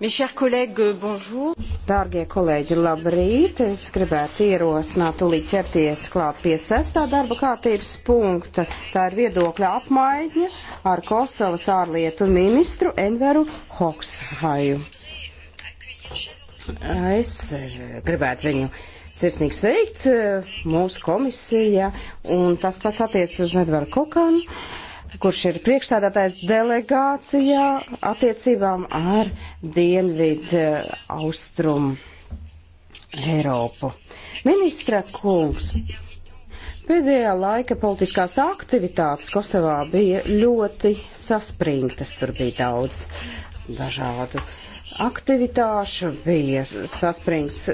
Dārgie kolēģi, labrīt! Es gribētu ierosināt, tūlīt ķerties klāt pie sestā darba kārtības punkta. Tā ir viedokļa apmaiņa ar Kosovas ārlietu ministru Enveru Hokshaju. Es eh, gribētu viņu sirsnīgi sveikt eh, mūsu komisijā, un tas pats attiec uz Edvaru Kokanu kurš ir priekšstādātais delegācijā attiecībām ar Dienvidu eh, Austrumu Eiropu. Ministra kungs, pēdējā laika politiskās aktivitātes Kosovā bija ļoti saspringtas, tur bija daudz dažādu aktivitāšu, bija saspringts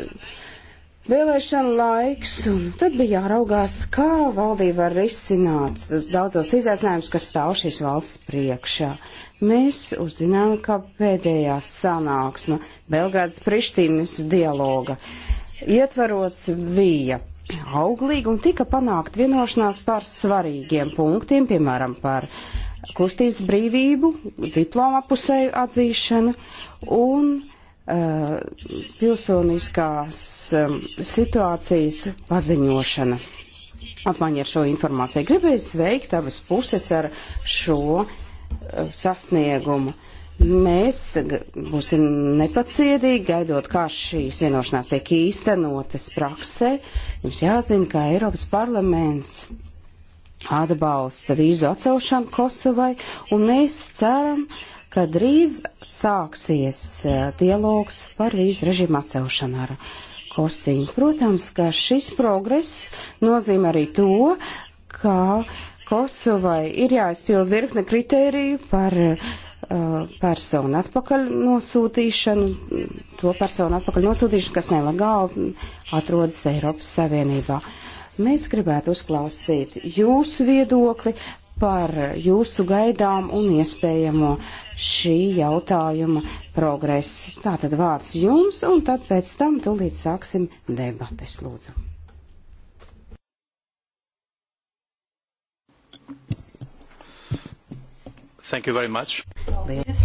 vēlēšana laiks, un tad bija jāraugās, kā valdība var risināt daudzos izaicinājumus, kas stāv šīs valsts priekšā. Mēs uzzinām, ka pēdējā sanāksme Belgrādas Prištīnas dialoga ietvaros bija auglīga un tika panākt vienošanās par svarīgiem punktiem, piemēram, par kustības brīvību, diploma pusēju atzīšanu un Uh, pilsoniskās um, situācijas paziņošana. Apmaiņa ar šo informāciju. Gribēju sveikt tavas puses ar šo uh, sasniegumu. Mēs būsim nepacietīgi, gaidot, kā šīs vienošanās tiek īstenotas praksē. Jums jāzina, ka Eiropas parlaments atbalsta vīzu atcelšanu Kosovai, un mēs ceram, uh, ka drīz sāksies e, dialogs par vīzu režīmu atcelšanu ar Kosīnu. Protams, ka šis progress nozīmē arī to, ka Kosovai ir jāizpild virkne kritēriju par e, personu atpakaļ nosūtīšanu, to personu atpakaļ nosūtīšanu, kas nelegāli atrodas Eiropas Savienībā. Mēs gribētu uzklausīt jūsu viedokli par jūsu gaidām un iespējamo šī jautājuma progresu. Tātad vārds jums, un tad pēc tam tūlīt sāksim debates, lūdzu. Thank you very much. Paldies.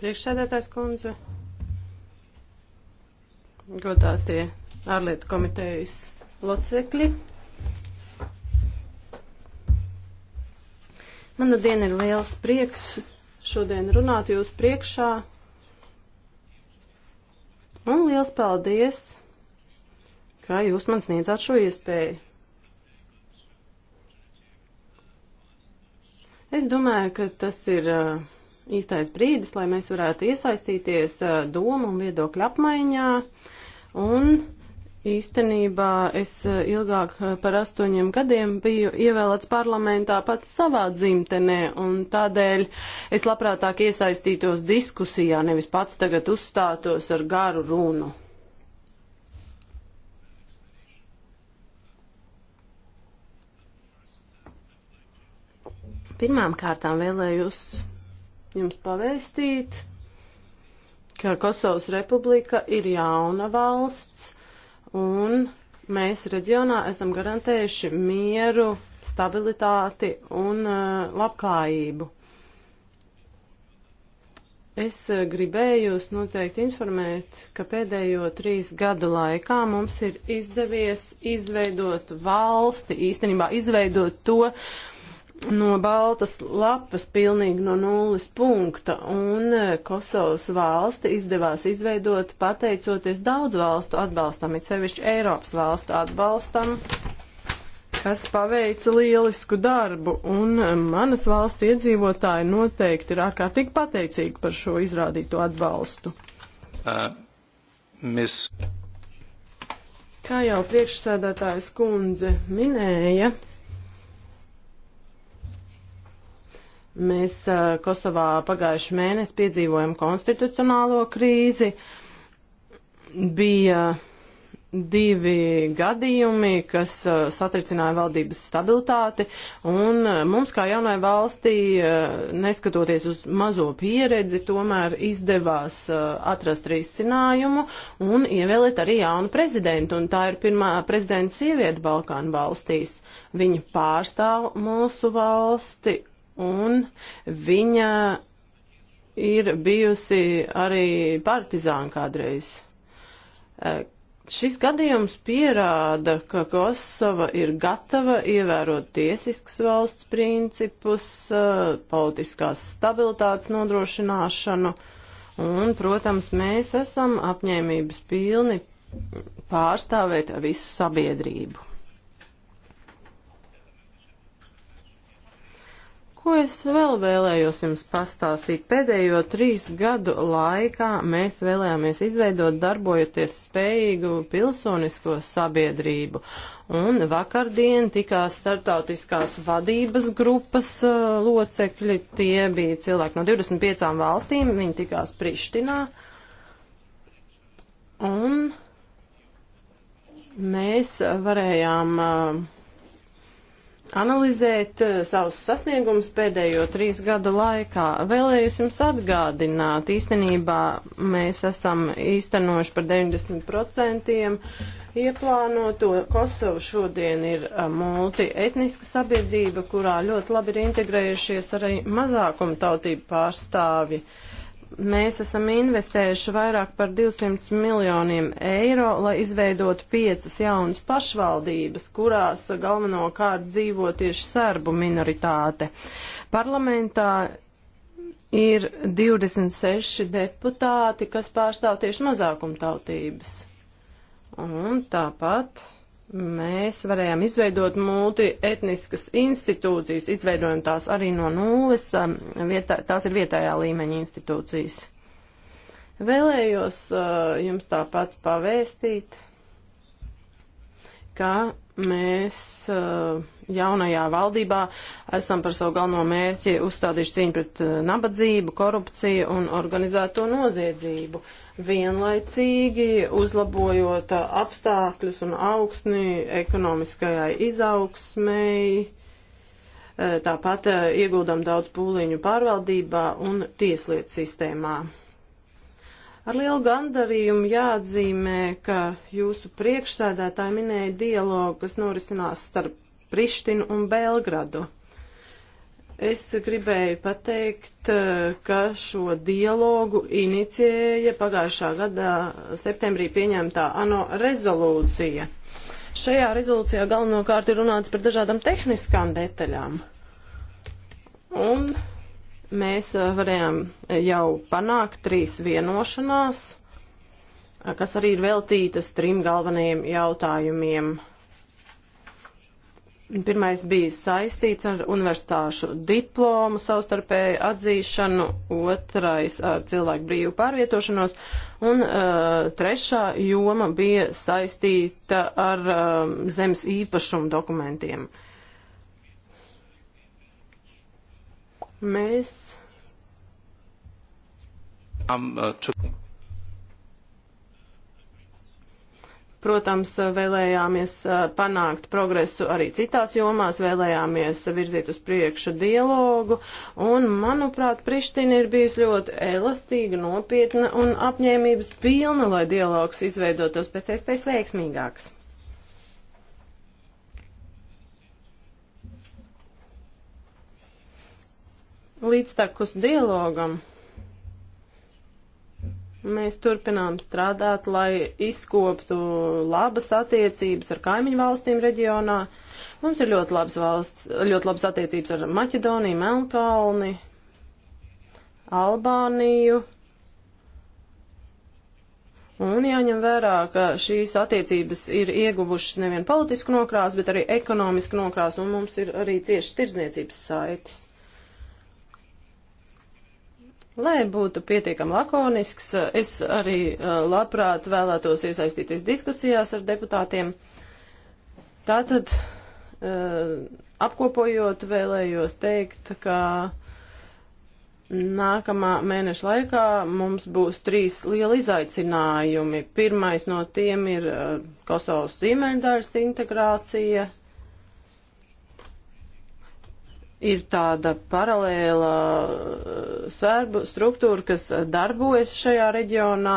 Priekšsēdētājs kundze, godātie ārlietu komitejas locekļi. Man nu diena ir liels prieks šodien runāt jūs priekšā. Un liels paldies, ka jūs man sniedzāt šo iespēju. Es domāju, ka tas ir uh, īstais brīdis, lai mēs varētu iesaistīties uh, domu un viedokļu apmaiņā. Un Īstenībā es eh, ilgāk eh, par astoņiem gadiem biju ievēlēts parlamentā pats savā dzimtenē, un tādēļ es labprātāk iesaistītos diskusijā, nevis pats tagad uzstātos ar garu runu. Pirmām kārtām vēlējos jums pavēstīt, ka Kosovas republika ir jauna valsts un mēs reģionā esam garantējuši mieru, stabilitāti un uh, labklājību. Es eh, gribēju jūs noteikti informēt, ka pēdējo trīs gadu laikā mums ir izdevies izveidot valsti, īstenībā izveidot to, uh, no baltas lapas pilnīgi no nulles punkta, un e, Kosovas valsti izdevās izveidot pateicoties daudz valstu atbalstam, it sevišķi Eiropas valstu atbalstam, kas paveica lielisku darbu, un e, manas valsts iedzīvotāji noteikti ir ārkārtīgi pateicīgi par šo izrādīto atbalstu. Uh, miss. Kā jau priekšsēdētājs kundze minēja, Mēs Kosovā pagājuši mēnesi piedzīvojam konstitucionālo krīzi. Bija divi gadījumi, kas satricināja valdības stabilitāti, un mums kā jaunai valstī, neskatoties uz mazo pieredzi, tomēr izdevās atrast risinājumu un ievēlēt arī jaunu prezidentu, un tā ir pirmā prezidenta sieviete Balkānu valstīs. Viņa pārstāv mūsu valsti, un viņa ir bijusi arī partizāna kādreiz. Eh, šis gadījums pierāda, ka Kosova ir gatava ievērot tiesisks valsts principus, eh, politiskās stabilitātes nodrošināšanu, un, protams, mēs esam apņēmības pilni pārstāvēt visu sabiedrību. Ko es vēl vēlējos jums pastāstīt? Pēdējo trīs gadu laikā mēs vēlējāmies izveidot darbojoties spējīgu pilsonisko sabiedrību. Un vakardien tikās startautiskās vadības grupas uh, locekļi, tie bija cilvēki no 25 valstīm, viņi tikās Prištinā. Un mēs varējām uh, analizēt eh, savus sasniegumus pēdējo trīs gadu laikā. Vēlējos jums atgādināt, īstenībā mēs esam īstenojuši par 90% ieplānoto. Kosovu šodien ir eh, multietniska sabiedrība, kurā ļoti labi ir integrējušies arī mazākumtautību pārstāvi. Uh, mēs esam investējuši vairāk par 200 miljoniem eiro, lai izveidotu piecas jaunas pašvaldības, kurās galvenokārt dzīvo tieši serbu minoritāte. Parlamentā ir 26 deputāti, kas pārstāv tieši mazākumtautības. Un tāpat Mēs varējām izveidot multietniskas institūcijas, izveidojam tās arī no nulles, um, vietā, tās ir vietējā līmeņa institūcijas. Vēlējos uh, jums tāpat pavēstīt, ka mēs eh, jaunajā valdībā esam par savu galveno mērķi uzstādījuši cīņu pret eh, nabadzību, korupciju un organizēto noziedzību, vienlaicīgi uzlabojot eh, apstākļus un augsni ekonomiskajai izaugsmēji, tāpat ieguldam daudz pūliņu pārvaldībā un tieslietu sistēmā. Ar lielu gandarījumu jāatzīmē, ka jūsu priekšsēdētāji minēja dialogu, kas norisinās starp Prištinu un Belgradu. Es gribēju pateikt, ka šo dialogu inicijēja pagājušā gada septembrī pieņemtā ANO rezolūcija. Šajā rezolūcijā galvenokārt ir runāts par dažādām tehniskām detaļām. Un mēs eh, varējām eh, jau panākt trīs vienošanās, eh, kas arī ir veltītas trim galvenajiem jautājumiem. Pirmais bija saistīts ar universitāšu diplomu savstarpēju atzīšanu, otrais ar cilvēku brīvu pārvietošanos, un uh, trešā joma bija saistīta ar uh, zemes īpašumu dokumentiem. Uh, Mēs. Uh, Protams, uh, vēlējāmies uh, panākt progresu arī citās jomās, vēlējāmies virzīt uz priekšu dialogu, un, manuprāt, Priština ir bijusi ļoti elastīga, nopietna un apņēmības pilna, lai dialogs izveidotos pēc iespējas veiksmīgāks. līdztekus dialogam. Mēs turpinām strādāt, lai izkoptu labas attiecības ar kaimiņu valstīm reģionā. Mums ir ļoti labas, valsts, ļoti labas attiecības ar Maķedoniju, Melnkalni, Albāniju. Un jāņem vērā, ka šīs attiecības ir ieguvušas nevien politisku nokrāsu, bet arī ekonomisku nokrāsu, un mums ir arī cieši tirzniecības saites. Lai būtu pietiekami lakonisks, es arī labprāt vēlētos iesaistīties diskusijās ar deputātiem. Tātad, apkopojot, vēlējos teikt, ka nākamā mēneša laikā mums būs trīs lieli izaicinājumi. Pirmais no tiem ir Kosovas ziemeļdaļas integrācija, ir tāda paralēla eh, sērbu struktūra, kas darbojas šajā reģionā.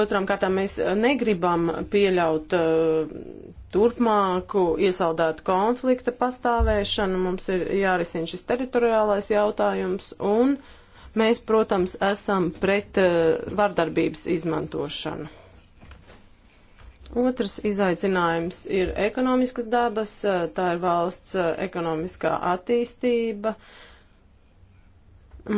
Otram kārtām mēs negribam pieļaut uh, turpmāku iesaldētu konflikta pastāvēšanu. Mums ir jārisina šis teritoriālais jautājums un mēs, protams, esam pret uh, vardarbības izmantošanu. Otrs izaicinājums ir ekonomiskas dabas, tā ir valsts ekonomiskā attīstība.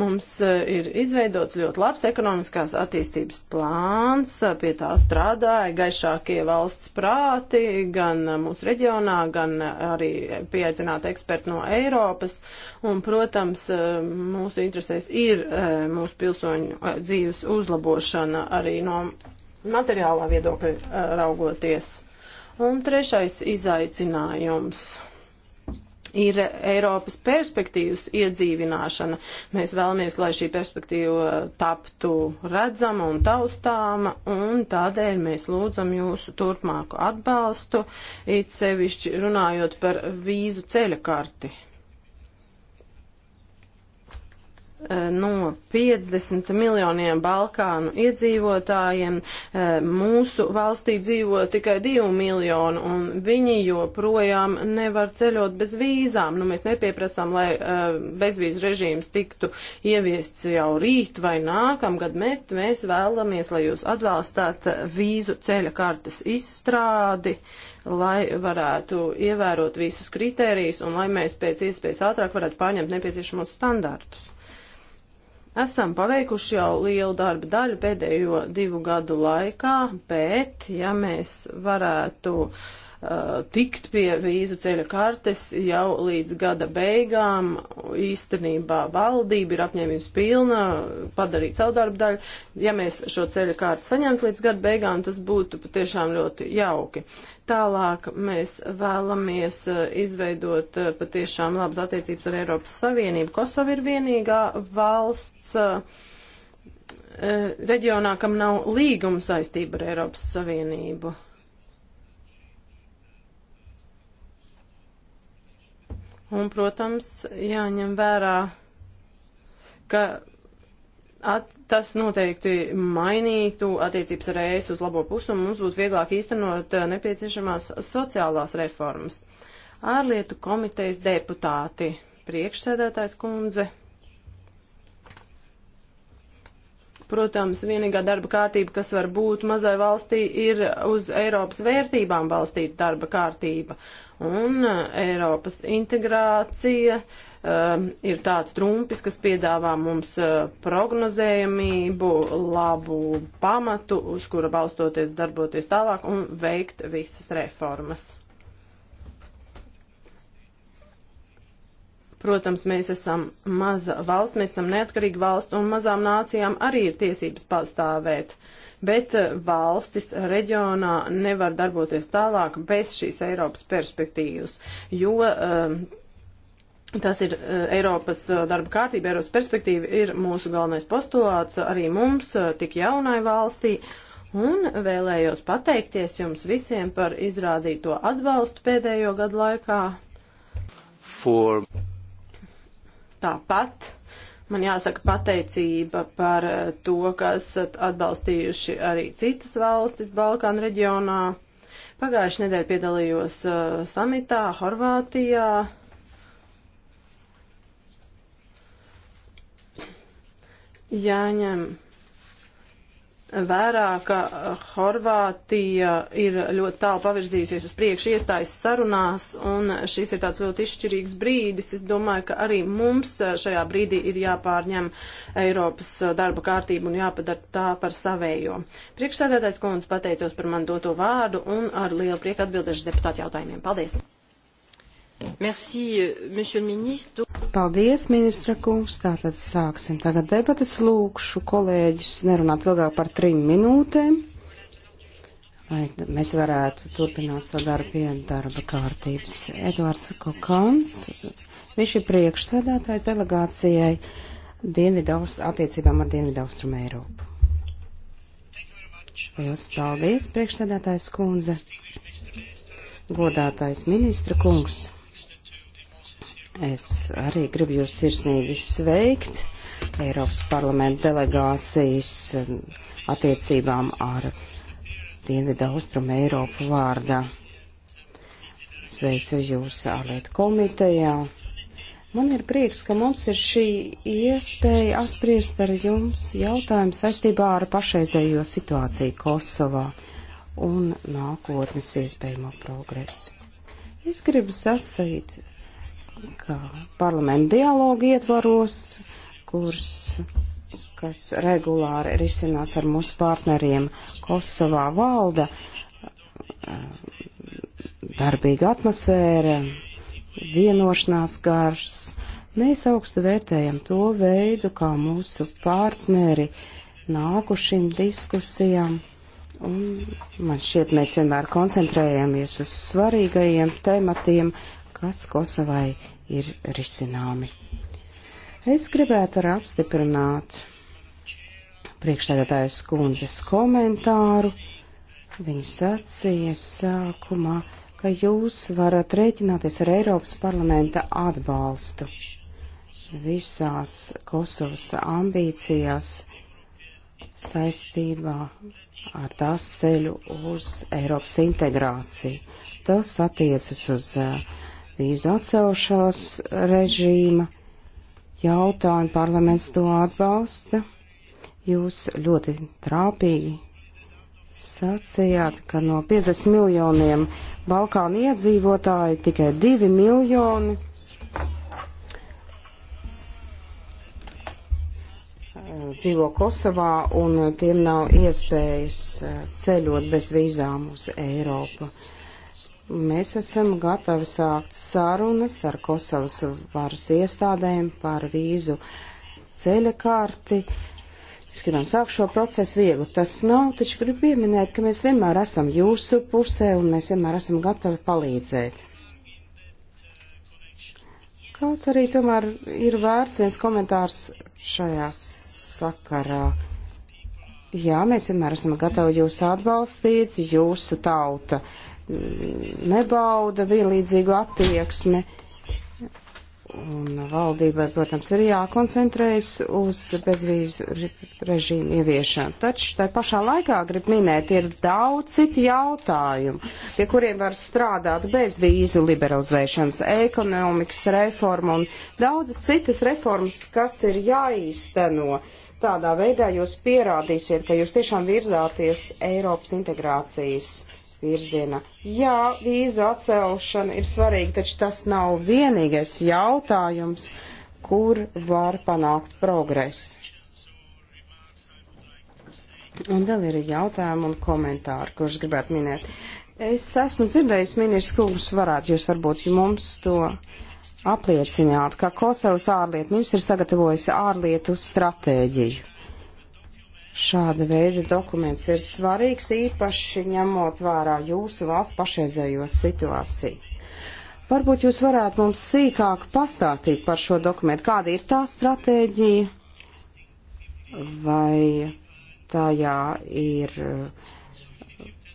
Mums ir izveidots ļoti labs ekonomiskās attīstības plāns, pie tā strādāja gaišākie valsts prāti, gan mūsu reģionā, gan arī pieaicināti eksperti no Eiropas. Un, protams, mūsu interesēs ir eh, mūsu pilsoņu eh, dzīves uzlabošana arī no materiālā viedokļa eh, raugoties. Un trešais izaicinājums ir Eiropas perspektīvas iedzīvināšana. Mēs vēlamies, lai šī perspektīva taptu redzama un taustāma, un tādēļ mēs lūdzam jūsu turpmāku atbalstu, it sevišķi runājot par vīzu ceļa karti. Eh, no 50 miljoniem Balkānu iedzīvotājiem eh, mūsu valstī dzīvo tikai 2 miljoni, un viņi joprojām nevar ceļot bez vīzām. Nu, mēs nepieprasām, lai eh, bezvīzu režīms tiktu ieviests jau rīt vai nākamgad, bet mēs vēlamies, lai jūs atbalstāt vīzu ceļa kartas izstrādi lai varētu ievērot visus kritērijus un lai mēs pēc iespējas ātrāk varētu pārņemt nepieciešamos standārtus. Esam paveikuši jau lielu darba daļu pēdējo divu gadu laikā, bet ja mēs varētu uh, tikt pie vīzu ceļa kartes jau līdz gada beigām, īstenībā valdība ir apņēmības pilna padarīt savu darbu daļu. Ja mēs šo ceļa kārtu saņemtu līdz gada beigām, tas būtu patiešām ļoti jauki. Tālāk mēs vēlamies eh, izveidot eh, patiešām labas attiecības ar Eiropas Savienību. Kosova ir vienīgā valsts eh, reģionā, kam nav līguma saistība ar Eiropas Savienību. Un, protams, jāņem vērā, ka At, tas noteikti mainītu attiecības ar ES uz labo pusi un mums būtu vieglāk īstenot eh, nepieciešamās sociālās reformas. Ārlietu komitejas deputāti, priekšsēdētājs kundze. Protams, vienīgā darba kārtība, kas var būt mazai valstī, ir uz Eiropas vērtībām balstīta darba kārtība. Un eh, Eiropas integrācija uh, um, ir tāds trumpis, kas piedāvā mums uh, prognozējamību, labu pamatu, uz kura balstoties darboties tālāk un veikt visas reformas. Protams, mēs esam maza valsts, mēs esam neatkarīga valsts, un mazām nācijām arī ir tiesības pastāvēt. Bet uh, valstis reģionā nevar darboties tālāk bez šīs Eiropas perspektīvas, jo um, Tas ir eh, Eiropas eh, darba kārtība, Eiropas perspektīva ir mūsu galvenais postulāts arī mums, eh, tik jaunai valstī. Un vēlējos pateikties jums visiem par izrādīto atbalstu pēdējo gadu laikā. For... Tāpat man jāsaka pateicība par to, ka esat atbalstījuši arī citas valstis Balkānu reģionā. Pagājuši nedēļ piedalījos uh, samitā Horvātijā jāņem vērā, ka Horvātija ir ļoti tālu pavirzījusies uz priekšu iestājas sarunās, un šis ir tāds ļoti izšķirīgs brīdis. Es domāju, ka arī mums šajā brīdī ir jāpārņem Eiropas darba kārtību un jāpadara tā par savējo. Priekšsēdētājs kundze pateicos par man doto vārdu un ar lielu prieku atbildēšu deputātu jautājumiem. Paldies! Merci, euh, monsieur ministre. Paldies, ministra kungs. Tātad sāksim tagad debatas. Lūkšu kolēģis nerunāt ilgāk par trim minūtēm, lai mēs varētu turpināt sadarbu pie darba kārtības. Edvards Kokans, viņš ir priekšsēdētājs delegācijai Dienvidaus, attiecībām ar Dienvidaustrumu Eiropu. Lielas paldies, priekšsēdētājs kundze, godātais ministra kungs. Es arī gribu jūs sirsnīgi sveikt Eiropas parlamenta delegācijas um, attiecībām ar Dienvidu Austrumu Eiropu vārdā. Sveicu jūs ārlietu komitejā. Man ir prieks, ka mums ir šī iespēja apspriest ar jums jautājumu saistībā ar pašreizējo situāciju Kosovā un nākotnes iespējamo progresu. Es gribu sacīt, kā parlamentu dialogu ietvaros, kurs, kas regulāri risinās ar mūsu partneriem Kosovā valda, eh, darbīga atmosfēra, vienošanās gars. Mēs augstu vērtējam to veidu, kā mūsu partneri nākušiem diskusijām. Un man šķiet, mēs vienmēr koncentrējamies uz svarīgajiem tematiem, kas Kosovai ir risināmi. Es gribētu arī apstiprināt priekšstādātājas kundzes komentāru. Viņa sacīja sākumā, ka jūs varat rēķināties ar Eiropas parlamenta atbalstu visās Kosovas ambīcijās saistībā ar tās ceļu uz Eiropas integrāciju. Tas attiecas uz uh, vīzu atcelšanas režīma jautājumu. Parlaments to atbalsta. Jūs ļoti trāpīgi sacījāt, ka no 50 miljoniem Balkānu iedzīvotāju tikai 2 miljoni dzīvo Kosovā un tiem nav iespējas eh, ceļot bez vīzām uz Eiropu. Uh, Mēs esam gatavi sākt sarunas ar Kosovas varas iestādēm par vīzu ceļa kārti. Mēs gribam sākt šo procesu viegli. Tas nav, taču gribu pieminēt, ka mēs vienmēr esam jūsu pusē un mēs vienmēr esam gatavi palīdzēt. Kaut arī tomēr ir vērts viens komentārs šajā sakarā. Jā, mēs vienmēr esam gatavi jūs atbalstīt, jūsu tauta. Uh, nebauda vienlīdzīgu attieksmi. Un valdībai, protams, ir jākoncentrējas uz bezvīzu režīmu ieviešanu. Taču tai pašā laikā, grib minēt, ir daudz citu jautājumu, pie kuriem var strādāt bez vīzu liberalizēšanas, ekonomikas reforma un daudzas citas reformas, kas ir jāīsteno. Tādā veidā jūs pierādīsiet, ka jūs tiešām virzāties Eiropas integrācijas virzienā. Jā, vīzu atcelšana ir svarīga, taču tas nav vienīgais jautājums, kur var panākt progresu. Un vēl ir jautājumi un komentāri, kurus gribētu minēt. Es esmu dzirdējis, ministrs, kurus varētu jūs varbūt mums to apliecināt, ka Kosovas ārlietu ministrs sagatavojas ārlietu stratēģiju. Šāda veida dokuments ir svarīgs, īpaši ņemot vērā jūsu valsts pašreizējo situāciju. Varbūt jūs varētu mums sīkāk pastāstīt par šo dokumentu, kāda ir tā stratēģija, vai tajā ir uh,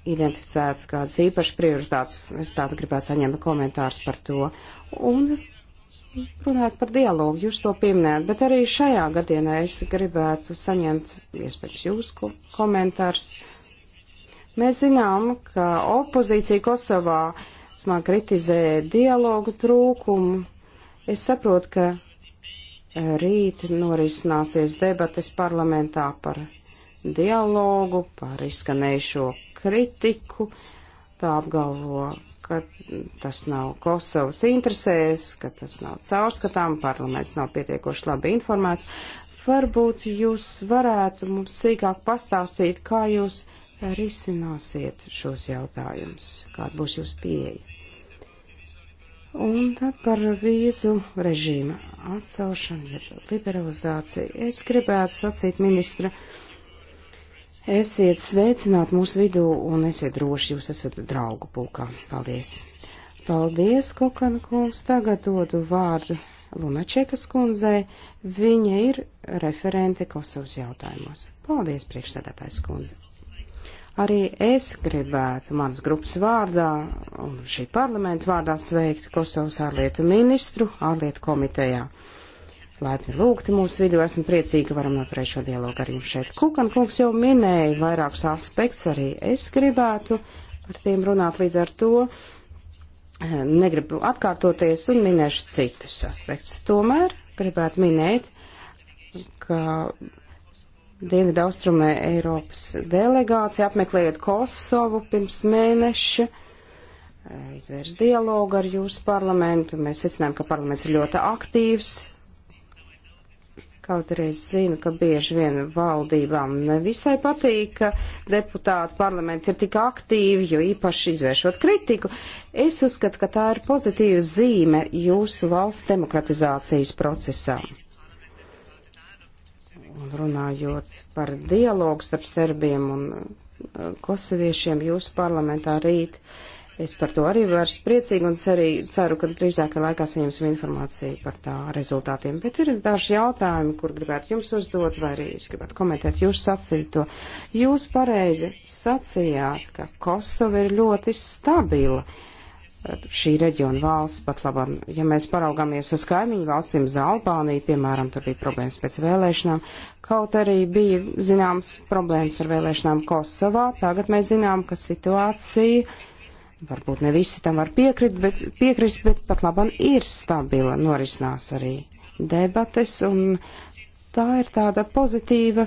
identificēts kādas īpašas prioritātes. Es tādu gribētu saņemt komentārus par to. Un runājat par dialogu, jūs to pieminējat, bet arī šajā gadienā es gribētu saņemt iespējams jūsu komentārs. Mēs zinām, ka opozīcija Kosovā smāk kritizē dialogu trūkumu. Es saprotu, ka rīt norisināsies debates parlamentā par dialogu, par izskanējušo kritiku. Tā apgalvo ka tas nav Kosovas interesēs, ka tas nav caurskatām, parlaments nav pietiekoši labi informēts. Varbūt jūs varētu mums sīkāk pastāstīt, kā jūs risināsiet šos jautājumus, kāda būs jūsu pieeja. Un tad par vīzu režīmu atcelšanu, liberalizāciju. Es gribētu sacīt ministra Esiet sveicināti mūsu vidū un esiet droši, jūs esat draugu pulkā. Paldies! Paldies, Kokana kungs! Tagad dodu vārdu Lunačekas kundzei. Viņa ir referente Kosovas jautājumos. Paldies, priekšsēdētājs kundze! Arī es gribētu manas grupas vārdā un šī parlamenta vārdā sveikt Kosovas ārlietu ministru ārlietu komitejā laipni lūgti mūsu vidū. Esmu priecīga, ka varam noturēt šo dialogu arī šeit. Kukan kungs jau minēja vairākus aspektus, arī es gribētu par tiem runāt līdz ar to. Eh, negribu atkārtoties un minēšu citus aspektus. Tomēr gribētu minēt, ka Dienvidu austrumē Eiropas delegācija apmeklējot Kosovu pirms mēneša eh, izvērst dialogu ar jūsu parlamentu. Mēs secinām, ka parlaments ir ļoti aktīvs, Kaut arī es zinu, ka bieži vien valdībām nevisai patīk, ka deputāti parlamenti ir tik aktīvi, jo īpaši izvēršot kritiku. Es uzskatu, ka tā ir pozitīva zīme jūsu valsts demokratizācijas procesā. Un runājot par dialogu starp serbiem un uh, kosoviešiem jūsu parlamentā rīt. Uh, Es par to arī varu priecīgi un arī ceru, ka drīzākajā laikā saņemsim informāciju par tā rezultātiem. Bet ir daži jautājumi, kur gribētu jums uzdot, vai arī jūs gribētu komentēt jūsu sacīto. Jūs pareizi sacījāt, ka Kosova ir ļoti stabila šī reģiona valsts pat labam. Ja mēs paraugāmies uz kaimiņu valstīm, uz Albāniju, piemēram, tur bija problēmas pēc vēlēšanām, kaut arī bija zināms problēmas ar vēlēšanām Kosovā, tagad mēs zinām, ka situācija varbūt ne visi tam var piekrist, bet, piekrist, bet pat labam ir stabila, norisinās arī debates, un tā ir tāda pozitīva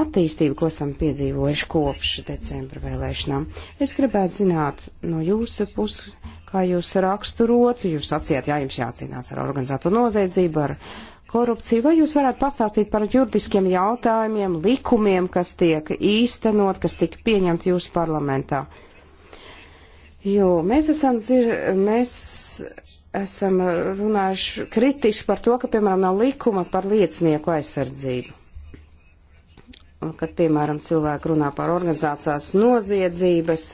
attīstība, ko esam piedzīvojuši kopš decembra vēlēšanām. Es gribētu zināt no jūsu puses, kā jūs raksturot, jūs sacījāt, jā, jums jācīnās ar organizēto noziedzību, ar korupciju, vai jūs varētu pastāstīt par juridiskiem jautājumiem, likumiem, kas tiek īstenot, kas tika pieņemti jūsu parlamentā? jo mēs esam, dzir, mēs esam runājuši kritiski par to, ka, piemēram, nav likuma par liecinieku aizsardzību. Un, kad, piemēram, cilvēki runā par organizācijās noziedzības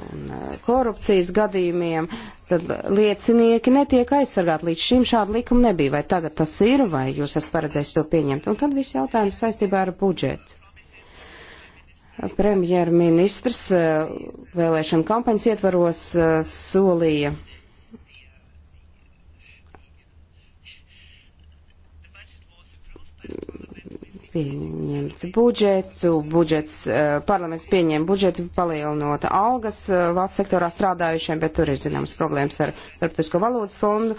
un e, korupcijas gadījumiem, tad liecinieki netiek aizsargāti. Līdz šim šāda likuma nebija. Vai tagad tas ir, vai jūs esat paredzējis to pieņemt? Un tad viss jautājums saistībā ar budžetu. Premjerministrs eh, vēlēšana kampaņas ietvaros eh, solīja pieņemt budžetu, budžets, eh, parlaments pieņēma budžetu, palielinot algas valsts sektorā strādājušiem, bet tur ir zināmas problēmas ar starptautisko valodas fondu.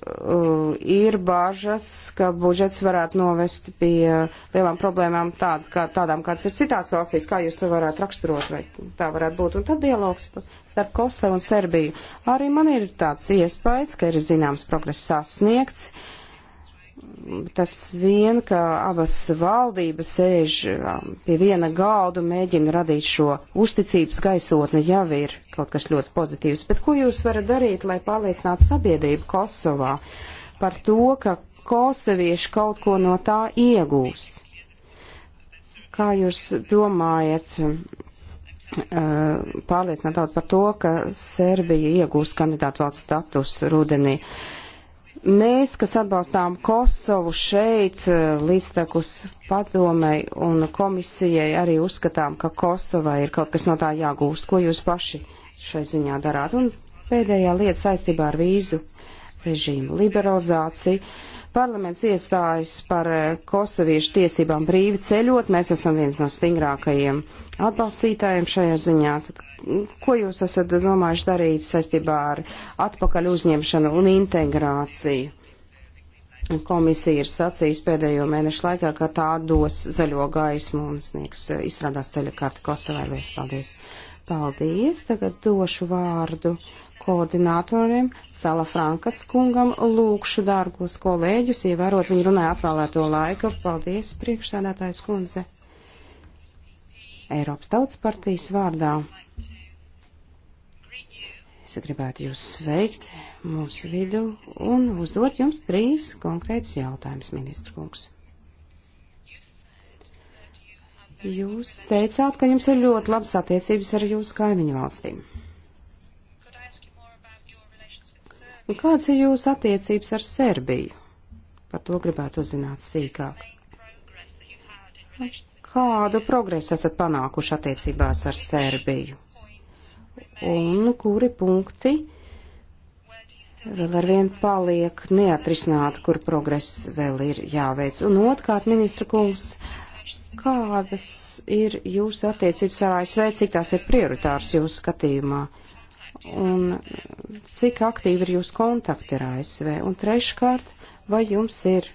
Uh, ir bāžas, ka budžets varētu novest pie lielām problēmām tāds, kā, tādām, kādas ir citās valstīs, kā jūs to varētu raksturot, vai tā varētu būt. Un tad dialogs starp Kosovu un Serbiju. Arī man ir tāds iespējas, ka ir zināms progress sasniegts. Uh, tas vien, ka abas valdības sēž um, pie viena galda un mēģina radīt šo uzticības gaisotni, jau ir kaut kas ļoti pozitīvs. Bet ko jūs varat darīt, lai pārliecinātu sabiedrību Kosovā par to, ka kosovieši kaut ko no tā iegūs? Kā jūs domājat, uh, pārliecināt tautu par to, ka Serbija iegūs kandidātu valsts status rudenī? Uh, Mēs, kas atbalstām Kosovu šeit, eh, līdztekus padomei un komisijai, arī uzskatām, ka Kosovai ir kaut kas no tā jāgūst, ko jūs paši šai ziņā darāt. Un pēdējā lieta saistībā ar vīzu režīmu liberalizāciju. Parlaments iestājas par eh, kosoviešu tiesībām brīvi ceļot. Mēs esam viens no stingrākajiem atbalstītājiem šajā ziņā. Tad ko jūs esat domājuši darīt saistībā ar atpakaļ uzņemšanu un integrāciju? Komisija ir sacījusi pēdējo mēnešu laikā, ka tā dos zaļo gaismu un sniegs eh, izstrādās ceļu karti Kosovai. Lies, paldies! Paldies! Tagad došu vārdu koordinatoriem Sala Frankas kungam lūkšu dārgos kolēģus, ievērot viņu runāja atvēlēto laiku. Paldies, priekšsēdētājs kundze! Eiropas Tautas partijas vārdā. Es gribētu jūs sveikt mūsu vidu un uzdot jums trīs konkrētus jautājumus, ministru kungs. Jūs teicāt, ka jums ir ļoti labas attiecības ar jūsu kaimiņu valstīm. Un kāds ir jūsu attiecības ar Serbiju? Par to gribētu uzzināt sīkāk. Kādu progresu esat panākuši attiecībās ar Serbiju? un kuri punkti vēl ar vien paliek neatrisināti, kur progress vēl ir jāveic. Un otrkārt, ministra kungs, kādas ir jūsu attiecības ar ASV, cik tās ir prioritārs jūsu skatījumā? Un cik aktīvi ir jūsu kontakti ar ASV? Un treškārt, vai jums ir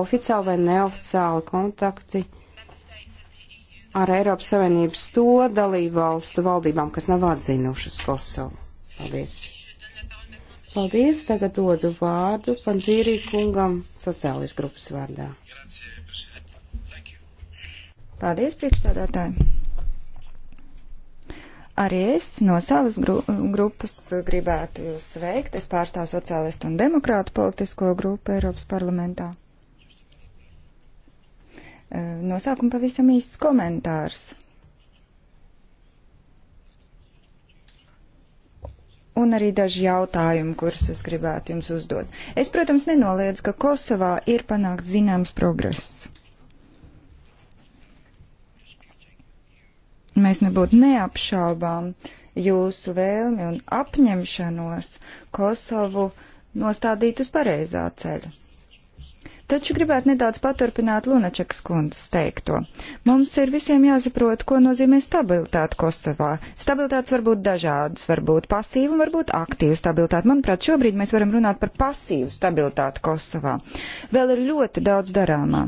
oficiāli vai neoficiāli kontakti? ar Eiropas Savienības to dalību valstu valdībām, kas nav atzinušas Kosovu. Paldies! Paldies! Tagad dodu vārdu Panzīrī kungam sociālijas grupas vārdā. Paldies, priekšstādātāji! Arī es no savas gru grupas gribētu jūs sveikt. Es pārstāvu sociālistu un demokrātu politisko grupu Eiropas parlamentā. Eh, Nosaukuma pavisam īsts komentārs. un arī daži jautājumi, kurus es gribētu jums uzdot. Es, protams, nenoliedzu, ka Kosovā ir panākts zināms progress. Mēs nebūtu neapšaubām jūsu vēlmi un apņemšanos Kosovu nostādīt uz pareizā ceļa. Taču gribētu nedaudz paturpināt Lunačekas kundzes teikto. Mums ir visiem jāsaprot, ko nozīmē stabilitāte Kosovā. Stabilitātes var būt dažādas, var būt pasīva un var būt aktīva stabilitāte. Manuprāt, šobrīd mēs varam runāt par pasīvu stabilitāti Kosovā. Vēl ir ļoti daudz darāmā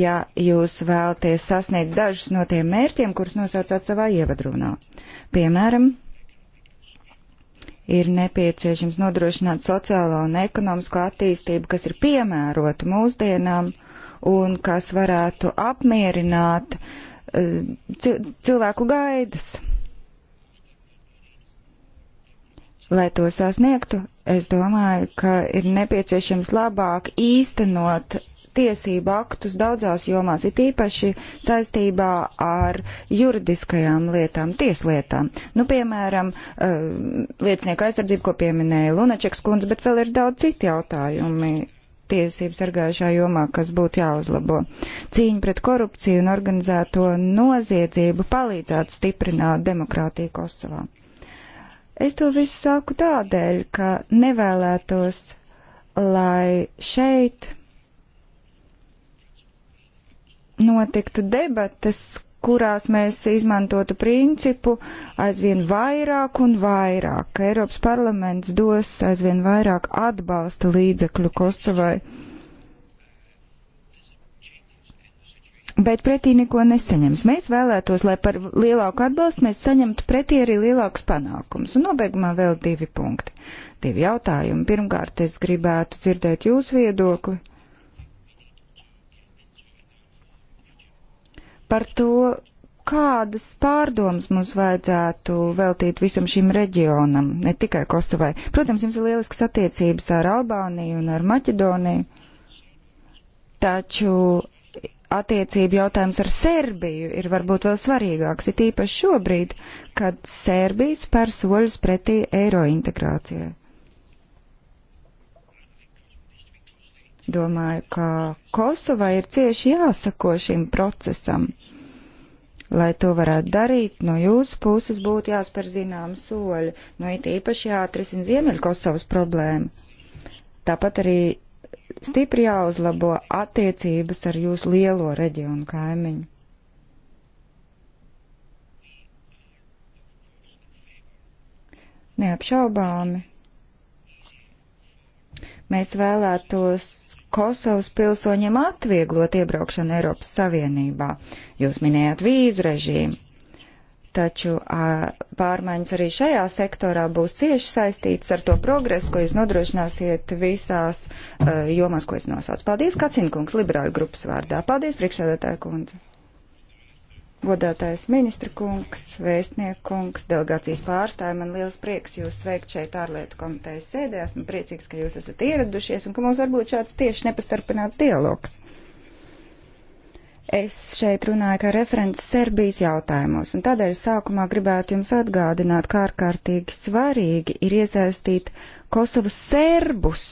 ja jūs vēlaties sasniegt dažus no tiem mērķiem, kurus nosaucāt savā ievadrunā. Piemēram, ir nepieciešams nodrošināt sociālo un ekonomisko attīstību, kas ir piemērota mūsdienām un kas varētu apmierināt eh, cilvēku gaidas. Lai to sasniegtu, es domāju, ka ir nepieciešams labāk īstenot tiesību aktus daudzās jomās, it īpaši saistībā ar juridiskajām lietām, tieslietām. Nu, piemēram, eh, liecinieku aizsardzību, ko pieminēja Lunačeks kundze, bet vēl ir daudz citu jautājumu tiesību sargājušā jomā, kas būtu jāuzlabo. Cīņa pret korupciju un organizēto noziedzību palīdzētu stiprināt demokrātiju Kosovā. Es to visu sāku tādēļ, ka nevēlētos, lai šeit notiktu debatas, kurās mēs izmantotu principu aizvien vairāk un vairāk, ka Eiropas parlaments dos aizvien vairāk atbalsta līdzekļu Kosovai. Bet pretī neko nesaņems. Mēs vēlētos, lai par lielāku atbalstu mēs saņemtu pretī arī lielākus panākumus. Un nobeigumā vēl divi punkti. Divi jautājumi. Pirmkārt, es gribētu dzirdēt jūsu viedokli par to, kādas pārdomas mums vajadzētu veltīt visam šim reģionam, ne tikai Kosovai. Protams, jums ir lielisks attiecības ar Albāniju un ar Maķedoniju, taču attiecību jautājums ar Serbiju ir varbūt vēl svarīgāks, ir tīpaši šobrīd, kad Serbijas par soļus pretī eiro integrācijai. Domāju, ka Kosovai ir cieši jāsako šim procesam. Lai to varētu darīt, no jūsu puses būtu jāspēr zinām soļi, no it īpaši jāatrisina Ziemeļkosovas problēma. Tāpat arī stipri jāuzlabo attiecības ar jūsu lielo reģionu kaimiņu. Neapšaubāmi. Mēs vēlētos Kosovas pilsoņiem atvieglot iebraukšanu Eiropas Savienībā. Jūs minējāt vīzu režīmu, taču a, pārmaiņas arī šajā sektorā būs cieši saistītas ar to progresu, ko jūs nodrošināsiet visās a, jomās, ko es nosaucu. Paldies, Kacinkungs, liberāļu grupas vārdā. Paldies, priekšsēdētāja kundze. Godātais ministra kungs, vēstnieku kungs, delegācijas pārstāvi, man liels prieks jūs sveikt šeit ārlietu komitejas sēdē. Esmu priecīgs, ka jūs esat ieradušies un ka mums var būt šāds tieši nepastarpināts dialogs. Es šeit runāju kā referents Serbijas jautājumos, un tādēļ sākumā gribētu jums atgādināt, kā ārkārtīgi svarīgi ir iesaistīt Kosovas serbus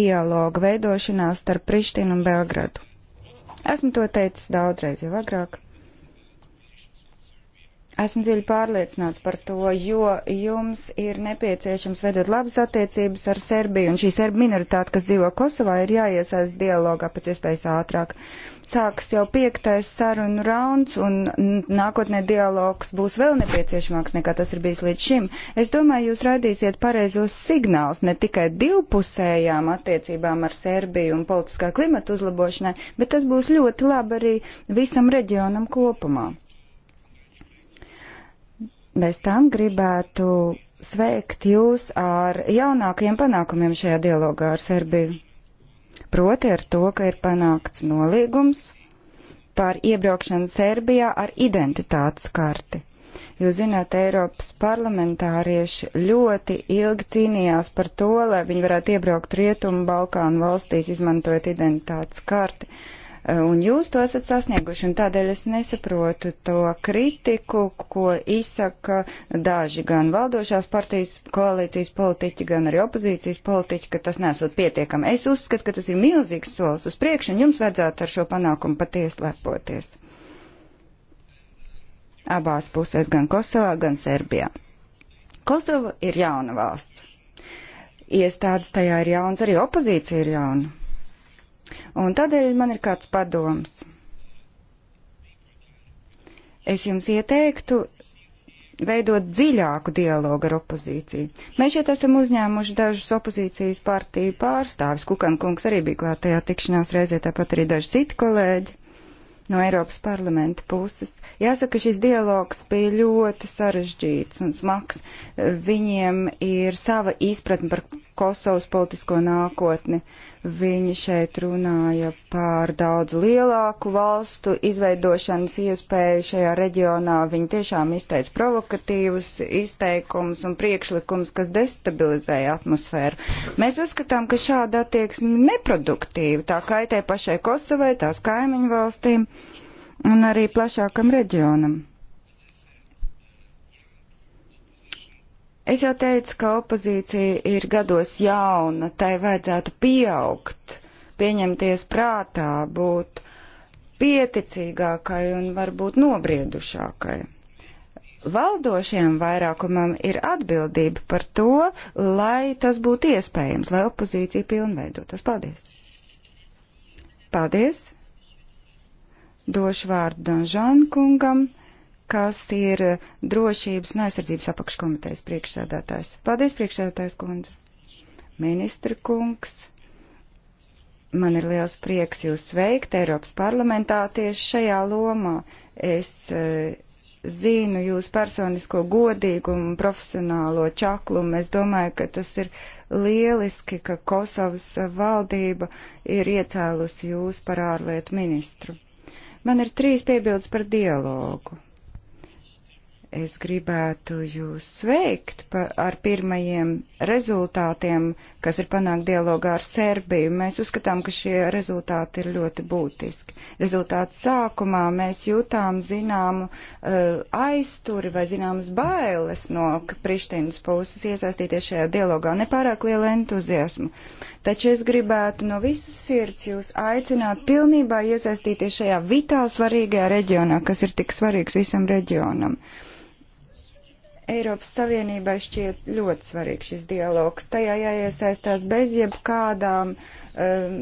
dialogu veidošanā starp Prištinu un Belgradu. Esmu to teicis daudzreiz jau agrāk. Esmu dziļi pārliecināts par to, jo jums ir nepieciešams veidot labas attiecības ar Serbiju, un šī serba minoritāte, kas dzīvo Kosovā, ir jāiesaist dialogā pēc iespējas ātrāk. Sāks jau piektais sarunu rauns, un nākotnē dialogs būs vēl nepieciešamāks nekā tas ir bijis līdz šim. Es domāju, jūs raidīsiet pareizos signālus ne tikai divpusējām attiecībām ar Serbiju un politiskā klimata uzlabošanai, bet tas būs ļoti labi arī visam reģionam kopumā. Bez tam gribētu sveikt jūs ar jaunākajiem panākumiem šajā dialogā ar Serbiju. Proti ar to, ka ir panākts nolīgums par iebraukšanu Serbijā ar identitātes karti. Jūs zināt, Eiropas parlamentārieši ļoti ilgi cīnījās par to, lai viņi varētu iebraukt Rietumu Balkānu valstīs, izmantojot identitātes karti. Uh, Eh, un jūs to esat sasnieguši, un tādēļ es nesaprotu to kritiku, ko izsaka daži gan valdošās partijas koalīcijas politiķi, gan arī opozīcijas politiķi, ka tas nesot pietiekami. Es uzskatu, ka tas ir milzīgs solis uz priekšu, un jums vajadzētu ar šo panākumu patiesi lepoties. Abās pusēs, gan Kosovā, gan Serbijā. Kosova ir jauna valsts. Iestādes tajā ir jauns, arī opozīcija ir jauna. Un tādēļ man ir kāds padoms. Es jums ieteiktu veidot dziļāku dialogu ar opozīciju. Mēs šeit esam uzņēmuši dažus opozīcijas partiju pārstāvis. Kukan kungs arī bija klāt tajā tikšanās reizē, tāpat arī daži citi kolēģi no Eiropas parlamenta puses. Jāsaka, šis dialogs bija ļoti sarežģīts un smags. Viņiem ir sava izpratne par Kosovas politisko nākotni. Viņi šeit runāja par daudz lielāku valstu izveidošanas iespēju šajā reģionā. Viņi tiešām izteica provokatīvus izteikumus un priekšlikumus, kas destabilizēja atmosfēru. Mēs uzskatām, ka šāda attieksme neproduktīva, tā kaitē pašai Kosovai, tās kaimiņu valstīm un arī plašākam reģionam. Es jau teicu, ka opozīcija ir gados jauna, tai vajadzētu pieaugt, pieņemties prātā, būt pieticīgākai un varbūt nobriedušākai. Valdošiem vairākumam ir atbildība par to, lai tas būtu iespējams, lai opozīcija pilnveidotas. Paldies! Paldies! Došu vārdu Donžon kungam kas ir drošības un aizsardzības apakškomitejas priekšsēdētājs. Paldies, priekšsēdētājs kundze. Ministra kungs, man ir liels prieks jūs sveikt Eiropas parlamentā tieši šajā lomā. Es e, zinu jūsu personisko godīgumu un profesionālo čaklumu. Es domāju, ka tas ir lieliski, ka Kosovas valdība ir iecēlusi jūs par ārlietu ministru. Man ir trīs piebildes par dialogu. Es gribētu jūs sveikt pa, ar pirmajiem rezultātiem, kas ir panākt dialogā ar Serbiju. Mēs uzskatām, ka šie rezultāti ir ļoti būtiski. Rezultātu sākumā mēs jūtām zināmu uh, aizturi vai zināmas bailes no Prištinas puses iesaistīties šajā dialogā, nepārāk liela entuziasma. Taču es gribētu no visas sirds jūs aicināt pilnībā iesaistīties šajā vitāli svarīgajā reģionā, kas ir tik svarīgs visam reģionam. Eiropas Savienībai šķiet ļoti svarīgs šis dialogs. Tajā jāiesaistās bez jebkādām um,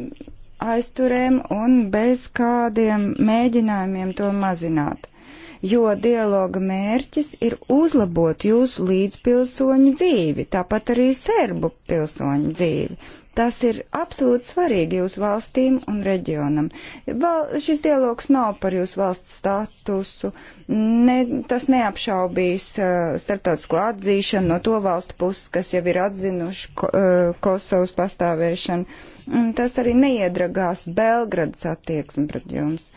aizturēm un bez kādiem mēģinājumiem to mazināt. Jo dialoga mērķis ir uzlabot jūsu līdzpilsoņu dzīvi, tāpat arī serbu pilsoņu dzīvi. Tas ir absolūti svarīgi jūsu valstīm un reģionam. Val, šis dialogs nav par jūsu valsts statusu, ne, tas neapšaubīs uh, starptautisko atzīšanu no to valstu puses, kas jau ir atzinuši ko, uh, Kosovas pastāvēšanu. Un tas arī neiedragās Belgradas attieksmi pret jums.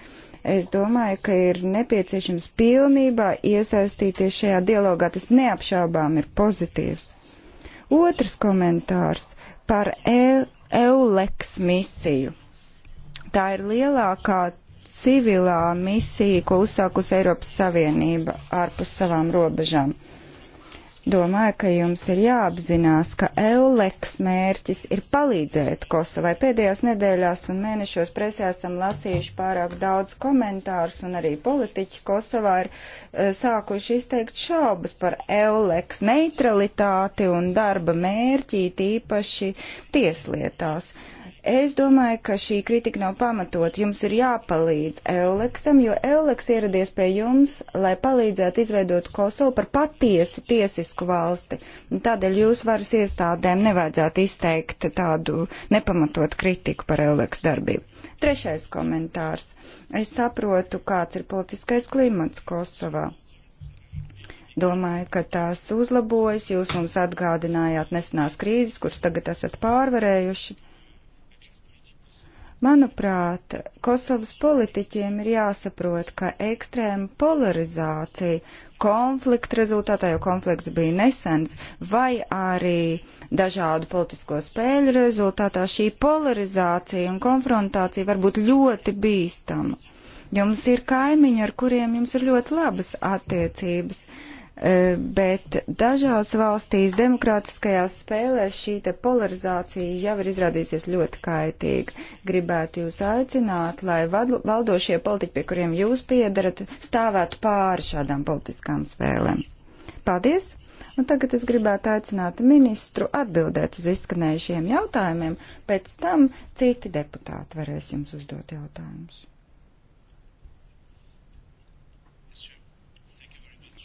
Es domāju, ka ir nepieciešams pilnībā iesaistīties šajā dialogā. Tas neapšaubām ir pozitīvs. Otrs komentārs par e- EULEX misiju. Tā ir lielākā civilā misija, ko uzsākusi Eiropas Savienība ārpus savām robežām. Uh, Domāju, ka jums ir jāapzinās, ka EULEX mērķis ir palīdzēt Kosovai. Pēdējās nedēļās un mēnešos presē esam lasījuši pārāk daudz komentārus, un arī politiķi Kosovā ir uh, sākuši izteikt šaubas par EULEX neutralitāti un darba mērķī, tīpaši tieslietās. Uh, Es domāju, ka šī kritika nav pamatot. Jums ir jāpalīdz Euleksam, jo Euleks ieradies pie jums, lai palīdzētu izveidot Kosovu par patiesi tiesisku valsti. Tādēļ jūs varas iestādēm nevajadzētu izteikt tādu nepamatot kritiku par Euleks darbību. Trešais komentārs. Es saprotu, kāds ir politiskais klimats Kosovā. Domāju, ka tās uzlabojas, jūs mums atgādinājāt nesenās krīzes, kuras tagad esat pārvarējuši Manuprāt, Kosovas politiķiem ir jāsaprot, ka ekstrēma polarizācija konflikta rezultātā, jo konflikts bija nesens, vai arī dažādu politisko spēļu rezultātā šī polarizācija un konfrontācija var būt ļoti bīstama. Jums ir kaimiņi, ar kuriem jums ir ļoti labas attiecības. Uh, Eh, bet dažās valstīs demokrātiskajās spēlēs šī polarizācija jau ir izrādījusies ļoti kaitīga. Gribētu jūs aicināt, lai valdošie politiķi, pie kuriem jūs piedarat, stāvētu pāri šādām politiskām spēlēm. Paldies! Un tagad es gribētu aicināt ministru atbildēt uz izskanējušiem jautājumiem, pēc tam citi deputāti varēs jums uzdot jautājumus.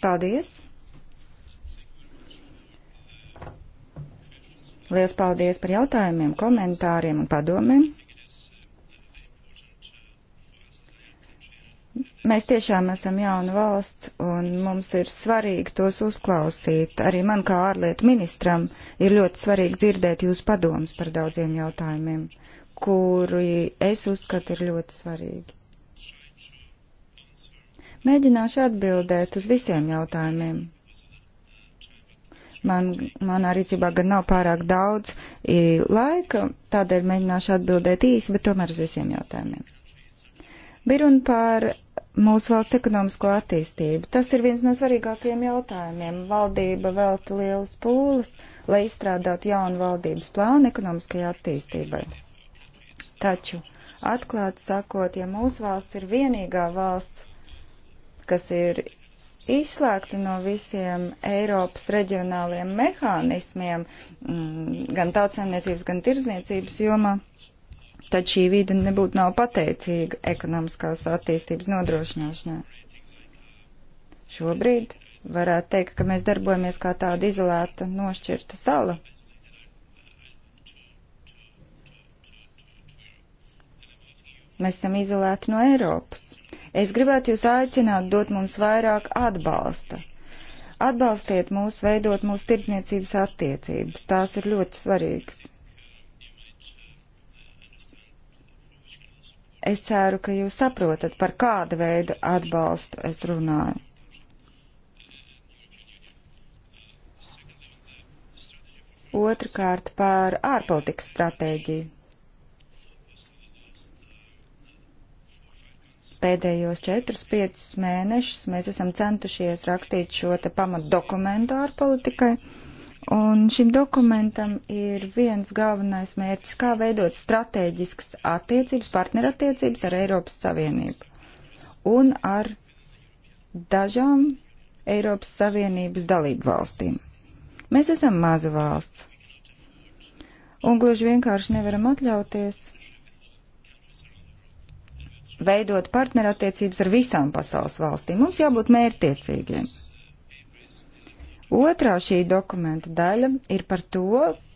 Paldies! Lielas paldies par jautājumiem, komentāriem un padomiem. Mēs tiešām esam jauna valsts, un mums ir svarīgi tos uzklausīt. Arī man kā ārlietu ministram ir ļoti svarīgi dzirdēt jūsu padomus par daudziem jautājumiem, kuri es uzskatu ir ļoti svarīgi. Mēģināšu atbildēt uz visiem jautājumiem. Man, manā rīcībā gan nav pārāk daudz laika, tādēļ mēģināšu atbildēt īsi, bet tomēr uz visiem jautājumiem. Bija runa par mūsu valsts ekonomisko attīstību. Tas ir viens no svarīgākajiem jautājumiem. Valdība velta lielas pūles, lai izstrādātu jaunu valdības plānu ekonomiskajai attīstībai. Taču, atklāti sakot, ja mūsu valsts ir vienīgā valsts, kas ir izslēgti no visiem Eiropas reģionāliem mehānismiem, mm, gan tautsaimniecības, gan tirdzniecības jomā, tad šī vīda nebūtu nav pateicīga ekonomiskās attīstības nodrošināšanai. Šobrīd varētu teikt, ka mēs darbojamies kā tāda izolēta, nošķirta sala. Mēs esam izolēti no Eiropas. Es gribētu jūs aicināt dot mums vairāk atbalsta. Atbalstiet mūs, veidot mūsu tirdzniecības attiecības. Tās ir ļoti svarīgas. Es ceru, ka jūs saprotat, par kāda veida atbalstu es runāju. Otrakārt par ārpolitikas stratēģiju. pēdējos 4-5 mēnešus mēs esam centušies rakstīt šo te pamatdokumentu ārpolitikai. Un šim dokumentam ir viens galvenais mērķis, kā veidot strateģiskas attiecības, partnerattiecības ar Eiropas Savienību un ar dažām Eiropas Savienības dalību valstīm. Mēs esam maza valsts un gluži vienkārši nevaram atļauties veidot partnerattiecības ar visām pasaules valstīm. Mums jābūt mērtiecīgiem. Otrā šī dokumenta daļa ir par to,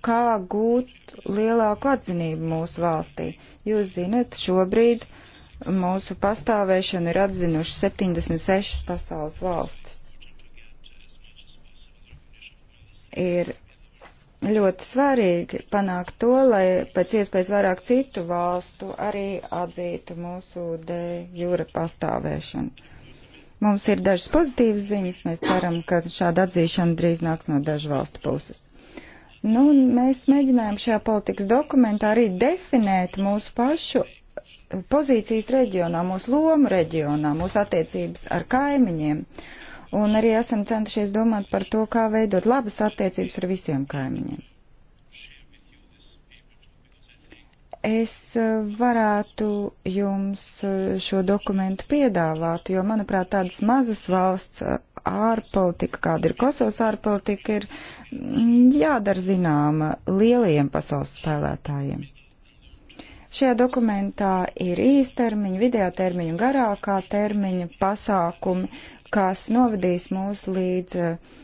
kā gūt lielāku atzinību mūsu valstī. Jūs zinat, šobrīd mūsu pastāvēšanu ir atzinuši 76 pasaules valstis. Ir ļoti svarīgi panākt to, lai pēc iespējas vairāk citu valstu arī atzītu mūsu de jure pastāvēšanu. Mums ir dažas pozitīvas ziņas, mēs ceram, ka šāda atzīšana drīz nāks no dažu valstu puses. Nu, mēs mēģinājām šajā politikas dokumentā arī definēt mūsu pašu pozīcijas reģionā, mūsu lomu reģionā, mūsu attiecības ar kaimiņiem. Uh, un arī esam centušies domāt par to, kā veidot labas attiecības ar visiem kaimiņiem. Es eh, varētu jums eh, šo dokumentu piedāvāt, jo, manuprāt, tādas mazas valsts eh, ārpolitika, kāda ir Kosovas ārpolitika, ir mm, jādara zināma lielajiem pasaules spēlētājiem. Šajā dokumentā ir īstermiņa, vidējā termiņa, garākā termiņa pasākumi, kas novadīs mūs līdz uh,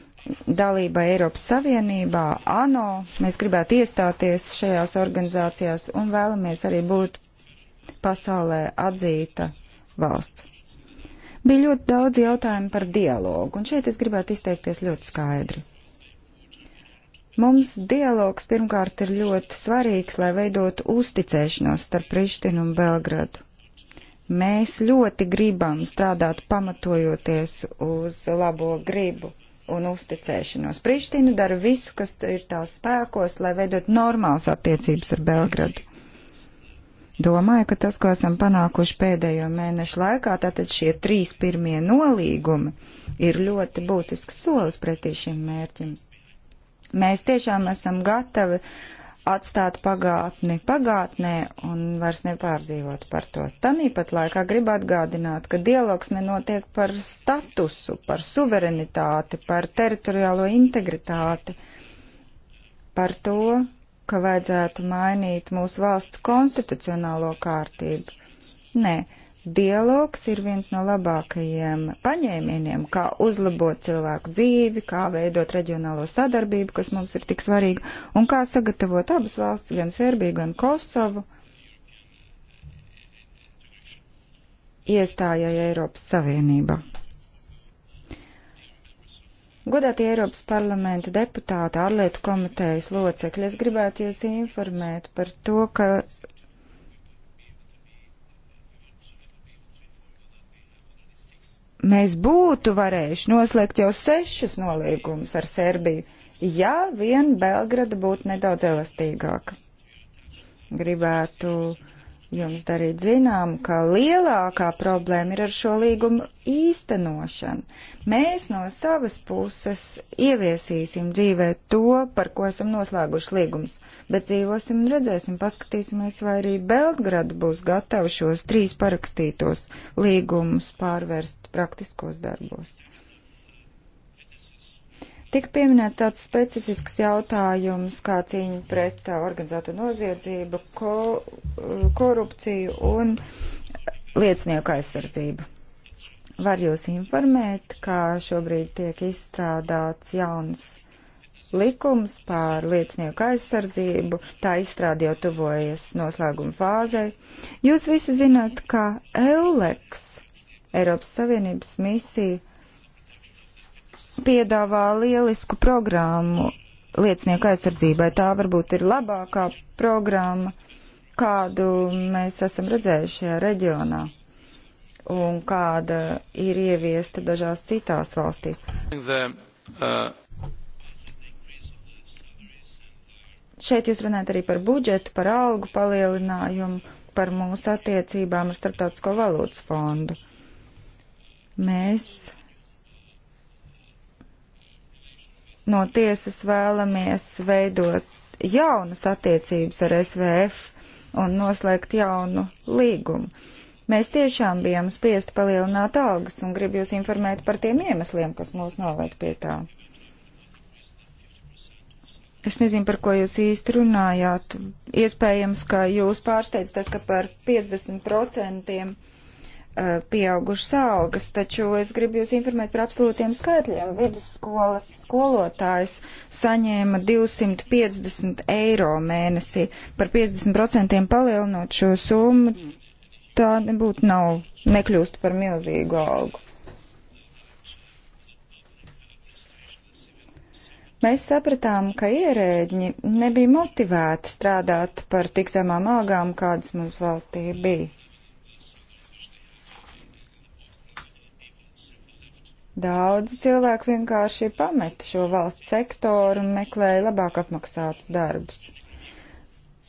dalībai Eiropas Savienībā, ANO. Mēs gribētu iestāties šajās organizācijās un vēlamies arī būt pasaulē atzīta valsts. Bija ļoti daudz jautājumu par dialogu, un šeit es gribētu izteikties ļoti skaidri. Mums dialogs pirmkārt ir ļoti svarīgs, lai veidot uzticēšanos starp Prištinu un Belgradu. Mēs ļoti gribam strādāt pamatojoties uz labo gribu un uzticēšanos. Priština dara visu, kas ir tās spēkos, lai veidot normālas attiecības ar Belgradu. Domāju, ka tas, ko esam panākuši pēdējo mēnešu laikā, tātad šie trīs pirmie nolīgumi, ir ļoti būtisks solis pretī šim mērķim. Mēs tiešām esam gatavi atstāt pagātni pagātnē un vairs nepārdzīvot par to. Tanīpat laikā gribu atgādināt, ka dialogs nenotiek par statusu, par suverenitāti, par teritoriālo integritāti, par to, ka vajadzētu mainīt mūsu valsts konstitucionālo kārtību. Nē, Dialogs ir viens no labākajiem paņēmieniem, kā uzlabot cilvēku dzīvi, kā veidot reģionālo sadarbību, kas mums ir tik svarīga, un kā sagatavot abas valsts, gan Serbiju, gan Kosovu, iestājai Eiropas Savienībā. Godātie Eiropas parlamenta deputāti, ārlietu komitejas locekļi, es gribētu jūs informēt par to, ka mēs būtu varējuši noslēgt jau sešus nolīgumus ar Serbiju, ja vien Belgrada būtu nedaudz elastīgāka. Gribētu jums darīt zinām, ka lielākā problēma ir ar šo līgumu īstenošanu. Mēs no savas puses ieviesīsim dzīvē to, par ko esam noslēguši līgumus, bet dzīvosim un redzēsim, paskatīsimies, vai arī Belgrada būs gatava šos trīs parakstītos līgumus pārvērst praktiskos darbos. Tik pieminēt tāds specifisks jautājums kā cīņa pret uh, organizēto noziedzību, ko, uh, korupciju un liecinieku aizsardzību. Var jūs informēt, ka šobrīd tiek izstrādāts jauns likums par liecinieku aizsardzību, tā izstrāde jau tuvojas noslēguma fāzē. Jūs visi zināt, ka Euleks Eiropas Savienības misija piedāvā lielisku programmu liecinieku aizsardzībai. Tā varbūt ir labākā programma, kādu mēs esam redzējuši šajā reģionā un kāda ir ieviesta dažās citās valstīs. The, uh... Šeit jūs runājat arī par budžetu, par algu palielinājumu, par mūsu attiecībām ar Startautisko valūtas fondu. Mēs no tiesas vēlamies veidot jaunas attiecības ar SVF un noslēgt jaunu līgumu. Mēs tiešām bijām spiest palielināt algas un gribu jūs informēt par tiem iemesliem, kas mūs noved pie tā. Es nezinu, par ko jūs īsti runājāt. Iespējams, ka jūs pārsteidzat tas, ka par 50% Uh, pieaugušas algas, taču es gribu jūs informēt par absolūtiem skaitļiem. Vidusskolas skolotājs saņēma 250 eiro mēnesī, par 50% palielinot šo summu, tā nebūtu nav, nekļūst par milzīgu algu. Mēs sapratām, ka ierēģi nebija motivēti strādāt par tik zemām algām, kādas mums valstī bija. Daudz cilvēku vienkārši pameta šo valsts sektoru un meklēja labāk apmaksātus darbus.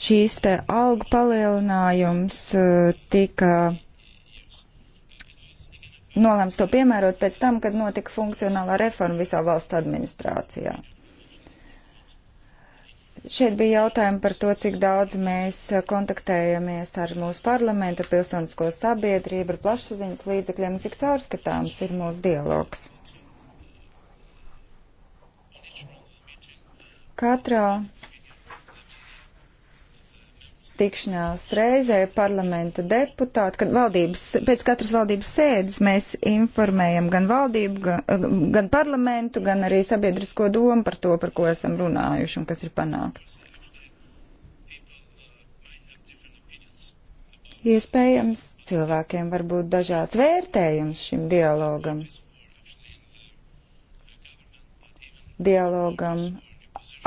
Šīs te algu palielinājums eh, tika nolēms to piemērot pēc tam, kad notika funkcionālā reforma visā valsts administrācijā. Šeit bija jautājumi par to, cik daudz mēs kontaktējamies ar mūsu parlamentu, pilsonisko sabiedrību, ar plašsaziņas līdzekļiem un cik caurskatāms ir mūsu dialogs. Katrā tikšanās reizē parlamenta deputāti, kad valdības, pēc katras valdības sēdes mēs informējam gan valdību, gan, gan parlamentu, gan arī sabiedrisko domu par to, par ko esam runājuši un kas ir panākts. Iespējams, cilvēkiem var būt dažāds vērtējums šim dialogam. Dialogam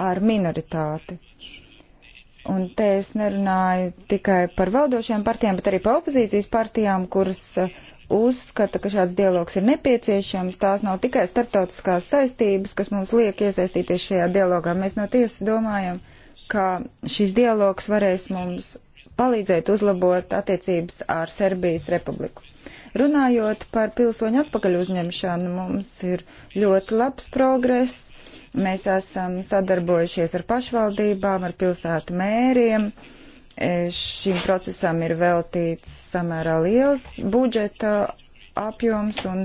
ar minoritāti Un te es nerunāju tikai par valdošajām partijām, bet arī par opozīcijas partijām, kuras eh, uzskata, ka šāds dialogs ir nepieciešams. Tās nav tikai starptautiskās saistības, kas mums liek iesaistīties šajā dialogā. Mēs no tiesas domājam, ka šis dialogs varēs mums palīdzēt uzlabot attiecības ar Serbijas republiku. Runājot par pilsoņu atpakaļ uzņemšanu, mums ir ļoti labs progress Mēs esam sadarbojušies ar pašvaldībām, ar pilsētu mēriem. E, šim procesam ir veltīts samērā liels budžeta apjoms, un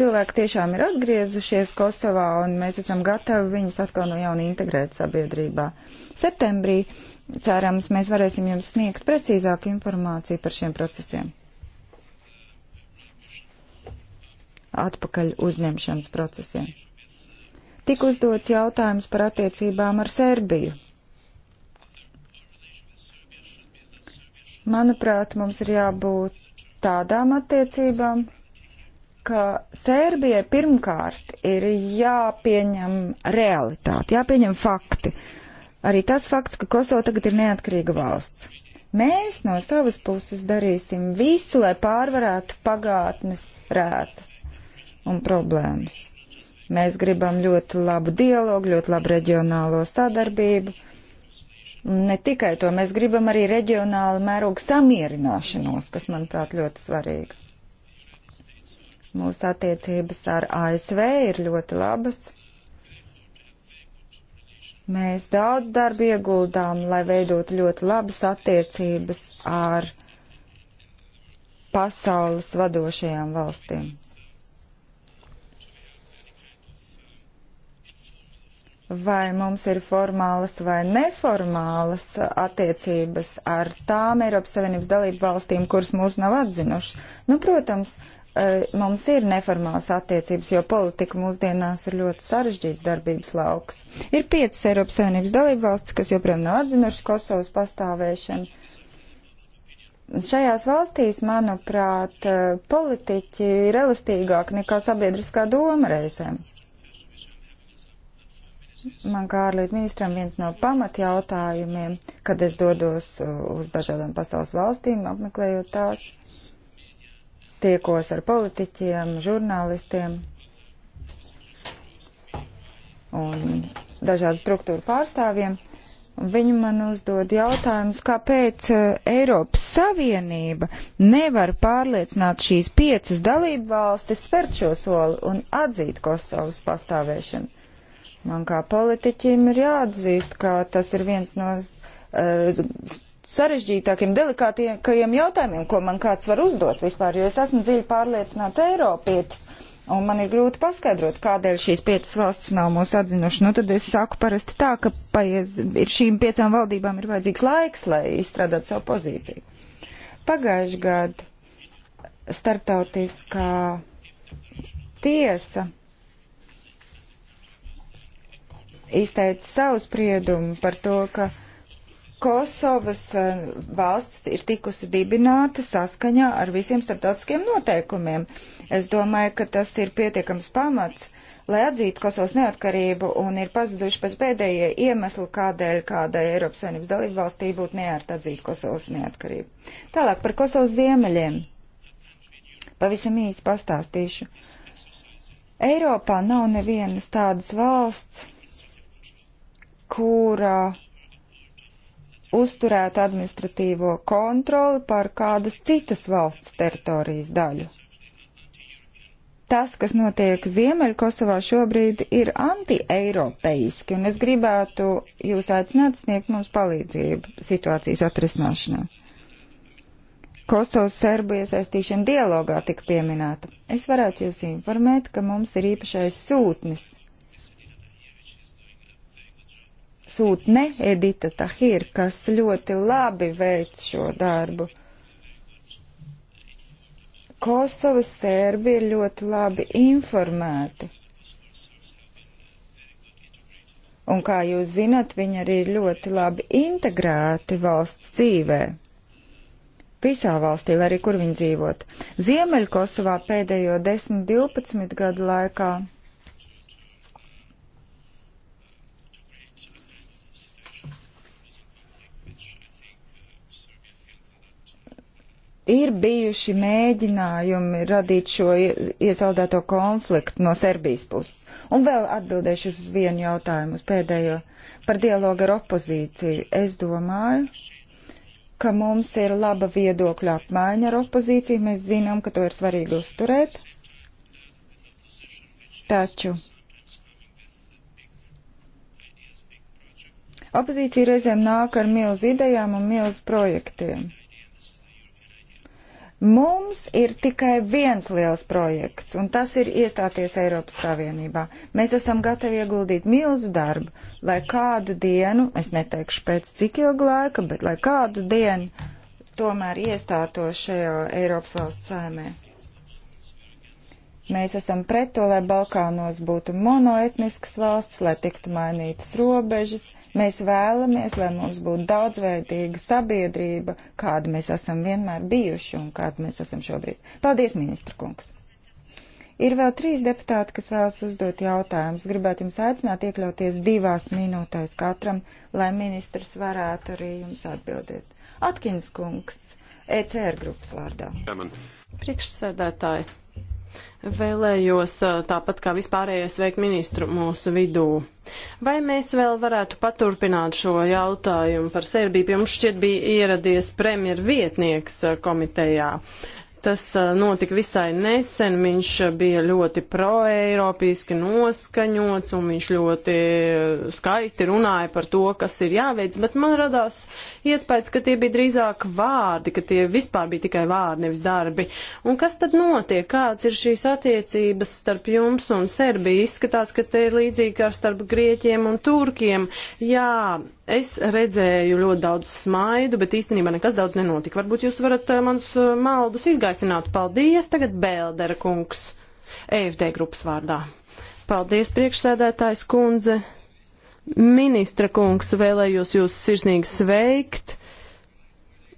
cilvēki tiešām ir atgriezušies Kosovā, un mēs esam gatavi viņus atkal no jauna integrēt sabiedrībā. Septembrī, cerams, mēs varēsim jums sniegt precīzāku informāciju par šiem procesiem. Atpakaļ uzņemšanas procesiem. Tik uzdots jautājums par attiecībām ar Serbiju. Manuprāt, mums ir jābūt tādām attiecībām, ka Sērbijai pirmkārt ir jāpieņem realitāte, jāpieņem fakti. Arī tas fakts, ka Kosova tagad ir neatkarīga valsts. Mēs no savas puses darīsim visu, lai pārvarētu pagātnes rētas un problēmas. Mēs gribam ļoti labu dialogu, ļoti labu reģionālo sadarbību. Ne tikai to, mēs gribam arī reģionālu mērogu samierināšanos, kas, manuprāt, ļoti svarīga. Mūsu attiecības ar ASV ir ļoti labas. Mēs daudz darbu ieguldām, lai veidotu ļoti labas attiecības ar pasaules vadošajām valstīm. vai mums ir formālas vai neformālas attiecības ar tām Eiropas Savienības dalību valstīm, kuras mūs nav atzinušas. Nu, protams, e, mums ir neformālas attiecības, jo politika mūsdienās ir ļoti sarežģīts darbības lauks. Ir piecas Eiropas Savienības dalību valstis, kas joprojām nav atzinušas Kosovas pastāvēšanu. Šajās valstīs, manuprāt, e, politiķi ir elastīgāki nekā sabiedriskā doma reizēm man kā ārlietu ministram viens no pamatjautājumiem, kad es dodos uh, uz dažādām pasaules valstīm, apmeklējot tās, tiekos ar politiķiem, žurnālistiem un dažādu struktūru pārstāvjiem. Viņi man uzdod jautājumus, kāpēc uh, Eiropas Savienība nevar pārliecināt šīs piecas dalību valstis spērt šo soli un atzīt Kosovas pastāvēšanu. Man kā politiķim ir jāatzīst, ka tas ir viens no uh, sarežģītākiem, delikātākajiem jautājumiem, ko man kāds var uzdot vispār, jo es esmu dziļi pārliecināts Eiropietis. Un man ir grūti paskaidrot, kādēļ šīs piecas valstis nav mūsu atzinuši. Nu, tad es saku parasti tā, ka paies, šīm piecām valdībām ir vajadzīgs laiks, lai izstrādātu savu pozīciju. Pagājuši gadu starptautiskā tiesa izteica savu spriedumu par to, ka Kosovas eh, valsts ir tikusi dibināta saskaņā ar visiem starptautiskiem noteikumiem. Es domāju, ka tas ir pietiekams pamats, lai atzītu Kosovas neatkarību un ir pazuduši pat pēdējie iemesli, kādēļ kādai Eiropas Savienības dalību valstī būtu neērti atzīt Kosovas neatkarību. Tālāk par Kosovas ziemeļiem. Pavisam īsi pastāstīšu. Eiropā nav nevienas tādas valsts, kurā uzturētu administratīvo kontroli pār kādas citas valsts teritorijas daļu. Tas, kas notiek Ziemeļkosovā šobrīd, ir anti-eiropeiski, un es gribētu jūs aicināt sniegt mums palīdzību situācijas atrisināšanā. Kosovas serbu iesaistīšana dialogā tika pieminēta. Es varētu jūs informēt, ka mums ir īpašais sūtnis sūtne Edita Tahir, kas ļoti labi veic šo darbu. Kosovas sērbi ir ļoti labi informēti. Un kā jūs zinat, viņi arī ir ļoti labi integrēti valsts dzīvē. Visā valstī, arī kur viņi dzīvot. Ziemeļkosovā pēdējo 10-12 gadu laikā Ir bijuši mēģinājumi radīt šo iesaldēto konfliktu no Serbijas puses. Un vēl atbildēšu uz vienu jautājumu, uz pēdējo, par dialogu ar opozīciju. Es domāju, ka mums ir laba viedokļa apmaiņa ar opozīciju. Mēs zinām, ka to ir svarīgi uzturēt. Taču opozīcija reizēm nāk ar milzu idejām un milzu projektiem Mums ir tikai viens liels projekts, un tas ir iestāties Eiropas Savienībā. Mēs esam gatavi ieguldīt milzu darbu, lai kādu dienu, es neteikšu pēc cik ilga laika, bet lai kādu dienu tomēr iestātos šajā Eiropas valsts saimē. Mēs esam pret to, lai Balkānos būtu monoetniskas valsts, lai tiktu mainītas robežas, Mēs vēlamies, lai mums būtu daudzveidīga sabiedrība, kāda mēs esam vienmēr bijuši un kāda mēs esam šobrīd. Paldies, ministra kungs! Ir vēl trīs deputāti, kas vēlas uzdot jautājumus. Gribētu jums aicināt iekļauties divās minūtēs katram, lai ministrs varētu arī jums atbildēt. Atkins kungs, ECR grupas vārdā. Priekšsēdētāji. Vēlējos tāpat kā vispārējais veikt ministru mūsu vidū. Vai mēs vēl varētu paturpināt šo jautājumu par Serbiju? Pie mums šķiet bija ieradies premjer vietnieks komitejā. Tas notika visai nesen, viņš bija ļoti proeiropīski noskaņots un viņš ļoti skaisti runāja par to, kas ir jāveic, bet man radās iespējas, ka tie bija drīzāk vārdi, ka tie vispār bija tikai vārdi, nevis darbi. Un kas tad notiek? Kāds ir šīs attiecības starp jums un Serbiju? Izskatās, ka te ir līdzīgi kā starp Grieķiem un Turkiem. Jā, Es redzēju ļoti daudz smaidu, bet īstenībā nekas daudz nenotika. Varbūt jūs varat eh, manus eh, maldus izgaisināt. Paldies, tagad Bēldera kungs, EFD grupas vārdā. Paldies, priekšsēdētājs kundze. Ministra kungs, vēlējos jūs sirsnīgi sveikt.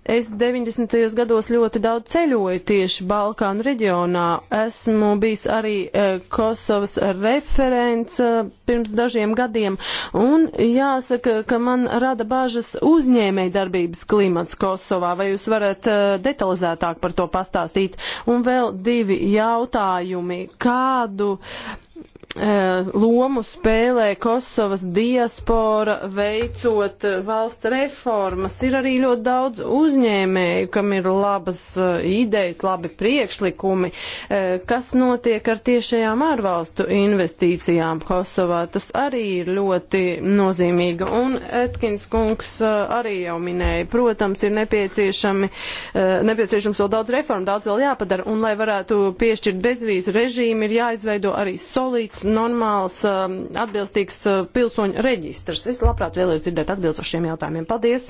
Es 90. gados ļoti daudz ceļoju tieši Balkānu reģionā. Esmu bijis arī e, Kosovas referents e, pirms dažiem gadiem, un jāsaka, ka man rada bāžas uzņēmēja darbības klimats Kosovā. Vai jūs varat e, detalizētāk par to pastāstīt? Un vēl divi jautājumi. Kādu Eh, lomu spēlē Kosovas diaspora, veicot eh, valsts reformas. Ir arī ļoti daudz uzņēmēju, kam ir labas eh, idejas, labi priekšlikumi. Kas notiek ar tiešajām ārvalstu investīcijām Kosovā? Tas arī ir ļoti nozīmīgi. Un Etkins kungs arī jau minēja, protams, ir nepieciešams vēl daudz reformu, daudz vēl jāpadara. Un, lai varētu piešķirt bezvīzu režīmu, ir jāizveido arī solīts tāds normāls, um, atbilstīgs uh, pilsoņu reģistrs. Es labprāt vēlējos dzirdēt atbildes uz šiem jautājumiem. Paldies!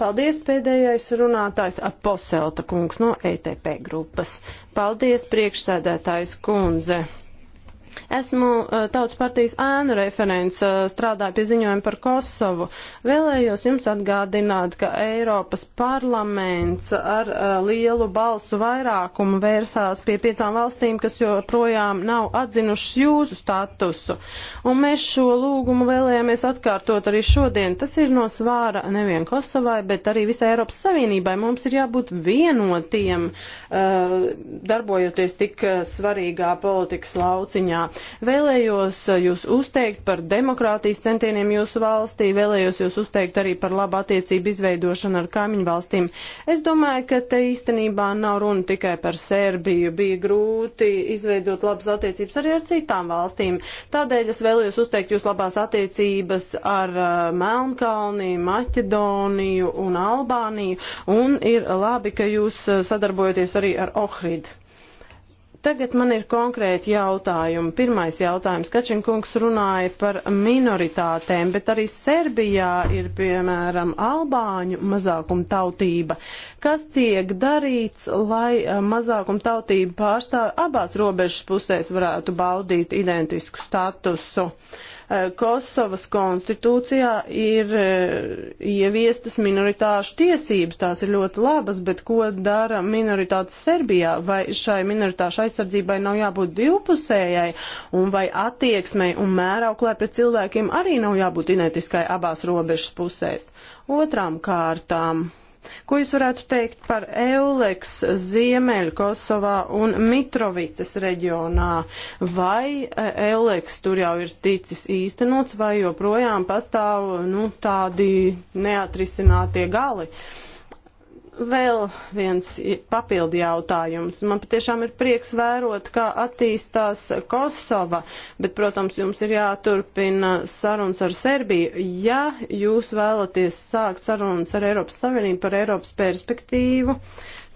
Paldies pēdējais runātājs Aposelta kungs no ETP grupas. Paldies priekšsēdētājs kundze. Esmu Tautas partijas ēnu referents, strādāju pie ziņojuma par Kosovu. Vēlējos jums atgādināt, ka Eiropas parlaments ar lielu balsu vairākumu vērsās pie piecām valstīm, kas joprojām nav atzinušas jūsu statusu. Un mēs šo lūgumu vēlējāmies atkārtot arī šodien. Tas ir no svāra nevien Kosovai, bet arī visai Eiropas Savienībai. Mums ir jābūt vienotiem, darbojoties tik svarīgā politikas lauciņā Ukrainā. Vēlējos jūs uzteikt par demokrātijas centieniem jūsu valstī, vēlējos jūs uzteikt arī par labu attiecību izveidošanu ar kaimiņu valstīm. Es domāju, ka te īstenībā nav runa tikai par Sērbiju. Bija grūti izveidot labas attiecības arī ar citām valstīm. Tādēļ es vēlējos uzteikt jūs labās attiecības ar uh, Melnkalniju, Maķedoniju un Albāniju. Un ir labi, ka jūs uh, sadarbojaties arī ar Ohridu. Tagad man ir konkrēti jautājumi. Pirmais jautājums. Kačinkungs runāja par minoritātēm, bet arī Serbijā ir, piemēram, albāņu mazākuma tautība. Kas tiek darīts, lai eh, mazākuma tautība pārstāv abās robežas pusēs varētu baudīt identisku statusu? Uh, Eh, Kosovas konstitūcijā ir eh, ieviestas minoritāšu tiesības, tās ir ļoti labas, bet ko dara minoritātes Serbijā? Vai šai minoritāšu aizsardzībai nav jābūt divpusējai, un vai attieksmei un mērauklē pret cilvēkiem arī nav jābūt identiskai abās robežas pusēs? Otrām kārtām. Ko jūs varētu teikt par Euleks Ziemeļ Kosovā un Mitrovicas reģionā? Vai e, Euleks tur jau ir ticis īstenots vai joprojām pastāv nu, tādi neatrisinātie gali? Uh, vēl viens papildi jautājums. Man patiešām ir prieks vērot, kā attīstās Kosova, bet, protams, jums ir jāturpina sarunas ar Serbiju. Ja jūs vēlaties sākt sarunas ar Eiropas Savienību par Eiropas perspektīvu,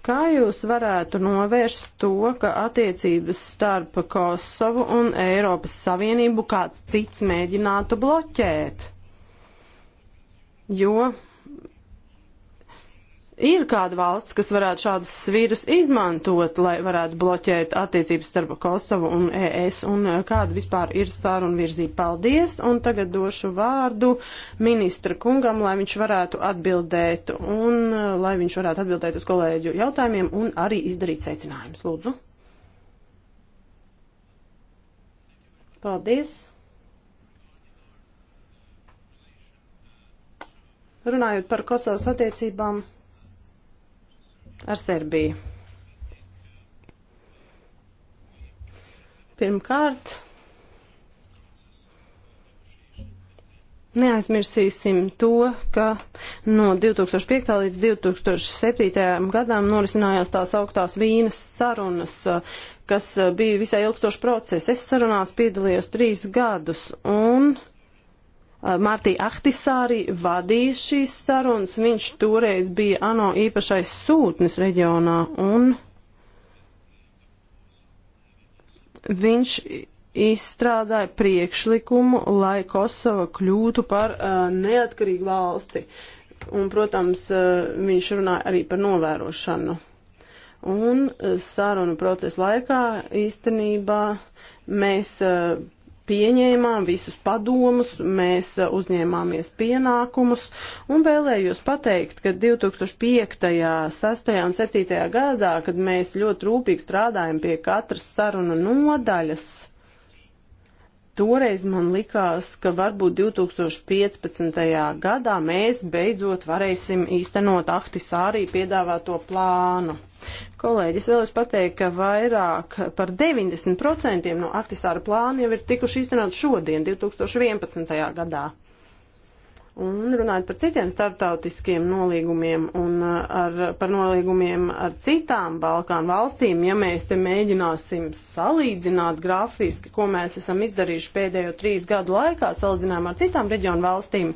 kā jūs varētu novērst to, ka attiecības starp Kosovu un Eiropas Savienību kāds cits mēģinātu bloķēt? Jo ir kāda valsts, kas varētu šādas svīras izmantot, lai varētu bloķēt attiecības starp Kosovu un ES, un e, kāda vispār ir sāruna virzība. Paldies, un tagad došu vārdu ministra kungam, lai viņš varētu atbildēt, un e, lai viņš varētu atbildēt uz kolēģu jautājumiem un arī izdarīt secinājumus. Lūdzu. Paldies. Runājot par Kosovas attiecībām ar Serbiju. Pirmkārt, neaizmirsīsim to, ka no 2005. līdz 2007. gadam norisinājās tās augtās vīnas sarunas, kas bija visai ilgstošs process. Es sarunās piedalījos trīs gadus un. Eh, Martī Ahtisāri vadīja šīs sarunas, viņš toreiz bija ANO īpašais sūtnis reģionā un viņš izstrādāja priekšlikumu, lai Kosova kļūtu par uh, neatkarīgu valsti. Un, protams, uh, viņš runāja arī par novērošanu. Un uh, sarunu procesa laikā īstenībā mēs uh, pieņēmām visus padomus, mēs uh, uzņēmāmies pienākumus un vēlējos pateikt, ka 2005., 6. un 7. gadā, kad mēs ļoti rūpīgi strādājam pie katras saruna nodaļas, Toreiz man likās, ka varbūt 2015. gadā mēs beidzot varēsim īstenot Ahtisārī piedāvāto plānu. Kolēģis vēlas pateikt, ka vairāk par 90% no Ahtisāra plāna jau ir tikuši īstenot šodien, 2011. gadā. Un runājot par citiem starptautiskiem nolīgumiem un uh, ar, par nolīgumiem ar citām Balkānu valstīm, ja mēs te mēģināsim salīdzināt grafiski, ko mēs esam izdarījuši pēdējo trīs gadu laikā, salīdzinām ar citām reģionu valstīm,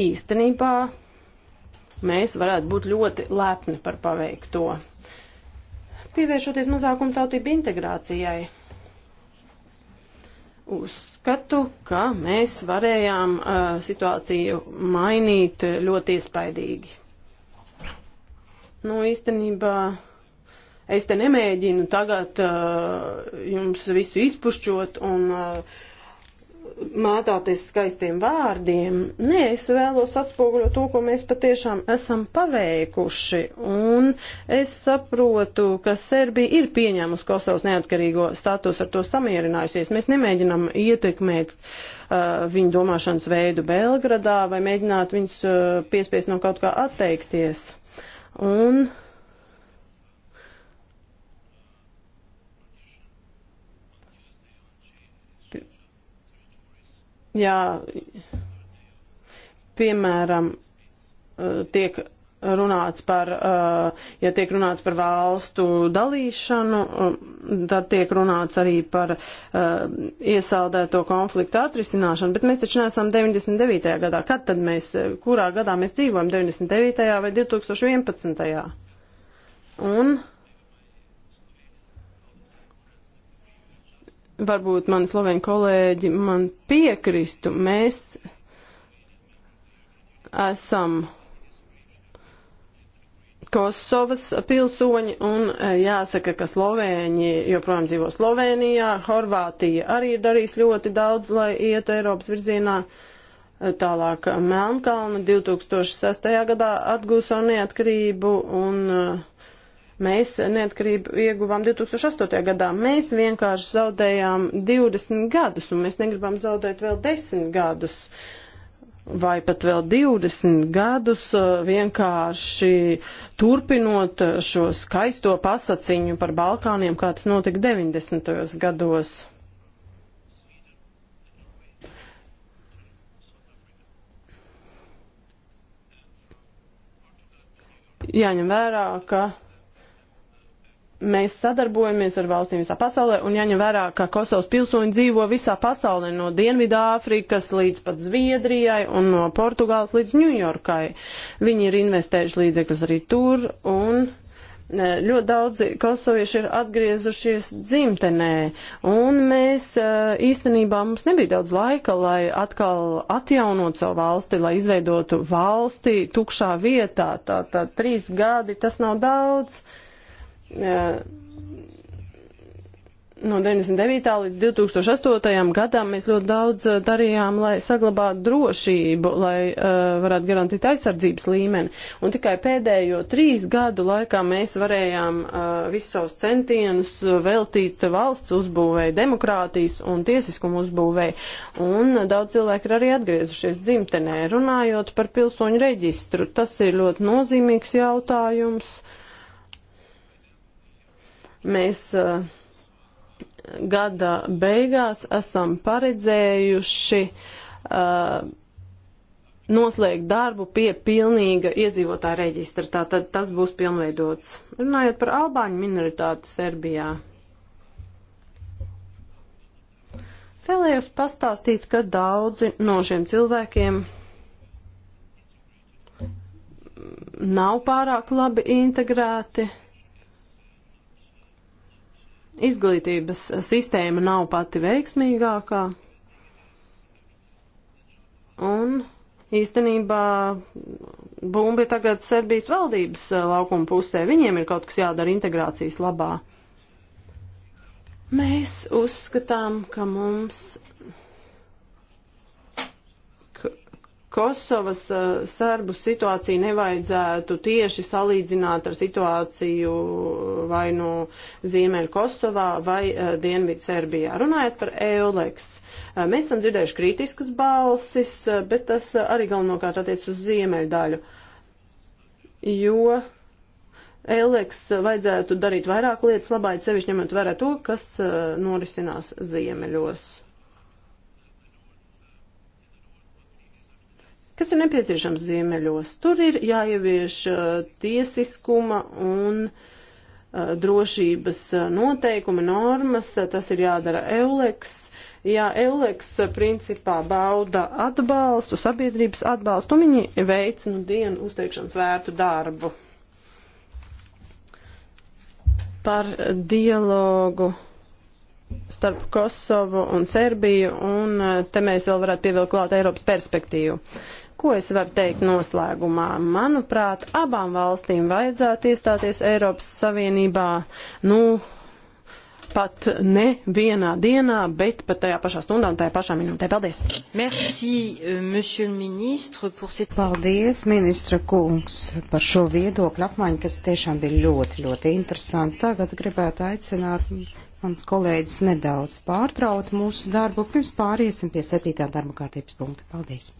īstenībā mēs varētu būt ļoti lepni par paveikto. Pievēršoties mazākumtautību integrācijai Uzskatu, ka mēs varējām uh, situāciju mainīt ļoti iespaidīgi. Nu, īstenībā es te nemēģinu tagad uh, jums visu izpušķot un uh, mātāties skaistiem vārdiem. Nē, es vēlos atspoguļot to, ko mēs patiešām esam paveikuši. Un es saprotu, ka Serbija ir pieņēmusi Kosovas neatkarīgo status, ar to samierinājusies. Mēs nemēģinam ietekmēt uh, viņu domāšanas veidu Belgradā vai mēģināt viņus uh, piespiest no kaut kā atteikties. Un uh, Jā, piemēram, eh, tiek runāts par, eh, ja tiek runāts par valstu dalīšanu, eh, tad tiek runāts arī par iesaldēto konfliktu atrisināšanu, bet mēs taču neesam 99. gadā. Kad tad mēs, kurā gadā mēs dzīvojam, 99. vai 2011. Un varbūt mani sloveni kolēģi man piekristu, mēs esam Kosovas pilsoņi un e, jāsaka, ka Slovēņi joprojām dzīvo Slovenijā, Horvātija arī ir darījis ļoti daudz, lai ietu Eiropas virzienā. E, tālāk Melnkalna 2006. gadā atgūs savu neatkarību un uh, Mēs neatkarību ieguvām 2008. gadā. Mēs vienkārši zaudējām 20 gadus, un mēs negribam zaudēt vēl 10 gadus. Vai pat vēl 20 gadus uh, vienkārši turpinot uh, šo skaisto pasaciņu par Balkāniem, kā tas notika 90. gados. jāņem vērā, ka mēs sadarbojamies ar valstīm visā pasaulē, un jāņem vērā, ka Kosovas pilsoņi dzīvo visā pasaulē, no Dienvidāfrikas līdz pat Zviedrijai un no Portugāles līdz Ņujorkai. Viņi ir investējuši līdzekļus arī tur, un e, ļoti daudzi kosovieši ir atgriezušies dzimtenē, un mēs e, īstenībā mums nebija daudz laika, lai atkal atjaunot savu valsti, lai izveidotu valsti tukšā vietā. Tā, tā trīs gadi tas nav daudz. Uh, Eh, no 99. līdz 2008. gadam mēs ļoti daudz eh, darījām, lai saglabātu drošību, lai uh, varētu garantīt aizsardzības līmeni. Un tikai pēdējo trīs gadu laikā mēs varējām uh, visus savus centienus veltīt valsts uzbūvēja, demokrātijas un tiesiskumu uzbūvēja. Un daudz cilvēku ir arī atgriezušies dzimtenē, runājot par pilsoņu reģistru. Tas ir ļoti nozīmīgs jautājums. Uh, Mēs uh, gada beigās esam paredzējuši uh, noslēgt darbu pie pilnīga iedzīvotāja reģistra. Tātad tas būs pilnveidots. Runājot par albāņu minoritāti Serbijā. Vēlējos pastāstīt, ka daudzi no šiem cilvēkiem nav pārāk labi integrēti. Izglītības sistēma nav pati veiksmīgākā. Un īstenībā bumbi tagad Serbijas valdības eh, laukuma pusē. Viņiem ir kaut kas jādara integrācijas labā. Mēs uzskatām, ka mums Kosovas uh, serbu situāciju nevajadzētu tieši salīdzināt ar situāciju eh, vai nu no Ziemeļa Kosovā vai uh, Dienvidu Serbijā. Runājot par Euleks, uh, mēs esam dzirdējuši kritiskas balsis, uh, bet tas uh, arī galvenokārt attiec uz Ziemeļu daļu, jo Euleks vajadzētu darīt vairāk lietas labāk, sevišķi ņemot vērā to, kas uh, norisinās Ziemeļos. Kas ir nepieciešams ziemeļos? Tur ir jāievieš uh, tiesiskuma un uh, drošības uh, noteikumi, normas, tas ir jādara Euleks. Jā, Euleks principā bauda atbalstu, sabiedrības atbalstu, un viņi veic nu dienu uzteikšanas vērtu darbu. Par dialogu starp Kosovu un Serbiju, un te mēs vēl varētu pievilkt klāt Eiropas perspektīvu. Uh, Ko es varu teikt noslēgumā? Manuprāt, abām valstīm vajadzētu iestāties Eiropas Savienībā, nu, pat ne vienā dienā, bet pat tajā pašā stundā un tajā pašā minūtē. Paldies! Merci, euh, monsieur le ministre, pour cette... Paldies, ministra kungs, par šo viedokļu apmaiņu, kas tiešām bija ļoti, ļoti interesanti. Tagad gribētu aicināt mans kolēģis nedaudz pārtraut mūsu darbu, pirms pāriesim pie septītā darba kārtības punkta. Paldies!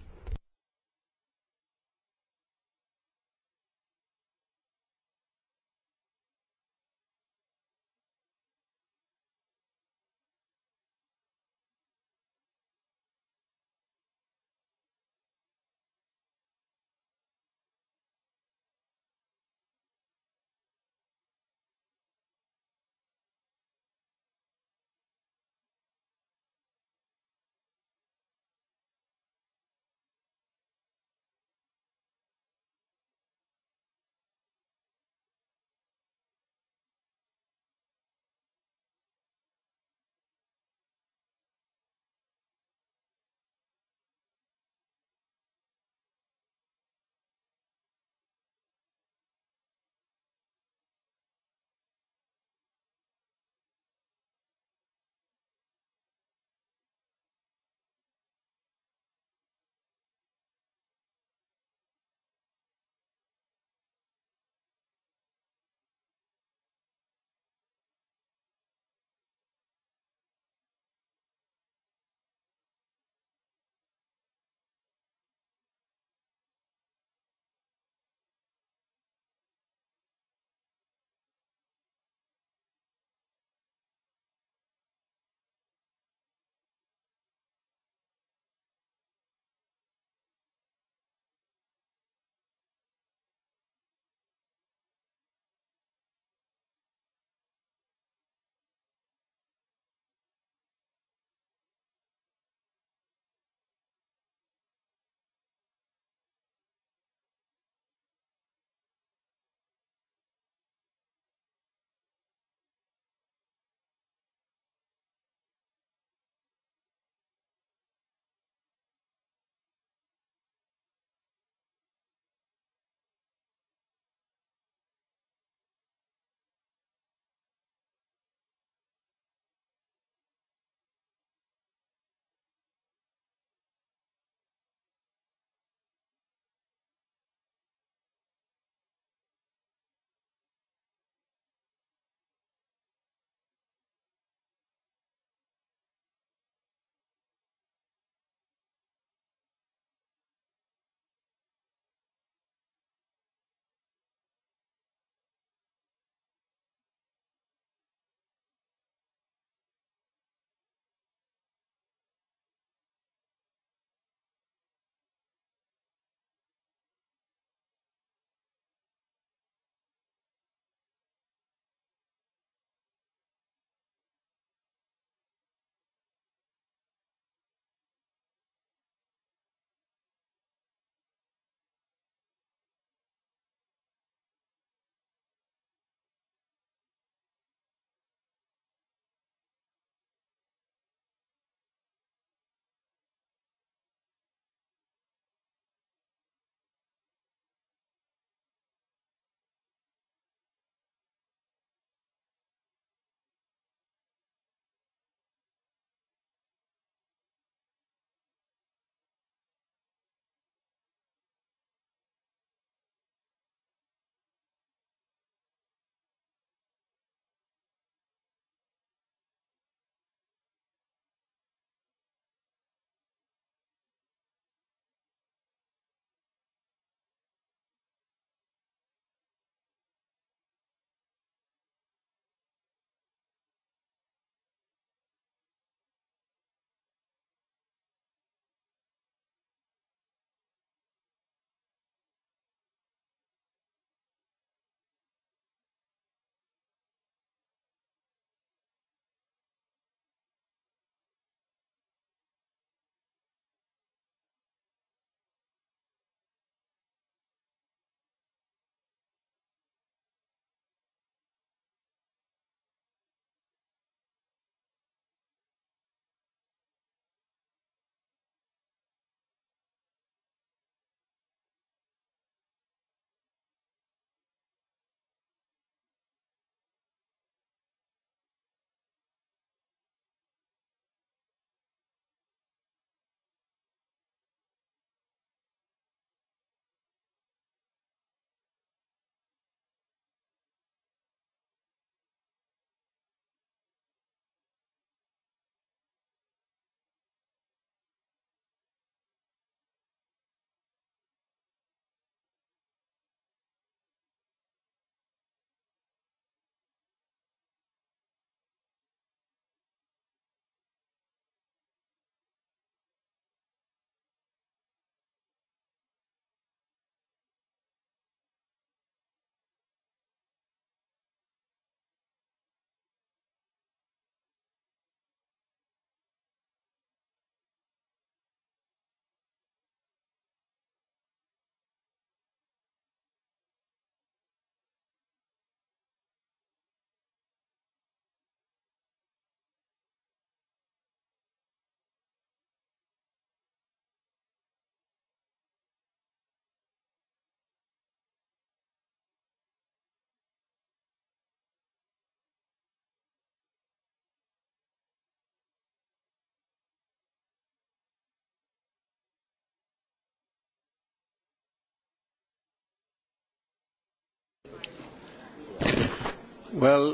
Well,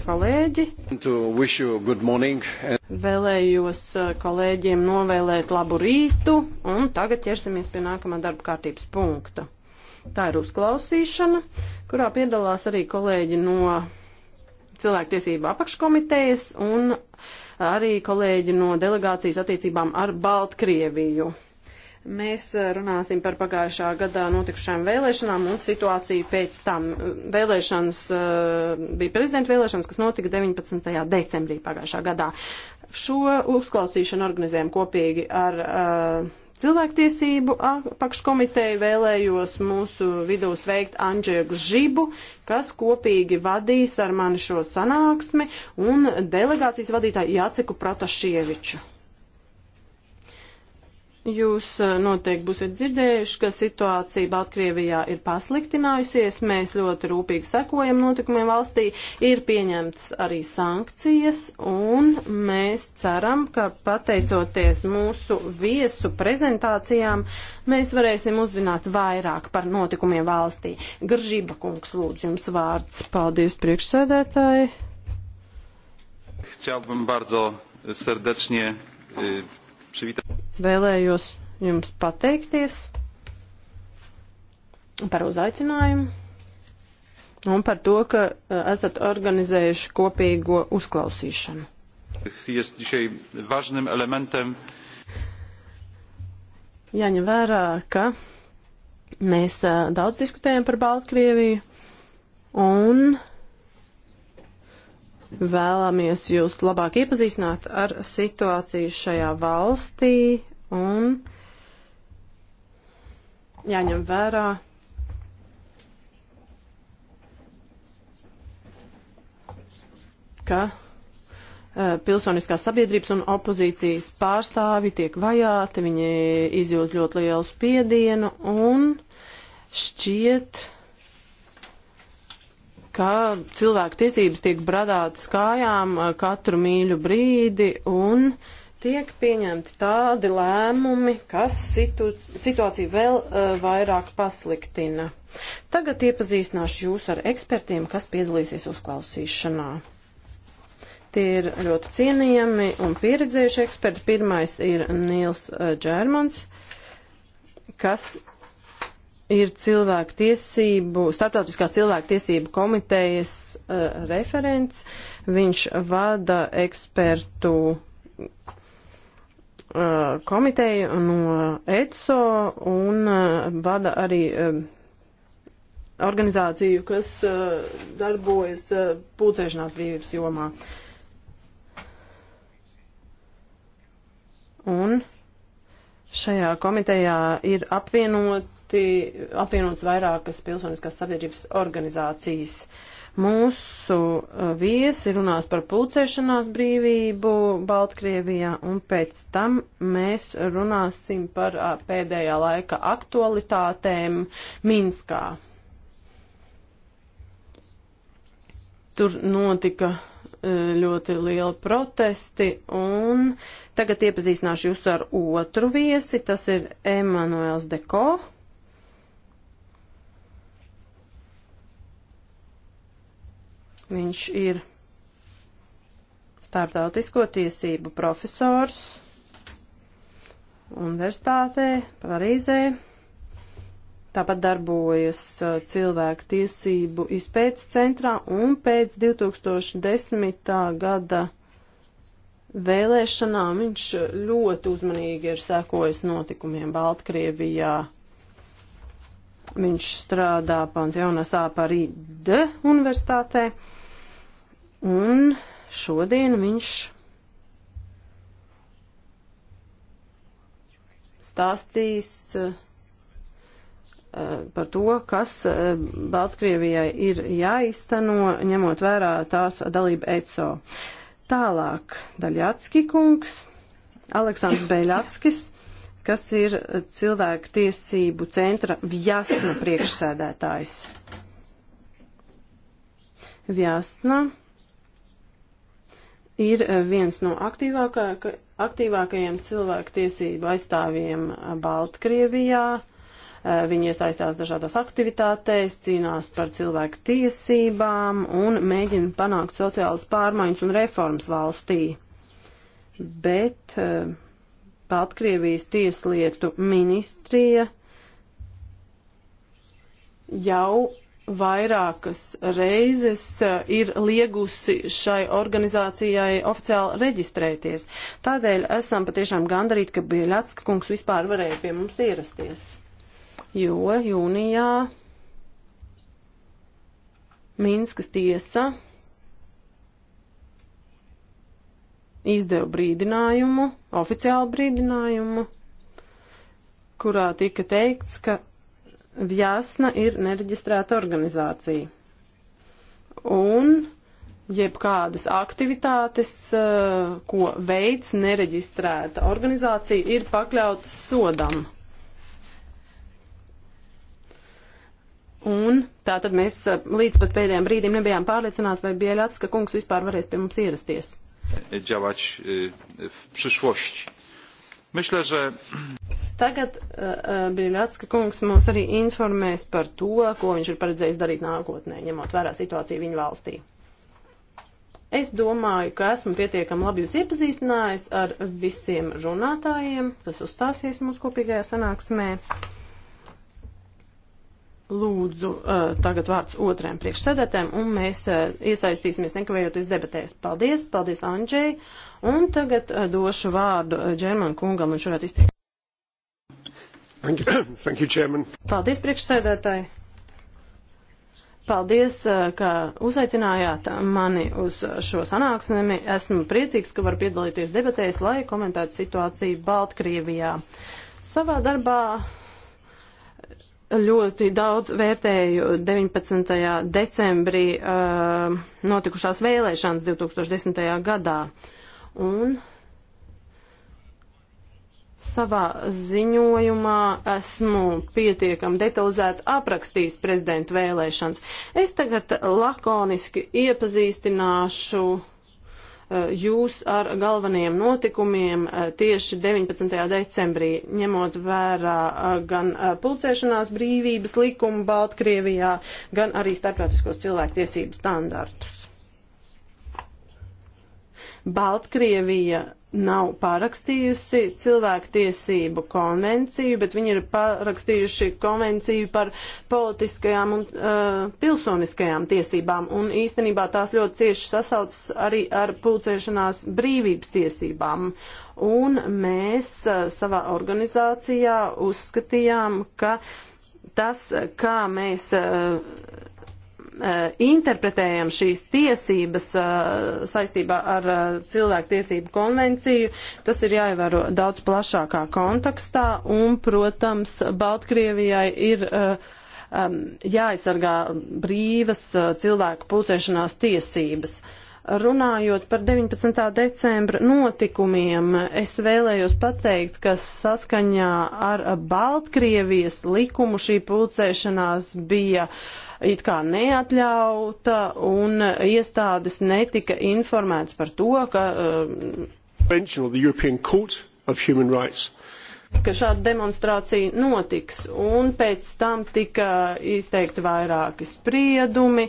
kolēģi. Vēlējos uh, kolēģiem novēlēt labu rītu, un tagad ķersimies pie nākamā darba kārtības punkta. Tā ir uzklausīšana, kurā piedalās arī kolēģi no cilvēktiesība apakškomitejas un arī kolēģi no delegācijas attiecībām ar Baltkrieviju. Mēs eh, runāsim par pagājušā gadā notikušām vēlēšanām un situāciju pēc tam. Vēlēšanas eh, bija prezidenta vēlēšanas, kas notika 19. decembrī pagājušā gadā. Šo uzklausīšanu organizējam kopīgi ar uh, cilvēktiesību apakškomiteju vēlējos mūsu vidū sveikt Andžēgu Žibu, kas kopīgi vadīs ar mani šo sanāksmi, un delegācijas vadītāju Jāceku Protašieviču. Jūs eh, noteikti būsiet dzirdējuši, ka situācija Baltkrievijā ir pasliktinājusies. Mēs ļoti rūpīgi sekojam notikumiem valstī. Ir pieņemts arī sankcijas, un mēs ceram, ka pateicoties mūsu viesu prezentācijām, mēs varēsim uzzināt vairāk par notikumiem valstī. Gržība kungs, lūdzu, jums vārds. Paldies, priekšsēdētāji. Chciałbym bardzo serdecznie y, Vēlējos jums pateikties par uzaicinājumu un par to, ka eh, esat organizējuši kopīgo uzklausīšanu. Jest dzisiaj ważnym elementem. Jāņem vērā, ka mēs eh, daudz diskutējam par Baltkrieviju un Vēlamies jūs labāk iepazīstināt ar situāciju šajā valstī un jāņem vērā ka e, pilsoniskās sabiedrības un opozīcijas pārstāvi tiek vajāti, viņi izjūt ļoti lielu spiedienu un šķiet, ka cilvēku tiesības tiek bradātas kājām eh, katru mīļu brīdi un tiek pieņemti tādi lēmumi, kas situ, situāciju vēl uh, vairāk pasliktina. Tagad iepazīstināšu jūs ar ekspertiem, kas piedalīsies uzklausīšanā. Tie ir ļoti cienījami un pieredzējuši eksperti. Pirmais ir Nils eh, Džērmans, kas ir cilvēku tiesību, starptautiskā cilvēku tiesību komitejas uh, referents. Viņš vada ekspertu uh, komiteju no ETSO un uh, vada arī uh, organizāciju, kas uh, darbojas uh, pulcēšanās brīvības jomā. Un šajā komitejā ir apvienot ļoti apvienots vairākas pilsoniskās sabiedrības organizācijas. Mūsu uh, viesi runās par pulcēšanās brīvību Baltkrievijā, un pēc tam mēs runāsim par uh, pēdējā laika aktualitātēm Minskā. Tur notika uh, ļoti lieli protesti, un tagad iepazīstināšu jūs ar otru viesi, tas ir Emanuels Deko. Viņš ir starptautisko tiesību profesors universitātē Parīzē. Tāpat darbojas uh, cilvēku tiesību izpētes centrā un pēc 2010. gada vēlēšanām viņš ļoti uzmanīgi ir sekojis notikumiem Baltkrievijā. Viņš strādā Pantjaunasā Parīde universitātē. Un šodien viņš stāstīs eh, eh, par to, kas eh, Baltkrievijai ir jāizteno, ņemot vērā tās dalību ECO. Tālāk Daļatski kungs, Aleksandrs Beļatskis, kas ir cilvēku tiesību centra Vjasna priekšsēdētājs. Vjasna ir eh, viens no aktīvākā, aktīvākajiem cilvēktiesību aizstāvjiem eh, Baltkrievijā. Eh, viņi iesaistās dažādās aktivitātēs, cīnās par cilvēku tiesībām un mēģina panākt sociālas pārmaiņas un reformas valstī. Bet Baltkrievijas tieslietu ministrija jau vairākas reizes eh, ir liegusi šai organizācijai oficiāli reģistrēties. Tādēļ esam patiešām gandarīti, ka Bieļatska kungs vispār varēja pie mums ierasties. Jo jūnijā Minskas tiesa izdeva brīdinājumu, oficiālu brīdinājumu, kurā tika teikts, ka Vjasna ir nereģistrēta organizācija. Un jebkādas aktivitātes, eh, ko veids nereģistrēta organizācija, ir pakļautas sodam. Un tā tad mēs eh, līdz pat pēdējiem brīdiem nebijām pārliecināti, vai Bieļats, ka kungs vispār varēs pie mums ierasties. Działać eh, w przyszłości. Myślę, że... Tagad uh, Biļatska kungs mums arī informēs par to, ko viņš ir paredzējis darīt nākotnē, ņemot vērā situāciju viņa valstī. Es domāju, ka esmu pietiekami labi jūs iepazīstinājis ar visiem runātājiem, kas uzstāsies mūsu kopīgajā sanāksmē. Lūdzu, uh, tagad vārds otrajam priekšsēdētājam, un mēs uh, iesaistīsimies nekavējoties debatēs. Paldies, paldies Andžēji, un tagad uh, došu vārdu uh, Džermanu kungam, un šorāt izteikt. Thank you, thank you, Chairman. Paldies, priekšsēdētāji. Paldies, uh, ka uzaicinājāt mani uz šo sanāksmi. Esmu priecīgs, ka varu piedalīties debatēs, lai komentētu situāciju Baltkrievijā. Savā darbā ļoti daudz vērtēju 19. decembrī uh, notikušās vēlēšanas 2010. gadā. Un savā ziņojumā esmu pietiekami detalizēti aprakstījis prezidenta vēlēšanas. Es tagad lakoniski iepazīstināšu uh, jūs ar galvenajiem notikumiem eh, tieši 19. decembrī, ņemot vērā eh, gan eh, pulcēšanās brīvības likumu Baltkrievijā, gan arī starptautiskos cilvēktiesību standartus. Baltkrievija nav parakstījusi cilvēktiesību konvenciju, bet viņi ir parakstījuši konvenciju par politiskajām un uh, pilsoniskajām tiesībām, un īstenībā tās ļoti cieši sasaucas arī ar pulcēšanās brīvības tiesībām. Un mēs uh, savā organizācijā uzskatījām, ka tas, kā mēs uh, interpretējam šīs tiesības saistībā ar cilvēktiesību konvenciju, tas ir jāievēro daudz plašākā kontekstā un, protams, Baltkrievijai ir jāaizsargā brīvas cilvēku pulcēšanās tiesības runājot par 19. decembra notikumiem, es vēlējos pateikt, ka saskaņā ar Baltkrievijas likumu šī pulcēšanās bija uh, it kā neatļauta un iestādes netika informētas par to, ka. Uh, ka šāda demonstrācija notiks, un pēc tam tika izteikti vairāki spriedumi,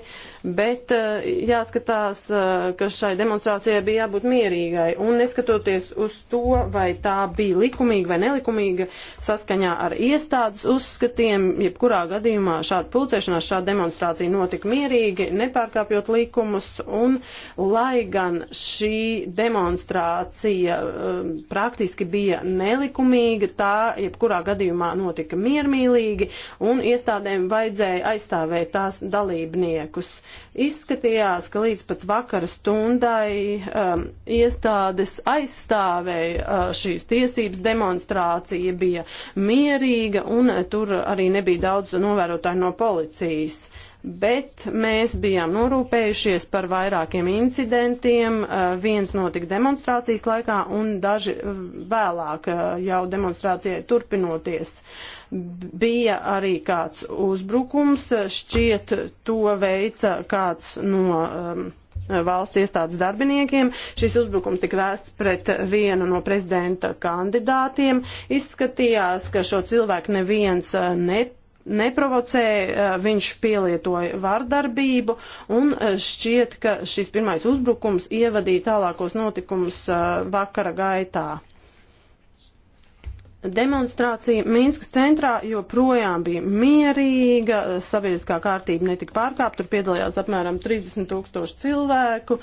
bet eh, jāskatās, eh, ka šai demonstrācijai bija jābūt mierīgai, un neskatoties uz to, vai tā bija likumīga vai nelikumīga, saskaņā ar iestādes uzskatiem, jebkurā gadījumā šāda pulcēšanās, šāda demonstrācija notika mierīgi, nepārkāpjot likumus, un lai gan šī demonstrācija eh, praktiski bija nelikumīga, tā jebkurā gadījumā notika miermīlīgi un iestādēm vajadzēja aizstāvēt tās dalībniekus. Izskatījās, ka līdz pat vakara stundai um, iestādes aizstāvēja uh, šīs tiesības, demonstrācija bija mierīga un uh, tur arī nebija daudz novērotāju no policijas bet mēs bijām norūpējušies par vairākiem incidentiem. Eh, viens notika demonstrācijas laikā un daži eh, vēlāk eh, jau demonstrācijai turpinoties. Bija arī kāds uzbrukums, šķiet to veica kāds no um, valsts iestādes darbiniekiem. Šis uzbrukums tika vērsts pret vienu no prezidenta kandidātiem. Izskatījās, ka šo cilvēku neviens nepārāk neprovocēja, viņš pielietoja vardarbību un šķiet, ka šis pirmais uzbrukums ievadīja tālākos notikumus vakara gaitā. Demonstrācija Mīnskas centrā joprojām bija mierīga, sabiedriskā kārtība netika pārkāpta, tur piedalījās apmēram 30 tūkstoši cilvēku,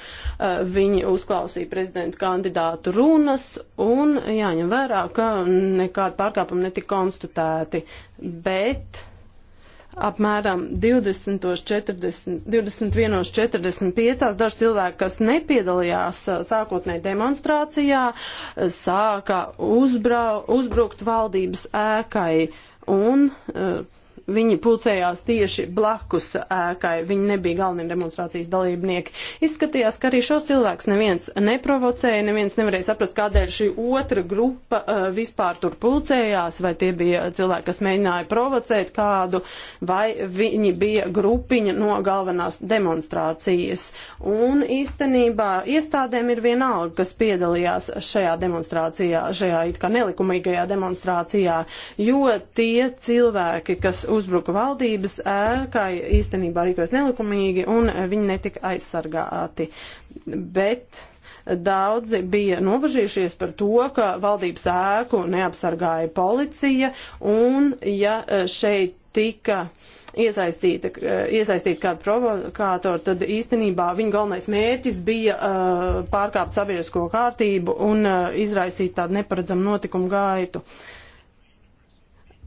viņi uzklausīja prezidenta kandidātu runas un jāņem vērā, ka nekāda pārkāpuma netika konstatēti, bet apmēram 20.40, 21.45. Daži cilvēki, kas nepiedalījās sākotnēji demonstrācijā, sāka uzbrau, uzbrukt valdības ēkai un uh, Viņi pulcējās tieši blakus ēkai, viņi nebija galvenie demonstrācijas dalībnieki. Izskatījās, ka arī šos cilvēkus neviens neprovocēja, neviens nevarēja saprast, kādēļ šī otra grupa uh, vispār tur pulcējās, vai tie bija cilvēki, kas mēģināja provocēt kādu, vai viņi bija grupiņa no galvenās demonstrācijas. Un īstenībā iestādēm ir vienalga, kas piedalījās šajā demonstrācijā, šajā it kā nelikumīgajā demonstrācijā, jo tie cilvēki, kas uzbruka valdības ēkai, īstenībā rīkojas nelikumīgi, un viņi netika aizsargāti. Bet daudzi bija nobažījušies par to, ka valdības ēku neapsargāja policija, un ja e, šeit tika iesaistīta, e, iesaistīta kāda provokātora, tad īstenībā viņa galvenais mērķis bija uh, pārkāpt sabiedrisko kārtību un uh, izraisīt tādu neparedzamu notikumu gaitu. Uh,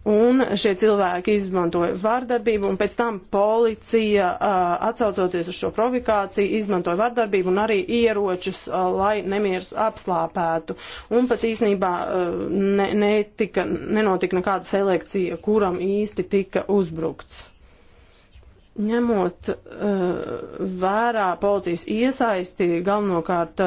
Un šie cilvēki izmantoja vardarbību, un pēc tam policija, atsaucoties uz šo provokāciju, izmantoja vardarbību un arī ieročus, lai nemieras apslāpētu. Un pat īsnībā ne, netika, nenotika nekāda selekcija, kuram īsti tika uzbrukts. Ņemot vērā policijas iesaisti, galvenokārt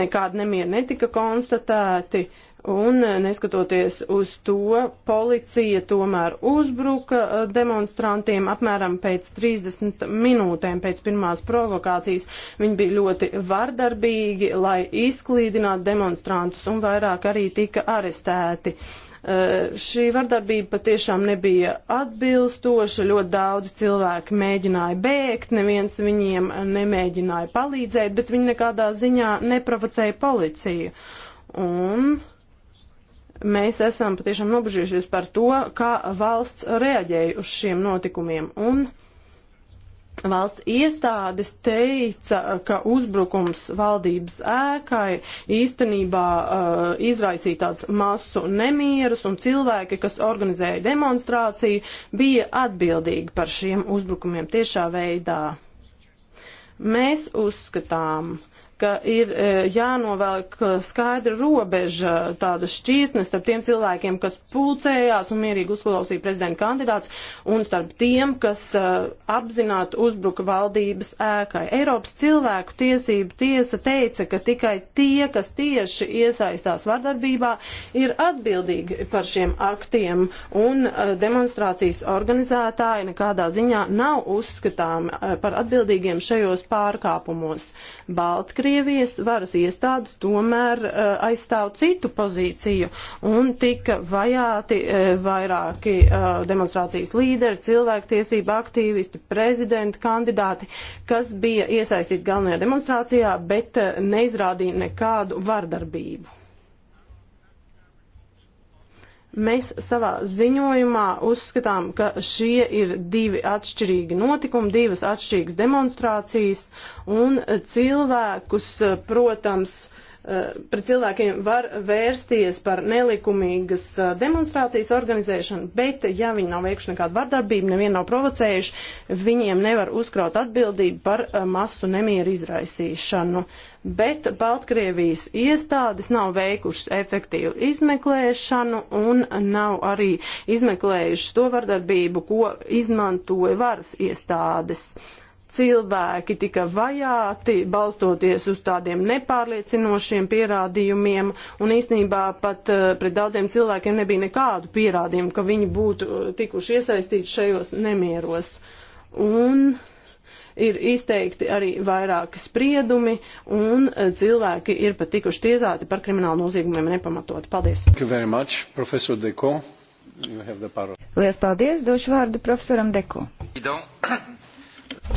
nekāda nemiera netika konstatēti. Uh, Un eh, neskatoties uz to, policija tomēr uzbruka eh, demonstrantiem apmēram pēc 30 minūtēm pēc pirmās provokācijas. Viņi bija ļoti vardarbīgi, lai izklīdinātu demonstrantus un vairāk arī tika arestēti. Eh, šī vardarbība patiešām nebija atbilstoša, ļoti daudz cilvēki mēģināja bēgt, neviens viņiem nemēģināja palīdzēt, bet viņi nekādā ziņā neprovocēja policiju. Un mēs esam patiešām nobežījušies par to, kā valsts reaģēja uz šiem notikumiem. Un Valsts iestādes teica, ka uzbrukums valdības ēkai īstenībā uh, izraisīja tāds masu nemierus un cilvēki, kas organizēja demonstrāciju, bija atbildīgi par šiem uzbrukumiem tiešā veidā. Mēs uzskatām, ka ir e, jānovelk e, skaidra robeža tādas šķirtnes starp tiem cilvēkiem, kas pulcējās un mierīgi uzklausīja prezidenta kandidāts, un starp tiem, kas e, apzināti uzbruka valdības ēkai. Eiropas cilvēku tiesību tiesa teica, ka tikai tie, kas tieši iesaistās vardarbībā, ir atbildīgi par šiem aktiem, un demonstrācijas organizētāji nekādā ziņā nav uzskatāmi par atbildīgiem šajos pārkāpumos. Baltkri Baltkrievijas varas iestādes tomēr uh, aizstāv citu pozīciju un tika vajāti uh, vairāki uh, demonstrācijas līderi, cilvēktiesība aktīvisti, prezidenta kandidāti, kas bija iesaistīti galvenajā demonstrācijā, bet uh, neizrādīja nekādu vardarbību. Mēs savā ziņojumā uzskatām, ka šie ir divi atšķirīgi notikumi, divas atšķirīgas demonstrācijas, un cilvēkus, protams, Eh, pret cilvēkiem var vērsties par nelikumīgas eh, demonstrācijas organizēšanu, bet ja viņi nav veikuši nekādu vardarbību, nevienu nav provocējuši, viņiem nevar uzkraut atbildību par eh, masu nemieru izraisīšanu. Bet Baltkrievijas iestādes nav veikušas efektīvu izmeklēšanu un nav arī izmeklējušas to vardarbību, ko izmantoja varas iestādes. Uh, cilvēki tika vajāti, balstoties uz tādiem nepārliecinošiem pierādījumiem, un īsnībā pat eh, pret daudziem cilvēkiem nebija nekādu pierādījumu, ka viņi būtu eh, tikuši iesaistīti šajos nemieros. Un ir izteikti arī vairāki spriedumi, un eh, cilvēki ir pat tikuši tiesāti par kriminālu noziegumiem nepamatot. Paldies! Much, Liels paldies! Došu vārdu profesoram Deku.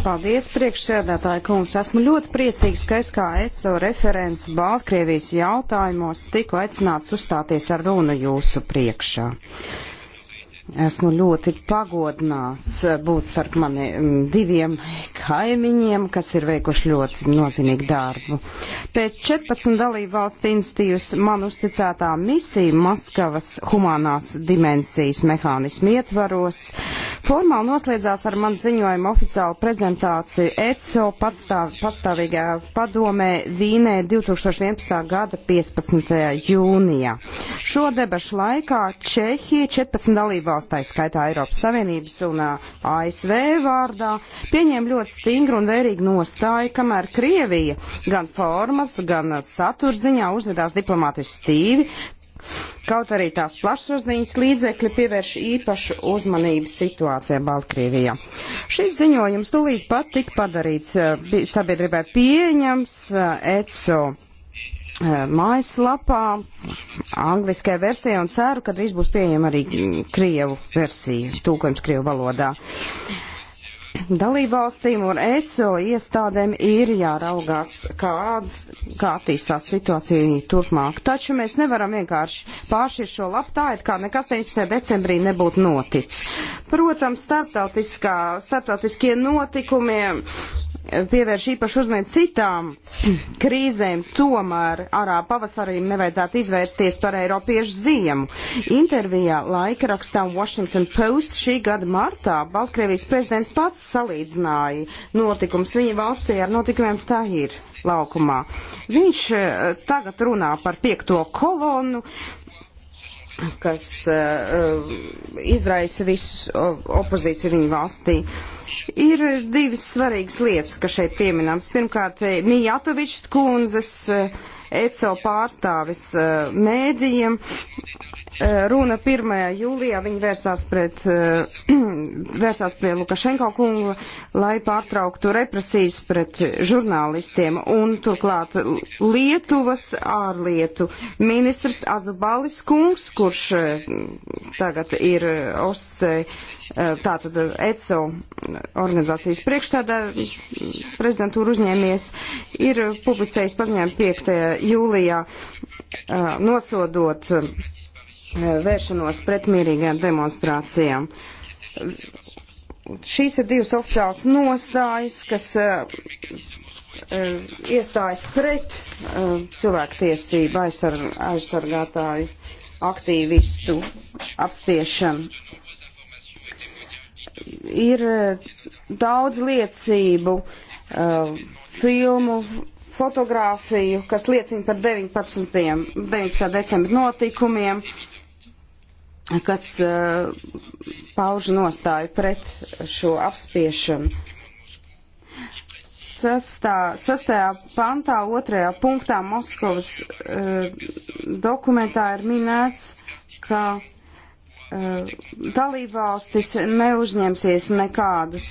Paldies, priekšsēdētāji kungs. Esmu ļoti priecīgs, ka es kā ESO referents Baltkrievijas jautājumos tiku aicināts uzstāties ar runu jūsu priekšā. Esmu ļoti pagodināts būt starp maniem mm, diviem kaimiņiem, kas ir veikuši ļoti nozīmīgu darbu. Pēc 14 dalību valstu institīvas man uzticētā misija Maskavas humanās dimensijas mehānismu ietvaros formāli noslēdzās ar man ziņojumu oficiālu prezentāciju ECO pastāv, pastāvīgā padomē Vīnē 2011. gada 15. jūnijā. Šo debašu laikā Čehija 14 dalību valstu valsts, tā skaitā Eiropas Savienības un ASV vārdā, pieņēma ļoti stingru un vērīgu nostāju, kamēr Krievija gan formas, gan saturziņā uzvedās diplomātiski stīvi, Kaut arī tās plašsaziņas līdzekļi pievērš īpašu uzmanību situācijai Baltkrievijā. Šis ziņojums tūlīt pat tika padarīts sabiedrībai pieņems ECO Eh, mājaslapā, angliskajā versijā un ceru, ka drīz būs pieejama arī krievu versija, tūkojums krievu valodā. Dalībvalstīm un ECO iestādēm ir jāraugās, kādas, kā attīstās situācija turpmāk. Taču mēs nevaram vienkārši pārši šo labtāju, kā nekas 19. decembrī nebūtu noticis. Protams, starptautiskie notikumiem pievērš īpašu uzmanību citām krīzēm, tomēr arā pavasarim nevajadzētu izvērsties par Eiropiešu ziemu. Intervijā laikrakstam Washington Post šī gada martā Baltkrievijas prezidents pats salīdzināja notikums viņa valstī ar notikumiem Tahir laukumā. Viņš eh, tagad runā par piekto kolonu, kas uh, izraisa visus opozīciju viņa valstī. Uh, Ir divas svarīgas lietas, kas šeit pieminams. Pirmkārt, eh, Mijatovičs kundzes eh, ECO pārstāvis eh, mēdījiem Eh, runa 1. jūlijā viņi vērsās, pret, eh, vērsās pie Lukašenko kungu, lai pārtrauktu represijas pret žurnālistiem. Un turklāt Lietuvas ārlietu ministrs Azubalis kungs, kurš eh, tagad ir OSCE, tātad ECO organizācijas priekšstādā prezidentūra uzņēmies, ir publicējis paziņojumu 5. jūlijā nosodot E, vēršanos pret mierīgām demonstrācijām. Šīs ir divas oficiālas nostājas, kas e, e, iestājas pret cilvēktiesību aizsar, aizsargātāju aktīvistu apspiešanu. Ir daudz liecību, filmu, fotografiju, kas liecina par 19. 19. decembra notikumiem kas uh, pauž nostāju pret šo apspiešanu. Sastā, sastajā pantā, otrajā punktā Moskovas uh, dokumentā ir minēts, ka uh, dalībvalstis neuzņemsies nekādus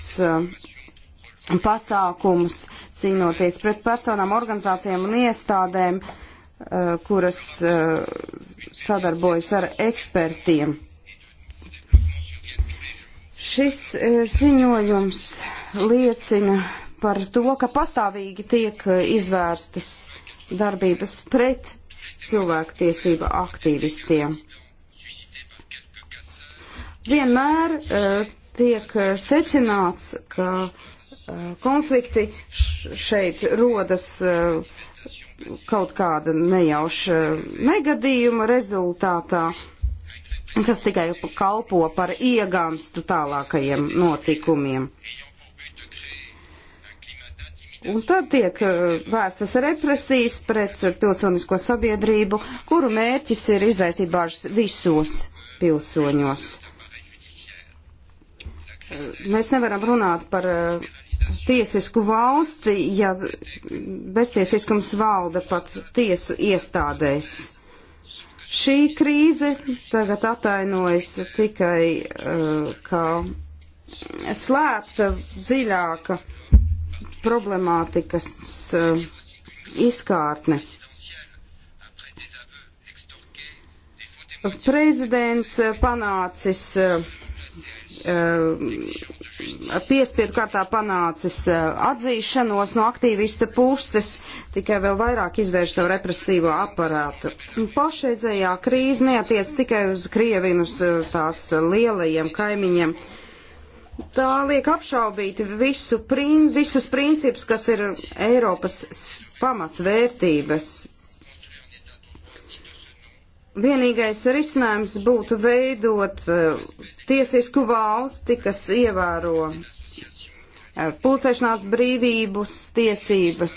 pasākumus cīnoties pret personām, organizācijām un iestādēm, uh, Eh, kuras eh, sadarbojas ar ekspertiem. Šis eh, ziņojums liecina par to, ka pastāvīgi tiek izvērstas darbības pret cilvēktiesība aktīvistiem. Vienmēr uh, tiek secināts, ka uh, konflikti šeit rodas uh, kaut kāda nejauša negadījuma rezultātā, kas tikai kalpo par iegānstu tālākajiem notikumiem. Un tad tiek uh, vērstas represijas pret pilsonisko sabiedrību, kuru mērķis ir izraisīt bāžas visos pilsoņos. Uh, mēs nevaram runāt par uh, tiesisku valsti, ja beztiesiskums valda pat tiesu iestādēs. Šī krīze tagad atainojas tikai uh, kā slēpta, dziļāka problemātikas uh, izkārtne. Prezidents eh, panācis uh, Eh, piespiedu kārtā panācis eh, atzīšanos no aktīvista pustes, tikai vēl vairāk izvērš savu represīvo aparātu. Pašreizējā krīze neatiec tikai uz Krieviju, uz eh, tās lielajiem kaimiņiem. Tā liek apšaubīt visu prin, visus principus, kas ir Eiropas pamatvērtības Vienīgais risinājums būtu veidot e, tiesisku valsti, kas ievēro e, pulcēšanās brīvības tiesības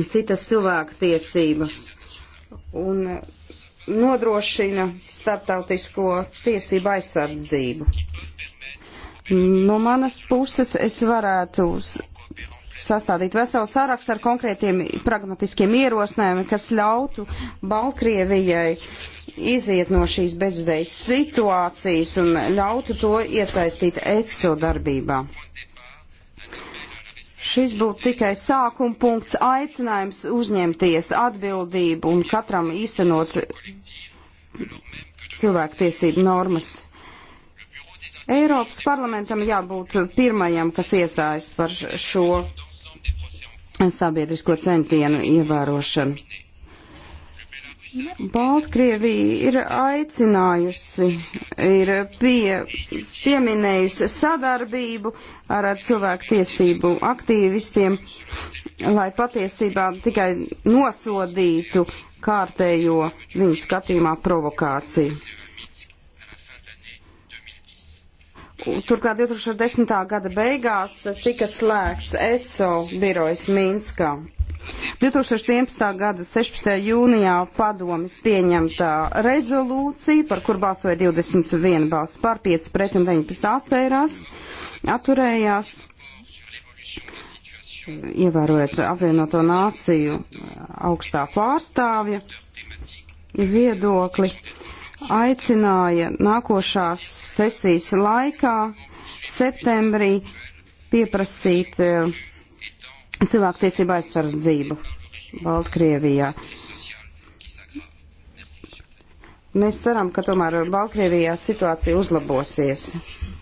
un citas cilvēku tiesības un e, nodrošina starptautisko tiesību aizsardzību. No manas puses es varētu sastādīt veselu sarakstu ar konkrētiem pragmatiskiem ierosinājumiem, kas ļautu Baltkrievijai iziet no šīs bezizdejas situācijas un ļautu to iesaistīt ECO darbībā. Šis būtu tikai sākuma punkts, aicinājums uzņemties atbildību un katram īstenot cilvēktiesību normas. Eiropas parlamentam jābūt pirmajam, kas iestājas par šo sabiedrisko centienu ievērošanu. Baltkrievija ir aicinājusi, ir pie, pieminējusi sadarbību ar cilvēku tiesību aktīvistiem, lai patiesībā tikai nosodītu kārtējo viņu skatījumā provokāciju. Turklāt 2010. gada beigās tika slēgts ECO birojas Minskā. 2011. gada 16. jūnijā padomis pieņemta rezolūcija, par kur balsoja 21 balss par 5 pret un 19 attērās, atturējās, ievērojot apvienoto nāciju augstā pārstāvja viedokli. Uh, aicināja nākošās sesijas laikā, septembrī, pieprasīt eh, cilvēktiesību aizsardzību Baltkrievijā. Mēs ceram, ka tomēr Baltkrievijā situācija uzlabosies.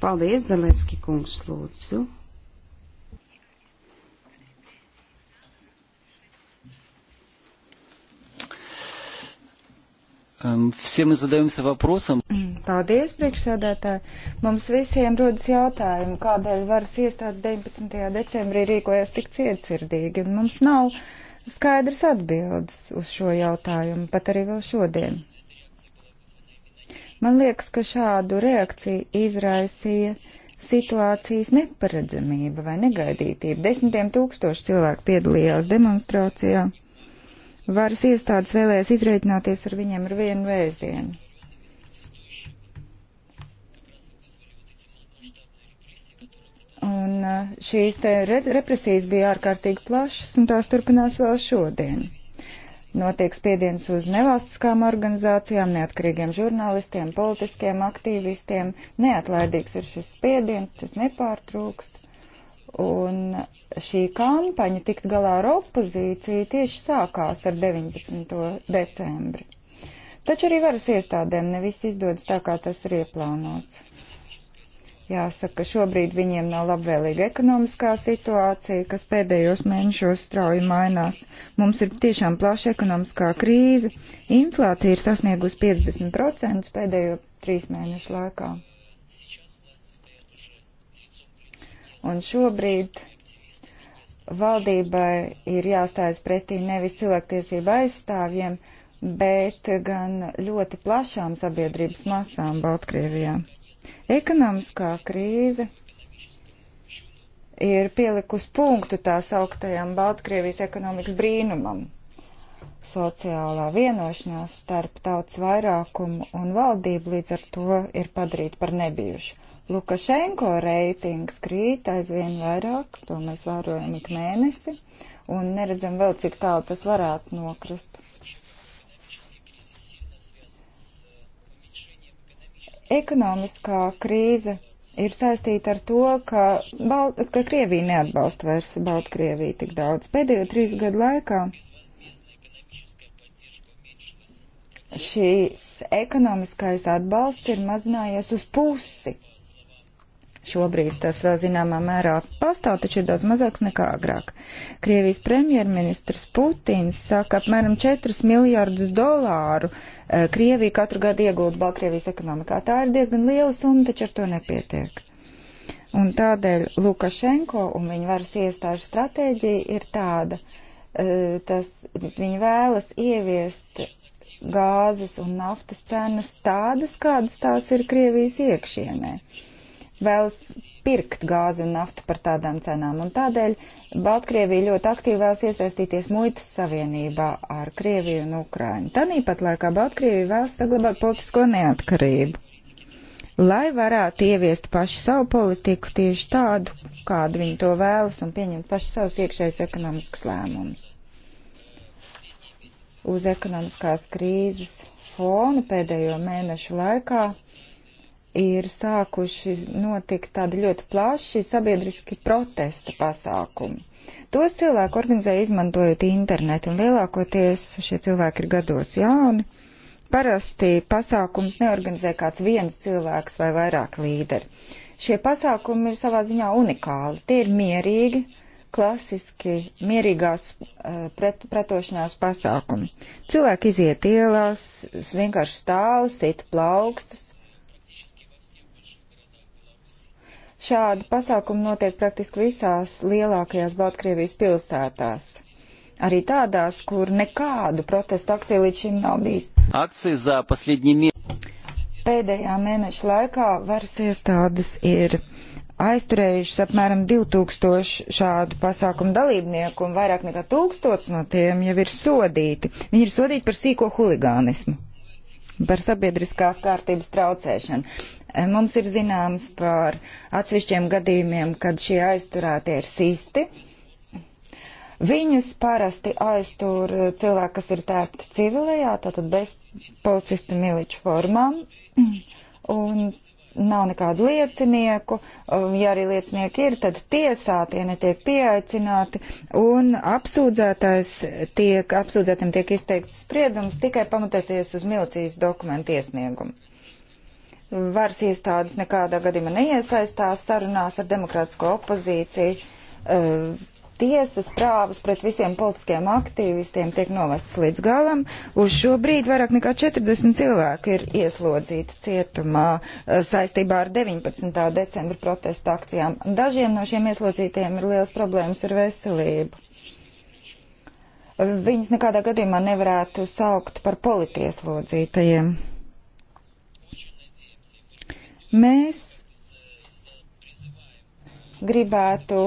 Paldies, Dalēski kungs, lūdzu. Все мы задаемся вопросом. Paldies, priekšsēdētāji. Mums visiem rodas jautājumi, kādēļ varas iestādes 19. decembrī rīkojās tik cietsirdīgi, un mums nav skaidrs atbildes uz šo jautājumu, pat arī vēl šodien. Man liekas, ka šādu reakciju izraisīja situācijas neparedzamība vai negaidītība. Desmitiem tūkstoši cilvēku piedalījās demonstrācijā varas iestādes vēlēs izreikināties ar viņiem ar vienu vēzienu. Un uh, šīs te represijas bija ārkārtīgi plašas, un tās turpinās vēl šodien. Notiek spiediens uz nevalstiskām organizācijām, neatkarīgiem žurnālistiem, politiskiem aktīvistiem. Neatlaidīgs ir šis spiediens, tas nepārtrūkst. Un šī kampaņa tikt galā ar opozīciju tieši sākās ar 19. decembri. Taču arī varas iestādēm nevis izdodas tā, kā tas ir ieplānots. Jāsaka, šobrīd viņiem nav labvēlīga ekonomiskā situācija, kas pēdējos mēnešos strauji mainās. Mums ir tiešām plaša ekonomiskā krīze. Inflācija ir sasniegusi 50% pēdējo trīs mēnešu laikā. Un šobrīd valdībai ir jāstājas pretī nevis cilvēktiesību aizstāvjiem, bet gan ļoti plašām sabiedrības masām Baltkrievijā. Ekonomiskā krīze ir pielikus punktu tās augtajam Baltkrievijas ekonomikas brīnumam. Sociālā vienošanās starp tautas vairākumu un valdību līdz ar to ir padarīta par nebijušu. Lukašenko reitings krīt aizvien vairāk, to mēs vērojam ik mēnesi, un neredzam vēl, cik tālu tas varētu nokrist. Ekonomiskā krīze ir saistīta ar to, ka, Bal ka Krievija neatbalsta vairs Baltkrieviju tik daudz. Pēdējo trīs gadu laikā šīs ekonomiskais atbalsts ir mazinājies uz pusi. Šobrīd tas vēl zināmā mērā pastāv, taču ir daudz mazāks nekā agrāk. Krievijas premjerministrs Putins saka, apmēram 4 miljārdus dolāru Krievija katru gadu iegūtu Baltkrievijas ekonomikā. Tā ir diezgan liela summa, taču ar to nepietiek. Un tādēļ Lukašenko un viņa varas iestāžu stratēģija ir tāda, tas viņi vēlas ieviest gāzes un naftas cenas tādas, kādas tās ir Krievijas iekšienē. Uh, vēlas pirkt gāzi un naftu par tādām cenām. Un tādēļ Baltkrievija ļoti aktīvi vēlas iesaistīties muitas savienībā ar Krieviju un Ukraini. Tanīpat laikā Baltkrievija vēlas saglabāt politisko neatkarību, lai varētu ieviest pašu savu politiku tieši tādu, kādu viņi to vēlas un pieņemt pašu savus iekšējus ekonomiskus lēmumus. Uz ekonomiskās krīzes fonu pēdējo mēnešu laikā ir sākuši notikt tādi ļoti plaši sabiedriski protesta pasākumi. Tos cilvēku organizēja izmantojot internetu, un lielākoties šie cilvēki ir gados jauni. Parasti pasākums neorganizē kāds viens cilvēks vai vairāk līderi. Šie pasākumi ir savā ziņā unikāli. Tie ir mierīgi, klasiski mierīgās eh, pret, pretošanās pasākumi. Cilvēki iziet ielās, vienkārši stāv, sit plaukstus, Šādi pasākumi notiek praktiski visās lielākajās Baltkrievijas pilsētās. Arī tādās, kur nekādu protestu akciju līdz šim nav bijis. Akcijas paslīdņiem. Pēdējā mēneša laikā varas iestādes ir aizturējušas apmēram 2000 šādu pasākumu dalībnieku un vairāk nekā 1000 no tiem jau ir sodīti. Viņi ir sodīti par sīko huligānismu par sabiedriskās kārtības traucēšanu. Mums ir zināms par atsevišķiem gadījumiem, kad šie aizturētie ir sisti. Viņus parasti aiztur cilvēki, kas ir tērpti civilajā, tātad bez policistu miliču formām. Un nav nekādu liecinieku, ja arī liecinieki ir, tad tiesā tie netiek pieaicināti, un apsūdzētais tiek, apsūdzētam tiek izteikts spriedums tikai pamatoties uz milicijas dokumentu iesniegumu varas iestādes nekādā gadījumā neiesaistās sarunās ar demokrātisko opozīciju. E, tiesas prāvas pret visiem politiskiem aktīvistiem tiek novestas līdz galam. Uz šo brīdi vairāk nekā 40 cilvēku ir ieslodzīti cietumā e, saistībā ar 19. decembra protesta akcijām. Dažiem no šiem ieslodzītiem ir liels problēmas ar veselību. Viņus nekādā gadījumā nevarētu saukt par politieslodzītajiem. Mēs gribētu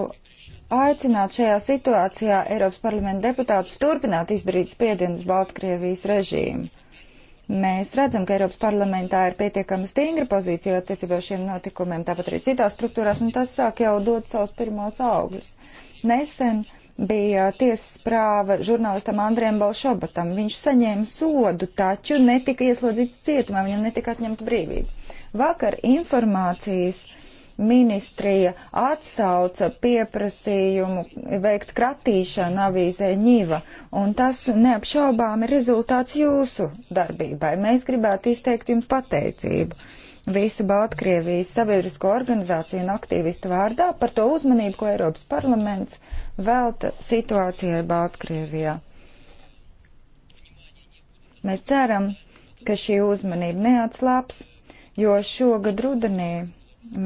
aicināt šajā situācijā Eiropas parlamenta deputātus turpināt izdarīt spiedienus Baltkrievijas režīmu. Mēs redzam, ka Eiropas parlamentā ir pietiekami stingra pozīcija attiecībā šiem notikumiem, tāpat arī citās struktūrās, un tas sāk jau dot savus pirmos augļus. Nesen bija tiesas prāva žurnālistam Andriem Balšobatam. Viņš saņēma sodu, taču netika ieslodzīts cietumā, viņam netika atņemta brīvība. Vakar informācijas ministrija atsauca pieprasījumu veikt kratīšanu avīzē Ņiva, un tas neapšaubām ir rezultāts jūsu darbībai. Mēs gribētu izteikt jums pateicību. Visu Baltkrievijas sabiedrisko organizāciju un aktīvistu vārdā par to uzmanību, ko Eiropas parlaments velta situācijai Baltkrievijā. Mēs ceram, ka šī uzmanība neatslāps jo šogad rudenī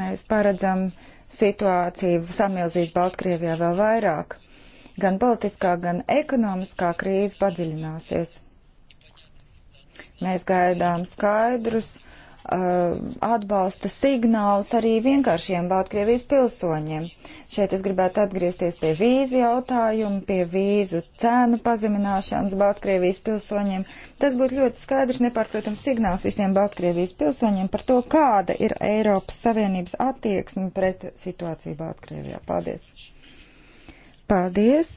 mēs paredzam situāciju samilzīs Baltkrievijā vēl vairāk. Gan politiskā, gan ekonomiskā krīze padziļināsies. Mēs gaidām skaidrus Uh, atbalsta signālus arī vienkāršiem Baltkrievijas pilsoņiem. Šeit es gribētu atgriezties pie vīzu jautājumu, pie vīzu cēnu pazemināšanas Baltkrievijas pilsoņiem. Tas būtu ļoti skaidrs, nepārprotams signāls visiem Baltkrievijas pilsoņiem par to, kāda ir Eiropas Savienības attieksme pret situāciju Baltkrievijā. Paldies! Paldies!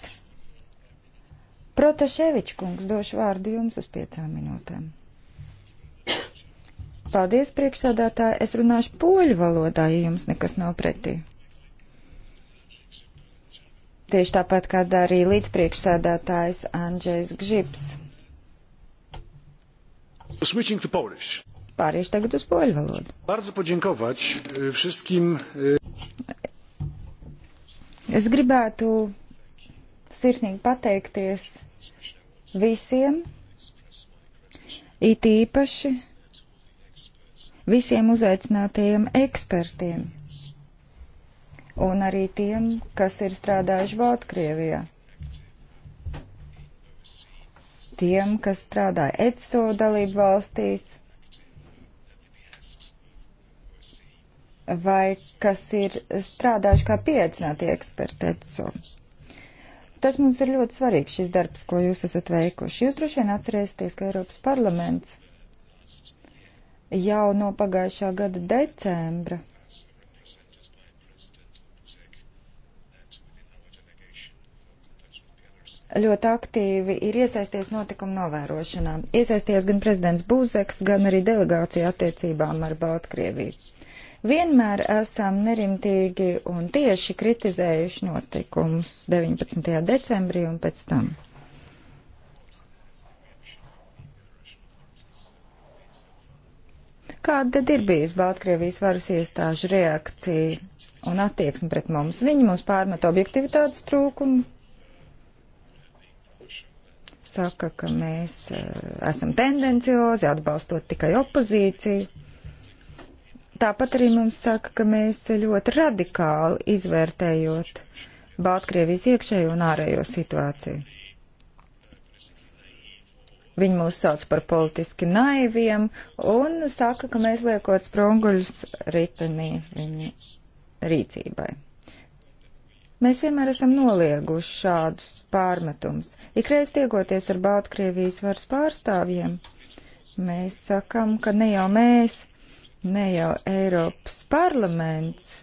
Protaševičs kungs, došu vārdu jums uz piecām minūtēm. Paldies, priekšsādātāji. Es runāšu poļu valodā, ja jums nekas nav pretī. Tieši tāpat kā darīja līdzpriekšsēdētājs Andrzejs Gžips. Switching to Polish. Pāriešu tagad uz poļu valodu. Bardzo podziękować e, wszystkim. E, es gribētu sirsnīgi pateikties visiem, it īpaši visiem uzaicinātajiem ekspertiem un arī tiem, kas ir strādājuši Baltkrievijā. Tiem, kas strādāja ECO dalību valstīs vai kas ir strādājuši kā pieaicināti eksperti ECO. Tas mums ir ļoti svarīgs šis darbs, ko jūs esat veikuši. Jūs droši vien atcerēsieties, ka Eiropas parlaments jau no pagājušā gada decembra. ļoti aktīvi ir iesaisties notikuma novērošanā. Iesaisties gan prezidents Būzeks, gan arī delegācija attiecībām ar Baltkrieviju. Vienmēr esam nerimtīgi un tieši kritizējuši notikumus 19. decembrī un pēc tam. Kāda tad ir bijusi Baltkrievijas varas iestāžu reakcija un attieksme pret mums? Viņi mums pārmet objektivitātes trūkumu, saka, ka mēs uh, esam tendenciozi, atbalstot tikai opozīciju. Tāpat arī mums saka, ka mēs ļoti radikāli izvērtējot Baltkrievijas iekšējo un ārējo situāciju. Viņi mūs sauc par politiski naiviem un saka, ka mēs liekot sprunguļus ritenī viņa rīcībai. Mēs vienmēr esam nolieguši šādus pārmetumus. Ikreiz tiekoties ar Baltkrievijas varas pārstāvjiem, mēs sakam, ka ne jau mēs, ne jau Eiropas parlaments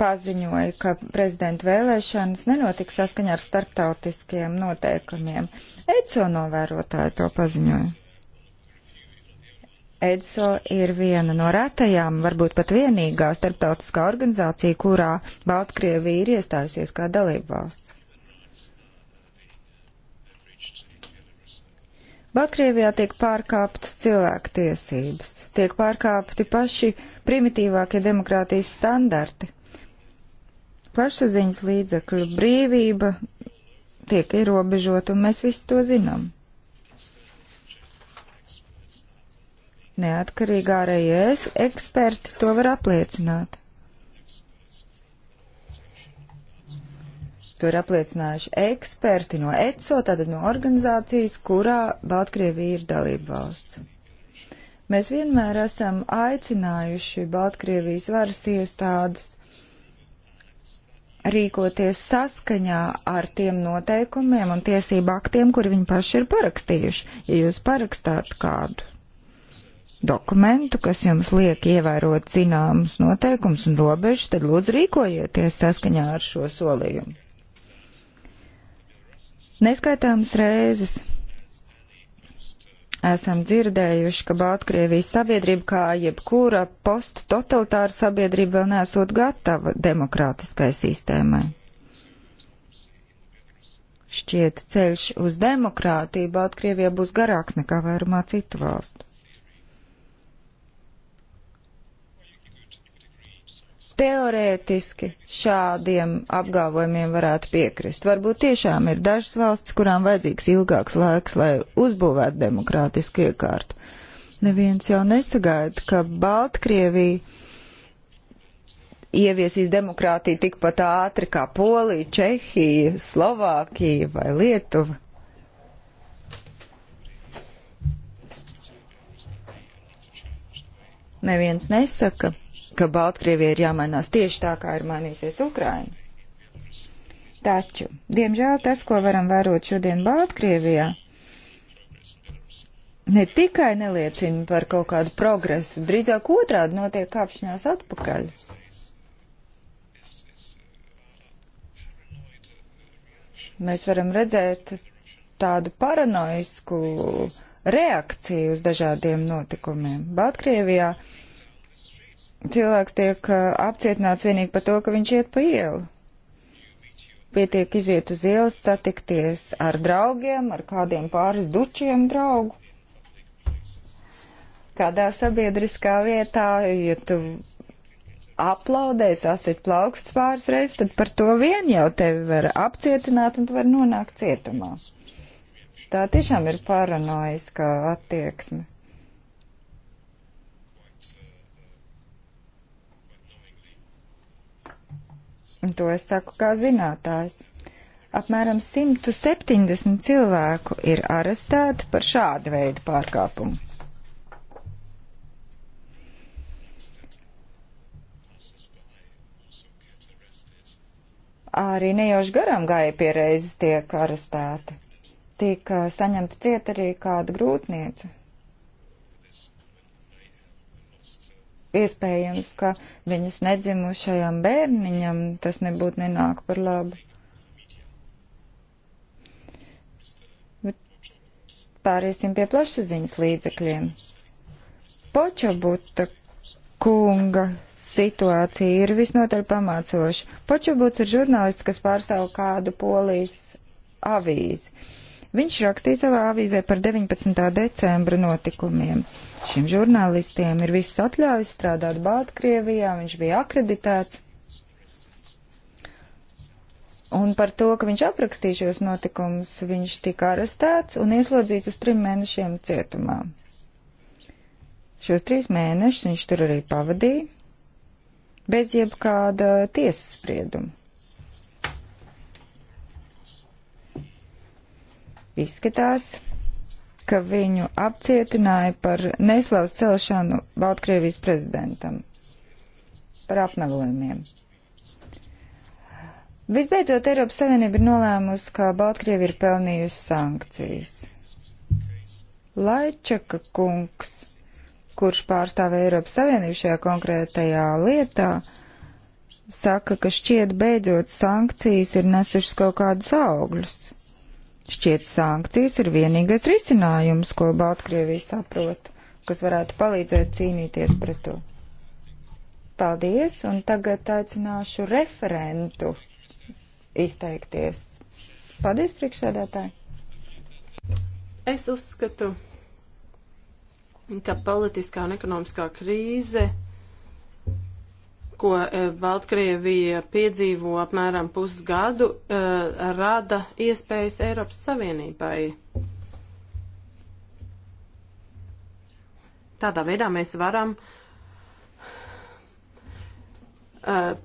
paziņoja, ka prezidenta vēlēšanas nenotiks saskaņā ar starptautiskajiem noteikumiem. ECO novērotāji to paziņoja. EDSO ir viena no retajām, varbūt pat vienīgā starptautiskā organizācija, kurā Baltkrievija ir iestājusies kā dalība valsts. Baltkrievijā tiek pārkāptas cilvēku tiesības, tiek pārkāpti paši primitīvākie demokrātijas standarti. Plašsaziņas līdzekļu brīvība tiek ierobežota, un mēs visi to zinām. Neatkarīgi ārējie eksperti to var apliecināt. To ir apliecinājuši eksperti no ECO, tātad no organizācijas, kurā Baltkrievija ir dalība valsts. Mēs vienmēr esam aicinājuši Baltkrievijas varas iestādes rīkoties saskaņā ar tiem noteikumiem un tiesību aktiem, kur viņi paši ir parakstījuši. Ja jūs parakstāt kādu dokumentu, kas jums liek ievērot zināmus noteikumus un robežas, tad lūdzu rīkojieties saskaņā ar šo solījumu. Neskaitāmas reizes esam dzirdējuši, ka Baltkrievijas sabiedrība, kā jebkura posttotalitāra sabiedrība, vēl nesot gatava demokrātiskai sistēmai. Šķiet, ceļš uz demokrātiju Baltkrievijā būs garāks nekā vairumā citu valstu. teorētiski šādiem apgalvojumiem varētu piekrist. Varbūt tiešām ir dažas valsts, kurām vajadzīgs ilgāks laiks, lai uzbūvētu demokrātisku iekārtu. Neviens jau nesagaida, ka Baltkrievija ieviesīs demokrātiju tikpat ātri kā Polija, Čehija, Slovākija vai Lietuva. Neviens nesaka ka Baltkrievija ir jāmainās tieši tā, kā ir mainīsies Ukraina. Taču, diemžēl, tas, ko varam vērot šodien Baltkrievijā, ne tikai neliecina par kaut kādu progresu, drīzāk otrādi notiek kāpšanās atpakaļ. Mēs varam redzēt tādu paranoisku reakciju uz dažādiem notikumiem. Baltkrievijā uh, cilvēks tiek uh, apcietināts vienīgi par to, ka viņš iet pa ielu. Pietiek iziet uz ielas, satikties ar draugiem, ar kādiem pāris dučiem draugu. Kādā sabiedriskā vietā, ja tu aplaudē, sasit plaukstus pāris reizes, tad par to vien jau tevi var apcietināt un tu var nonākt cietumā. Tā tiešām ir paranoiska attieksme. un to es saku kā zinātājs. Apmēram 170 cilvēku ir arestēti par šādu veidu pārkāpumu. Arī nejauši garām gāja pie reizes tiek arestēti. Tika saņemta ciet arī kāda grūtniece. Iespējams, ka viņas nedzimušajam bērniņam tas nebūtu nenāk par labu. Bet pāriesim pie plašsaziņas līdzekļiem. Počobuta kunga situācija ir visnotaļ pamācoša. Počobuts ir žurnālists, kas pārstāv kādu polijas avīzi. Viņš rakstīja savā avīzē par 19. decembra notikumiem. Šim žurnālistiem ir viss atļaujas strādāt Baltkrievijā, viņš bija akreditēts. Un par to, ka viņš aprakstīja šos notikumus, viņš tika arestēts un ieslodzīts uz trim mēnešiem cietumā. Šos trīs mēnešus viņš tur arī pavadīja, bez jebkāda tiesas sprieduma. Izskatās, ka viņu apcietināja par neslavas celšanu Baltkrievijas prezidentam, par apmelojumiem. Visbeidzot, Eiropas Savienība ir nolēmusi, ka Baltkrievi ir pelnījusi sankcijas. Laičaka kungs, kurš pārstāv Eiropas Savienību šajā konkrētajā lietā, saka, ka šķiet beidzot sankcijas ir nesušas kaut kādus augļus. Šķiet, sankcijas ir vienīgais risinājums, ko Baltkrievija saprot, kas varētu palīdzēt cīnīties pret to. Paldies, un tagad aicināšu referentu izteikties. Paldies, priekšsēdētāji! Es uzskatu, ka politiskā un ekonomiskā krīze ko e, Baltkrievija piedzīvo apmēram pusgadu, e, rada iespējas Eiropas Savienībai. Tādā veidā mēs varam e,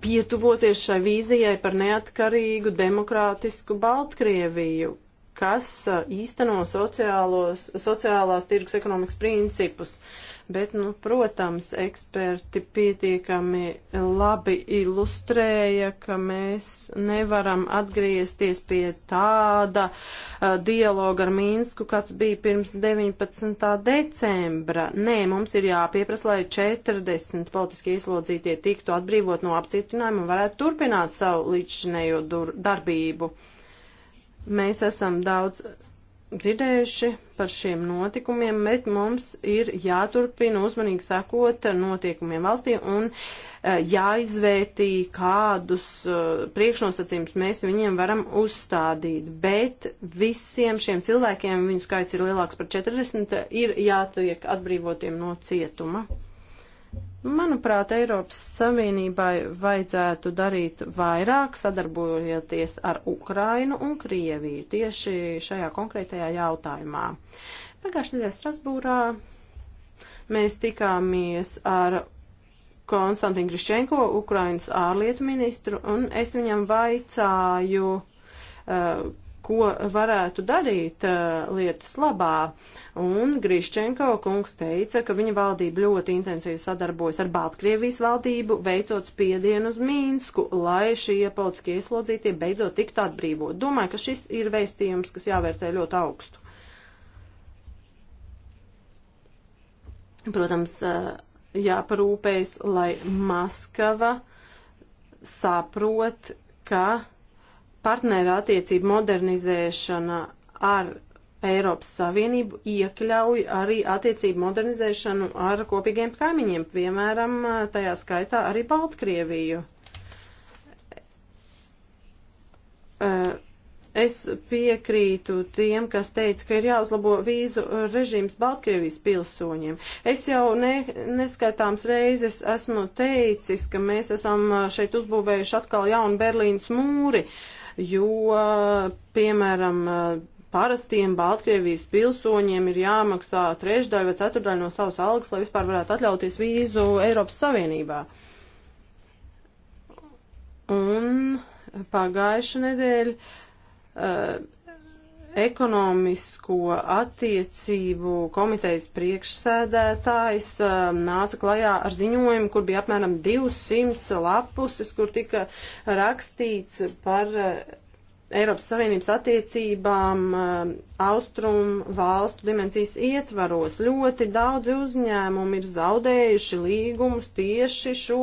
pietuvoties šai vīzijai par neatkarīgu, demokrātisku Baltkrieviju, kas īsteno sociālos, sociālās tirgus ekonomikas principus. Uh, bet, nu, protams, eksperti pietiekami labi ilustrēja, ka mēs nevaram atgriezties pie tāda uh, dialoga ar Mīnsku, kāds bija pirms 19. decembra. Nē, mums ir jāpieprasa, lai 40 politiski ieslodzītie tiktu atbrīvot no apcietinājuma un varētu turpināt savu līdzšinējo darbību. Mēs esam daudz dzirdējuši par šiem notikumiem, bet mums ir jāturpina uzmanīgi sakot notiekumiem valstī un eh, jāizvērtī, kādus eh, priekšnosacījumus mēs viņiem varam uzstādīt. Bet visiem šiem cilvēkiem, viņu skaits ir lielāks par 40, ir jātiek atbrīvotiem no cietuma. Manuprāt, Eiropas Savienībai vajadzētu darīt vairāk, sadarbojoties ar Ukrainu un Krieviju tieši šajā konkrētajā jautājumā. Pagājušajā nedēļā Strasbūrā mēs tikāmies ar Konstantinu Grišenko, Ukrainas ārlietu ministru, un es viņam vaicāju, uh, ko varētu darīt uh, lietas labā. Un Griščenko kungs teica, ka viņa valdība ļoti intensīvi sadarbojas ar Baltkrievijas valdību, veicot spiedienu uz Mīnsku, lai šie politiskie ieslodzītie beidzot tiktu atbrīvot. Domāju, ka šis ir vēstījums, kas jāvērtē ļoti augstu. Protams, uh, jāparūpējas, lai Maskava saprot, ka partneru attiecību modernizēšana ar Eiropas Savienību iekļauj arī attiecību modernizēšanu ar kopīgiem kaimiņiem, piemēram, tajā skaitā arī Baltkrieviju. Eh, es piekrītu tiem, kas teica, ka ir jāuzlabo vīzu režīms Baltkrievijas pilsoņiem. Es jau ne, neskaitāms reizes esmu teicis, ka mēs esam šeit uzbūvējuši atkal jaunu Berlīnas mūri. Uh, jo, piemēram, parastiem Baltkrievijas pilsoņiem ir jāmaksā trešdaļa vai ceturdaļa no savas algas, lai vispār varētu atļauties vīzu Eiropas Savienībā. Un pagājuša nedēļa uh, ekonomisko attiecību komitejas priekšsēdētājs um, nāca klajā ar ziņojumu, kur bija apmēram 200 lapuses, kur tika rakstīts par uh, Eiropas Savienības attiecībām uh, austrumu valstu dimensijas ietvaros. Ļoti daudzi uzņēmumi ir zaudējuši līgumus tieši šo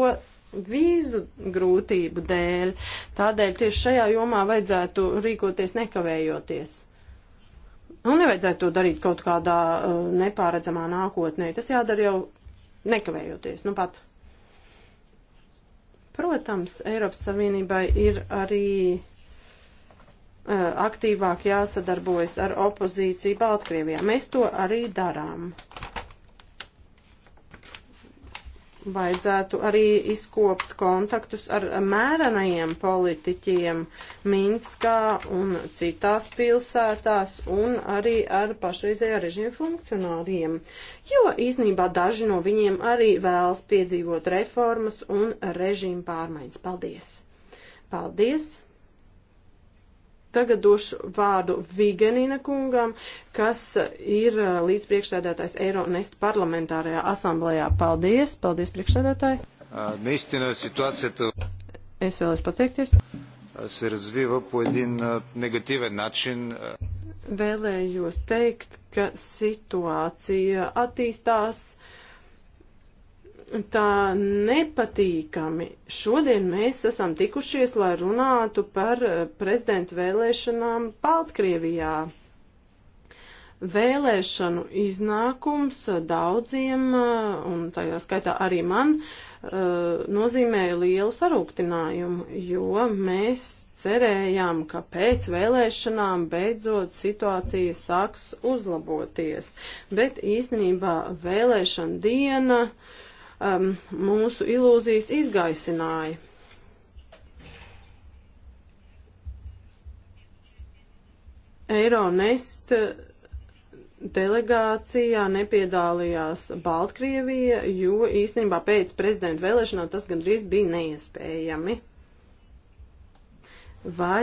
vīzu grūtību dēļ. Tādēļ tieši šajā jomā vajadzētu rīkoties nekavējoties. Nu, nevajadzētu to darīt kaut kādā uh, nepāredzamā nākotnē. Tas jādara jau nekavējoties, nu pat. Protams, Eiropas Savienībai ir arī uh, aktīvāk jāsadarbojas ar opozīciju Baltkrievijā. Mēs to arī darām. vajadzētu arī izkopt kontaktus ar mērenajiem politiķiem Minskā un citās pilsētās un arī ar pašreizējā režīma funkcionāriem, jo īsnībā daži no viņiem arī vēlas piedzīvot reformas un režīmu pārmaiņas. Paldies! Paldies! Tagad došu vārdu Vigenina kungam, kas ir uh, līdz priekšsēdētājs Eironest parlamentārajā asamblējā. Paldies, paldies priekšsēdētāji. Наистина uh, ситуацията es vēlos pateikties. се развива по един негативен uh, начин. Vēlējos teikt, ka situācija attīstās tā nepatīkami. Šodien mēs esam tikušies, lai runātu par eh, prezidentu vēlēšanām Baltkrievijā. Vēlēšanu iznākums daudziem, eh, un tajā skaitā arī man, eh, nozīmēja lielu sarūktinājumu, jo mēs cerējām, ka pēc vēlēšanām beidzot situācija sāks uzlaboties. Bet īstenībā vēlēšana diena uh, um, mūsu ilūzijas izgaisināja. Eironest delegācijā nepiedalījās Baltkrievija, jo īstenībā pēc prezidenta vēlēšanām tas gandrīz bija neiespējami. Vai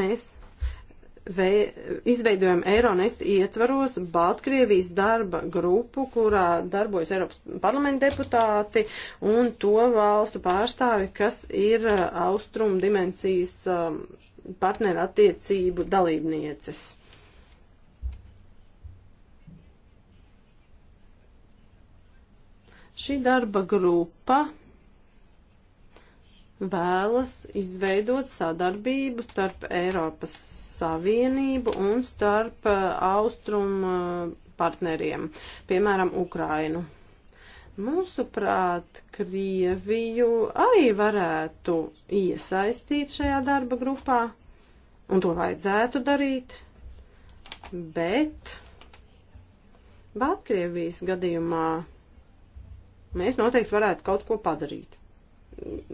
mēs vei, izveidojam Eironest ietvaros Baltkrievijas darba grupu, kurā darbojas Eiropas parlamenta deputāti un to valstu pārstāvi, kas ir uh, austrumu dimensijas um, partneru attiecību dalībnieces. Šī darba grupa vēlas izveidot sadarbību starp Eiropas Savienību un starp eh, austrumu eh, partneriem, piemēram, Ukrainu. Mūsuprāt, Krieviju arī varētu iesaistīt šajā darba grupā, un to vajadzētu darīt, bet Baltkrievijas gadījumā mēs noteikti varētu kaut ko padarīt.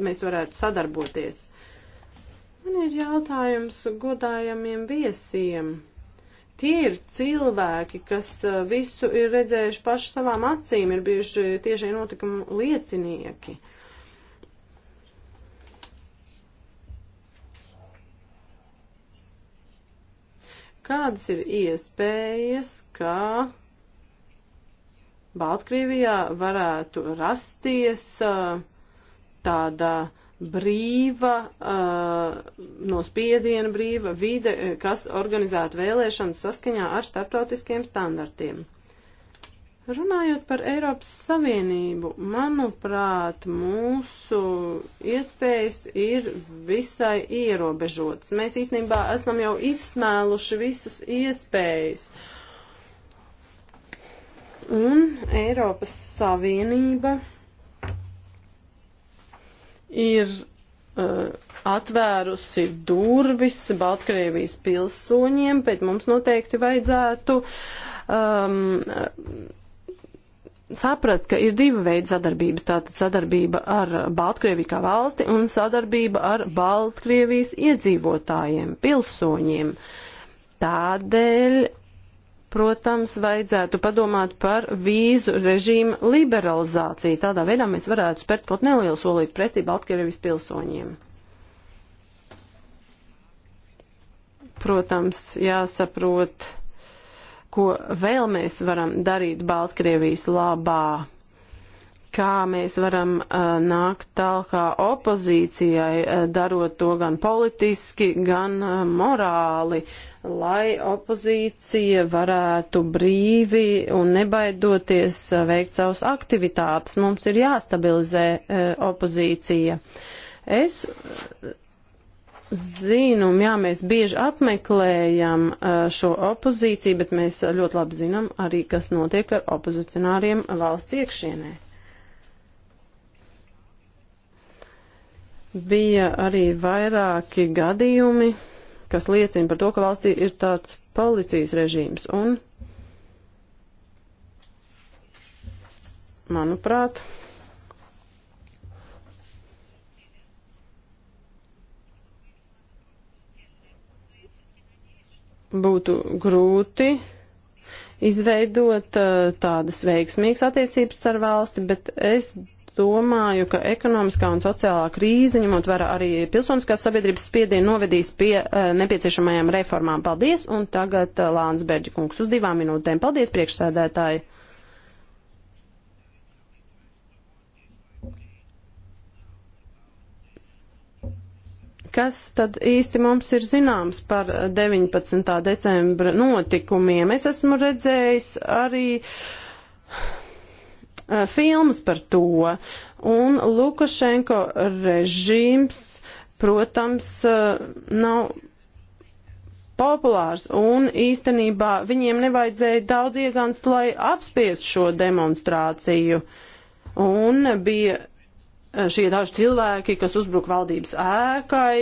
Mēs varētu sadarboties. Man ir jautājums godājamiem viesiem. Tie ir cilvēki, kas uh, visu ir redzējuši paši savām acīm, ir bijuši tiešai notikumu liecinieki. Kādas ir iespējas, ka Baltkrievijā varētu rasties uh, tāda uh, brīva, uh, no spiediena brīva vide, eh, kas organizētu vēlēšanas saskaņā ar starptautiskiem standartiem. Runājot par Eiropas Savienību, manuprāt, mūsu iespējas ir visai ierobežotas. Mēs īstenībā esam jau izsmēluši visas iespējas. Un Eiropas Savienība ir uh, atvērusi durvis Baltkrievijas pilsoņiem, bet mums noteikti vajadzētu um, saprast, ka ir divi veidi sadarbības. Tātad sadarbība ar Baltkrieviju kā valsti un sadarbība ar Baltkrievijas iedzīvotājiem, pilsoņiem. Tādēļ Protams, vajadzētu padomāt par vīzu režīmu liberalizāciju. Tādā veidā mēs varētu spērt kaut nelielu solīti pretī Baltkrievijas pilsoņiem. Protams, jāsaprot, ko vēl mēs varam darīt Baltkrievijas labā kā mēs varam uh, nākt tālākā opozīcijai, uh, darot to gan politiski, gan uh, morāli. Uh, lai opozīcija varētu brīvi un nebaidoties eh, veikt savus aktivitātes. Mums ir jāstabilizē eh, opozīcija. Es eh, zinu, jā, mēs bieži apmeklējam šo opozīciju, bet mēs ļoti labi zinām arī, kas notiek ar opozicionāriem valsts iekšienē. Bija arī vairāki gadījumi, kas liecina par to, ka valstī ir tāds policijas režīms. Un, manuprāt, būtu grūti izveidot uh, tādas veiksmīgas attiecības ar valsti, bet es domāju, ka ekonomiskā un sociālā krīze, ņemot vērā arī pilsoniskās sabiedrības spiedienu, novedīs pie uh, nepieciešamajām reformām. Paldies, un tagad uh, Lāns Berģi kungs uz divām minūtēm. Paldies, priekšsēdētāji! kas tad īsti mums ir zināms par 19. Eh, decembra notikumiem. Es esmu redzējis arī filmas par to. Un Lukašenko režīms, protams, nav populārs, un īstenībā viņiem nevajadzēja daudz iegānst, lai apspiest šo demonstrāciju. Un bija šie daži cilvēki, kas uzbruka valdības ēkai,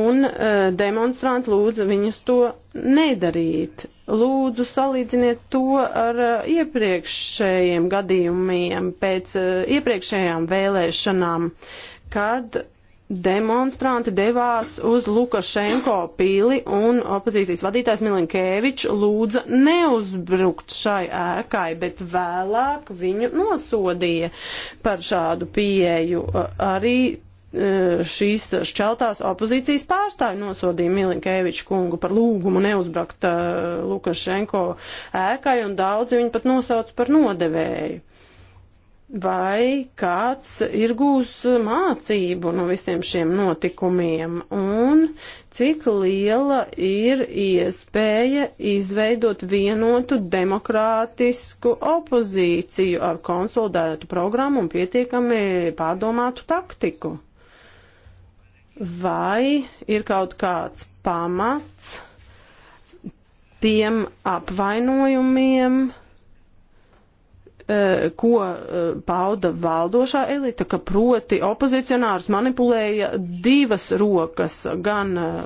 un demonstranti lūdza viņus to nedarīt. Lūdzu, salīdziniet to ar uh, iepriekšējiem gadījumiem, pēc uh, iepriekšējām vēlēšanām, kad demonstranti devās uz Lukašenko pīli un opozīcijas vadītājs Milinkēvičs lūdza neuzbrukt šai ēkai, bet vēlāk viņu nosodīja par šādu pieeju. Arī Eh, šīs šķeltās opozīcijas pārstāvi nosodīja Milinkēviču kungu par lūgumu neuzbrakt eh, Lukašenko ēkai, un daudzi viņu pat nosauc par nodevēju. Vai kāds ir gūs mācību no visiem šiem notikumiem, un cik liela ir iespēja izveidot vienotu demokrātisku opozīciju ar konsolidētu programmu un pietiekami pārdomātu taktiku? vai ir kaut kāds pamats tiem apvainojumiem, eh, ko eh, pauda valdošā elita, ka proti opozicionārus manipulēja divas rokas, gan eh,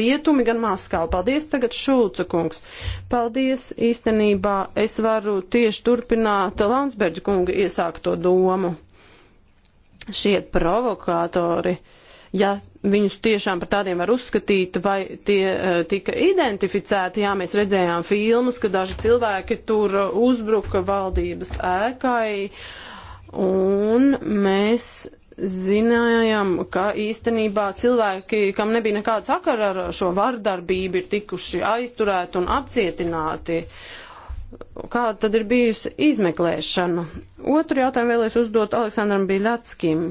rietumi, gan maskāli. Paldies tagad Šulca kungs. Paldies īstenībā es varu tieši turpināt Landsberģa kunga iesākto domu. Šie provokātori. Uh, ja viņus tiešām par tādiem var uzskatīt, vai tie uh, tika identificēti. Jā, mēs redzējām filmas, ka daži cilvēki tur uzbruka valdības ēkai, un mēs zinājām, ka īstenībā cilvēki, kam nebija nekāda sakara ar šo vardarbību, ir tikuši aizturēti un apcietināti. Kāda tad ir bijusi izmeklēšana? Otru jautājumu vēlēs uzdot Aleksandram Biļatskim.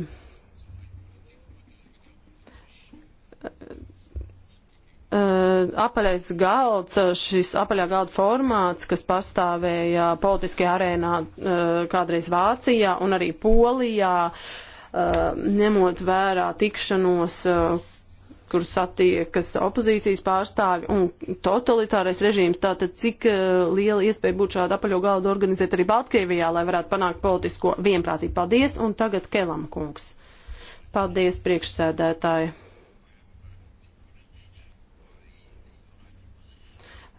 Eh, apaļais galds, šis apaļā galda formāts, kas pastāvēja politiskajā arēnā eh, kādreiz Vācijā un arī Polijā, eh, ņemot vērā tikšanos, kur satiekas opozīcijas pārstāvi un totalitārais režīms, tātad cik liela iespēja būtu šādu apaļo galdu organizēt arī Baltkrievijā, lai varētu panākt politisko vienprātību. Paldies, un tagad Kelam kungs. Paldies, priekšsēdētāji.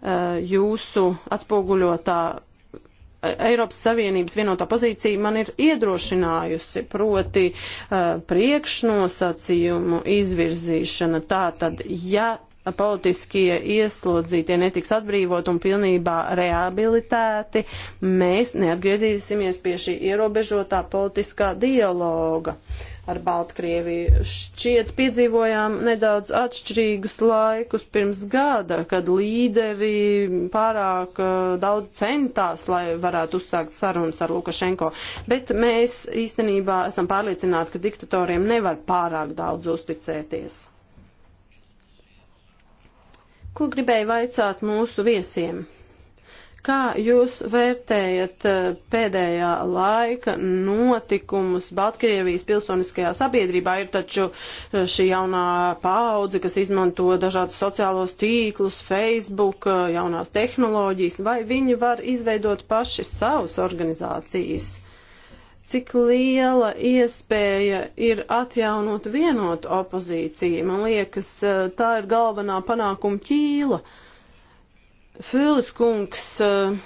Eh, jūsu atspoguļotā eh, Eiropas Savienības vienotā pozīcija man ir iedrošinājusi, proti uh, priekšnosacījumu izvirzīšana. Tātad, ja politiskie ieslodzītie netiks atbrīvot un pilnībā rehabilitēti, mēs neatgriezīsimies pie šī ierobežotā politiskā dialoga. Uh, ar Baltkrieviju. Šķiet piedzīvojām nedaudz atšķirīgus laikus pirms gada, kad līderi pārāk uh, daudz centās, lai varētu uzsākt sarunas ar Lukašenko. Bet mēs īstenībā esam pārliecināti, ka diktatoriem nevar pārāk daudz uzticēties. Ko gribēju vaicāt mūsu viesiem? Kā jūs vērtējat eh, pēdējā laika notikumus Baltkrievijas pilsoniskajā sabiedrībā? Ir taču eh, šī jaunā paudze, kas izmanto dažādus sociālos tīklus, Facebook, eh, jaunās tehnoloģijas, vai viņi var izveidot paši savas organizācijas? Cik liela iespēja ir atjaunot vienotu opozīciju? Man liekas, tā ir galvenā panākuma ķīla. Uh, Fīlis kungs eh,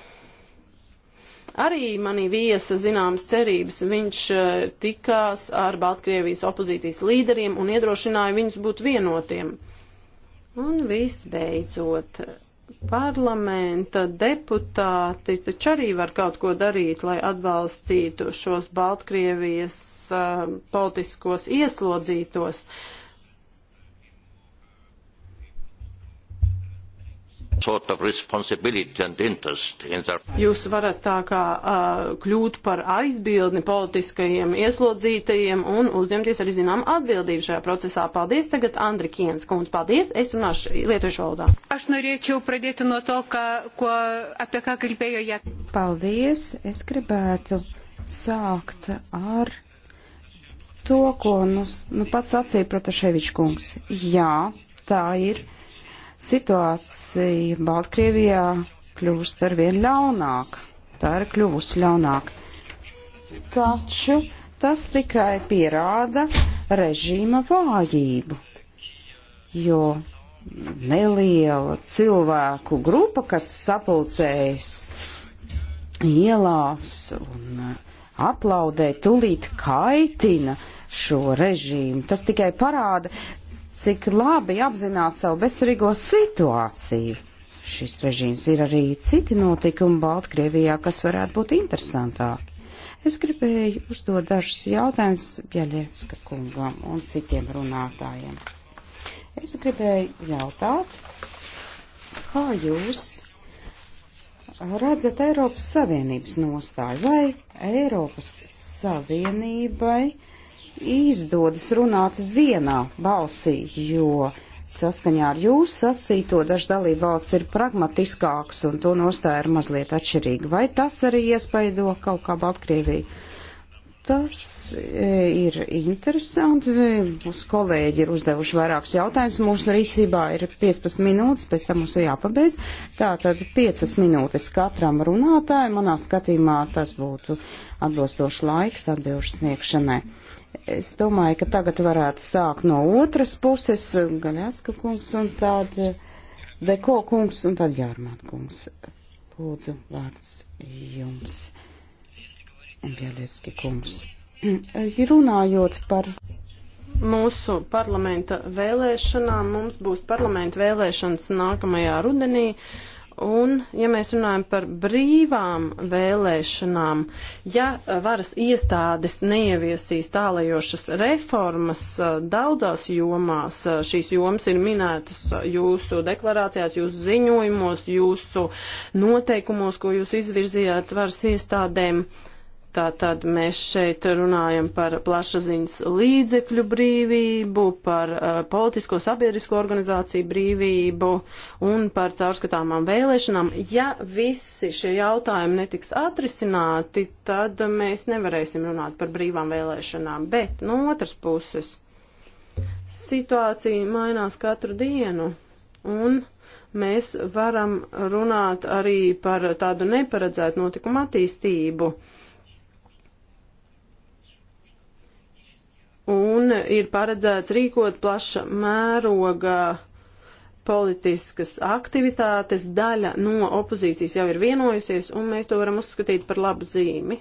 arī manī viesa zināmas cerības. Viņš eh, tikās ar Baltkrievijas opozīcijas līderiem un iedrošināja viņus būt vienotiem. Un visbeidzot, parlamenta deputāti taču arī var kaut ko darīt, lai atbalstītu šos Baltkrievijas uh, politiskos ieslodzītos. Uh, Sort of in the... Jūs varat tā kā uh, kļūt par aizbildni politiskajiem ieslodzītajiem un uzņemties arī zinām atbildību šajā procesā. Paldies tagad Andri Kienas kundze. Paldies, es runāšu lietuviešu valodā. Aš norēķu pradēti no to, ka, ko, apie kā gribēju jā. Paldies, es gribētu sākt ar to, ko nu, nu pats sacīja Protaševičs kungs. Jā, tā ir Situācija Baltkrievijā kļūst ar vien ļaunāk. Tā ir kļuvusi ļaunāk. Taču tas tikai pierāda režīma vājību, jo neliela cilvēku grupa, kas sapulcējas ielās un aplaudē, tulīt kaitina šo režīmu. Tas tikai parāda, cik labi apzinās savu bezcerīgo situāciju. Šis režīms ir arī citi notikumi Baltkrievijā, kas varētu būt interesantāki. Es gribēju uzdot dažus jautājumus Bjaļievska kungam un citiem runātājiem. Es gribēju jautāt, kā jūs redzat Eiropas Savienības nostāju vai Eiropas Savienībai izdodas runāt vienā balsī, jo saskaņā ar jūsu sacīto dažs dalība valsts ir pragmatiskāks un to nostāja ir mazliet atšķirīga. Vai tas arī iespaido kaut kā Baltkrieviju? Tas e, ir interesanti. Mūsu kolēģi ir uzdevuši vairākus jautājumus. Mūsu rīcībā ir 15 minūtes, pēc tam mums ir jāpabeidz. Tātad 5 minūtes katram runātājam. Manā skatījumā tas būtu atbilstošs laiks atbildes sniegšanai. Es domāju, ka tagad varētu sākt no otras puses, Gaļāska kungs un tad eh, Deko kungs un tad Jārmāt kungs. Lūdzu, vārds jums. Un Gaļāski kungs. Runājot par mūsu parlamenta vēlēšanām, mums būs parlamenta vēlēšanas nākamajā rudenī. Uh, Un, ja mēs runājam par brīvām vēlēšanām, ja varas iestādes neieviesīs tālajošas reformas eh, daudzās jomās, eh, šīs jomas ir minētas eh, jūsu deklarācijās, jūsu ziņojumos, jūsu noteikumos, ko jūs izvirzījāt varas iestādēm, uh, Tātad mēs šeit runājam par plašsaziņas līdzekļu brīvību, par uh, politisko sabiedrisko organizāciju brīvību un par caurskatāmām vēlēšanām. Ja visi šie jautājumi netiks atrisināti, tad mēs nevarēsim runāt par brīvām vēlēšanām. Bet no otras puses situācija mainās katru dienu. Un mēs varam runāt arī par tādu neparedzētu notikumu attīstību. Uh, un ir paredzēts rīkot plaša mēroga politiskas aktivitātes. Daļa no opozīcijas jau ir vienojusies, un mēs to varam uzskatīt par labu zīmi.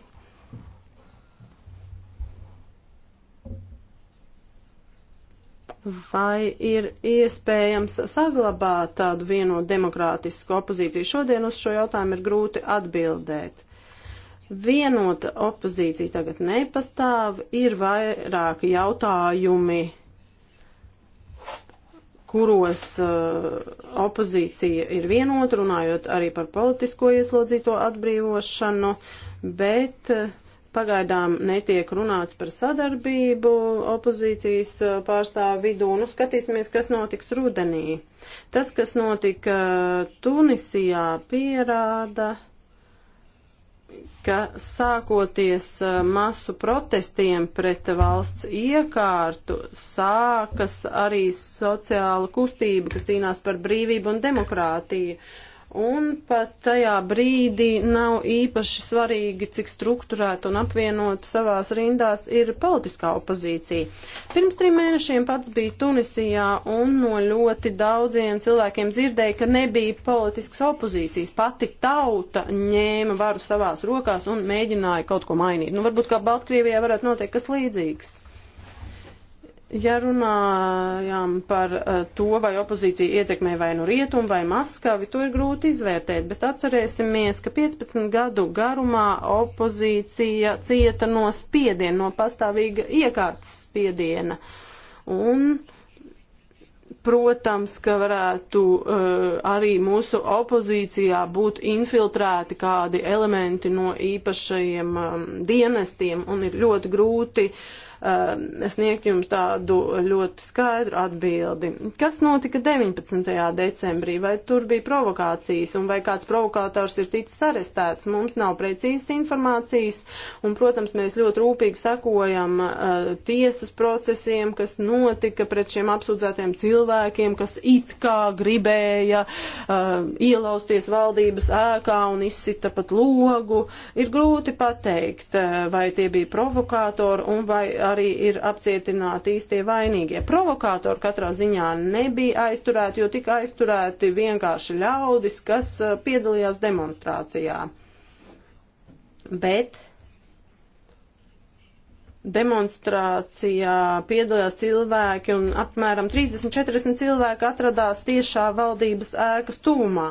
Vai ir iespējams saglabāt tādu vienotu demokrātisku opozīciju? Šodien uz šo jautājumu ir grūti atbildēt. Vienota opozīcija tagad nepastāv, ir vairāki jautājumi, kuros uh, opozīcija ir vienota, runājot arī par politisko ieslodzīto atbrīvošanu, bet uh, pagaidām netiek runāts par sadarbību opozīcijas uh, pārstāvu vidū. Nu, skatīsimies, kas notiks rudenī. Tas, kas notika Tunisijā, pierāda, ka sākoties masu protestiem pret valsts iekārtu, sākas arī sociāla kustība, kas cīnās par brīvību un demokrātiju. Uh, un pat tajā brīdī nav īpaši svarīgi, cik strukturēta un apvienota savās rindās ir politiskā opozīcija. Pirms trim mēnešiem pats bija Tunisijā un no ļoti daudziem cilvēkiem dzirdēja, ka nebija politiskas opozīcijas. Pati tauta ņēma varu savās rokās un mēģināja kaut ko mainīt. Nu, varbūt kā Baltkrievijā varētu notiek kas līdzīgs. Ja runājām par eh, to, vai opozīcija ietekmē vai nu rietumu vai Maskavi, to ir grūti izvērtēt, bet atcerēsimies, ka 15 gadu garumā opozīcija cieta no spiediena, no pastāvīga iekārtas spiediena. Un protams, ka varētu uh, arī mūsu opozīcijā būt infiltrēti kādi elementi no īpašajiem um, dienestiem un ir ļoti grūti Um, sniegt jums tādu ļoti skaidru atbildi. Kas notika 19. decembrī? Vai tur bija provokācijas un vai kāds provokātors ir ticis arestēts? Mums nav precīzas informācijas un, protams, mēs ļoti rūpīgi sakojam uh, tiesas procesiem, kas notika pret šiem apsūdzētiem cilvēkiem, kas it kā gribēja uh, ielausties valdības ēkā un izsita pat logu. Ir grūti pateikt, uh, vai tie bija provokātori un vai. Uh, arī ir apcietināti īstie vainīgie. Provokātori katrā ziņā nebija aizturēti, jo tika aizturēti vienkārši ļaudis, kas uh, piedalījās demonstrācijā. Bet demonstrācijā piedalījās cilvēki un apmēram 30-40 cilvēki atradās tiešā valdības ēkas tūmā,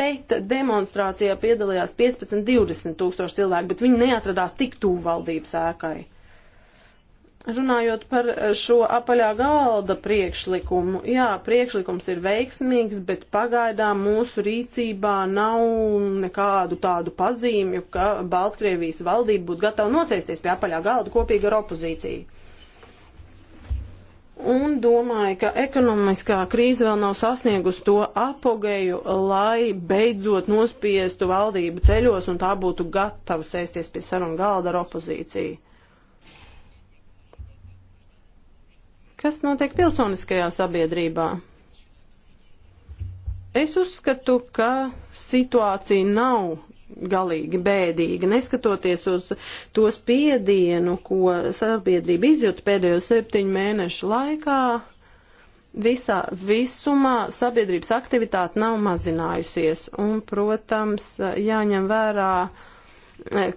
bet demonstrācijā piedalījās 15-20 tūkstoši cilvēki, bet viņi neatradās tik tūvu valdības ēkai. Runājot par eh, šo apaļā galda priekšlikumu, jā, priekšlikums ir veiksmīgs, bet pagaidām mūsu rīcībā nav nekādu tādu pazīmju, ka Baltkrievijas valdība būtu gatava nosēsties pie apaļā galda kopīgi ar opozīciju. Un domāju, ka ekonomiskā krīze vēl nav sasniegusi to apogeju, lai beidzot nospiestu valdību ceļos un tā būtu gatava sēsties pie sarunu galda ar opozīciju Kas notiek pilsoniskajā sabiedrībā? Es uzskatu, ka situācija nav galīgi bēdīga, neskatoties uz to spiedienu, ko sabiedrība izjūta pēdējo septiņu mēnešu laikā. Visā visumā sabiedrības aktivitāte nav mazinājusies, un, protams, jāņem vērā uh,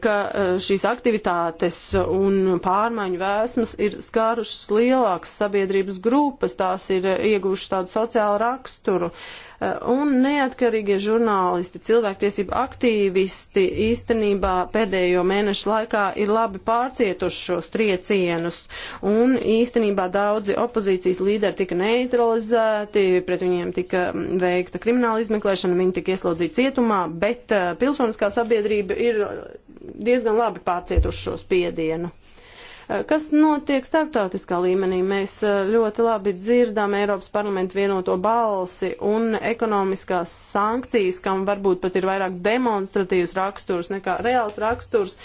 ka e, šīs aktivitātes un pārmaiņu vēsmas ir skārušas lielākas sabiedrības grupas, tās ir e, ieguvušas tādu sociālu raksturu. Uh, Un neatkarīgie žurnālisti, cilvēktiesība aktīvisti īstenībā pēdējo mēnešu laikā ir labi pārcietuši šos triecienus. Un īstenībā daudzi opozīcijas līderi tika neutralizēti, pret viņiem tika veikta krimināla izmeklēšana, viņi tika ieslodzīti cietumā, bet eh, pilsoniskā sabiedrība ir diezgan labi pārcietuši šo spiedienu. Eh, kas notiek starptautiskā līmenī? Mēs eh, ļoti labi dzirdam Eiropas parlamentu vienoto balsi un ekonomiskās sankcijas, kam varbūt pat ir vairāk demonstratīvs raksturs nekā reāls raksturs,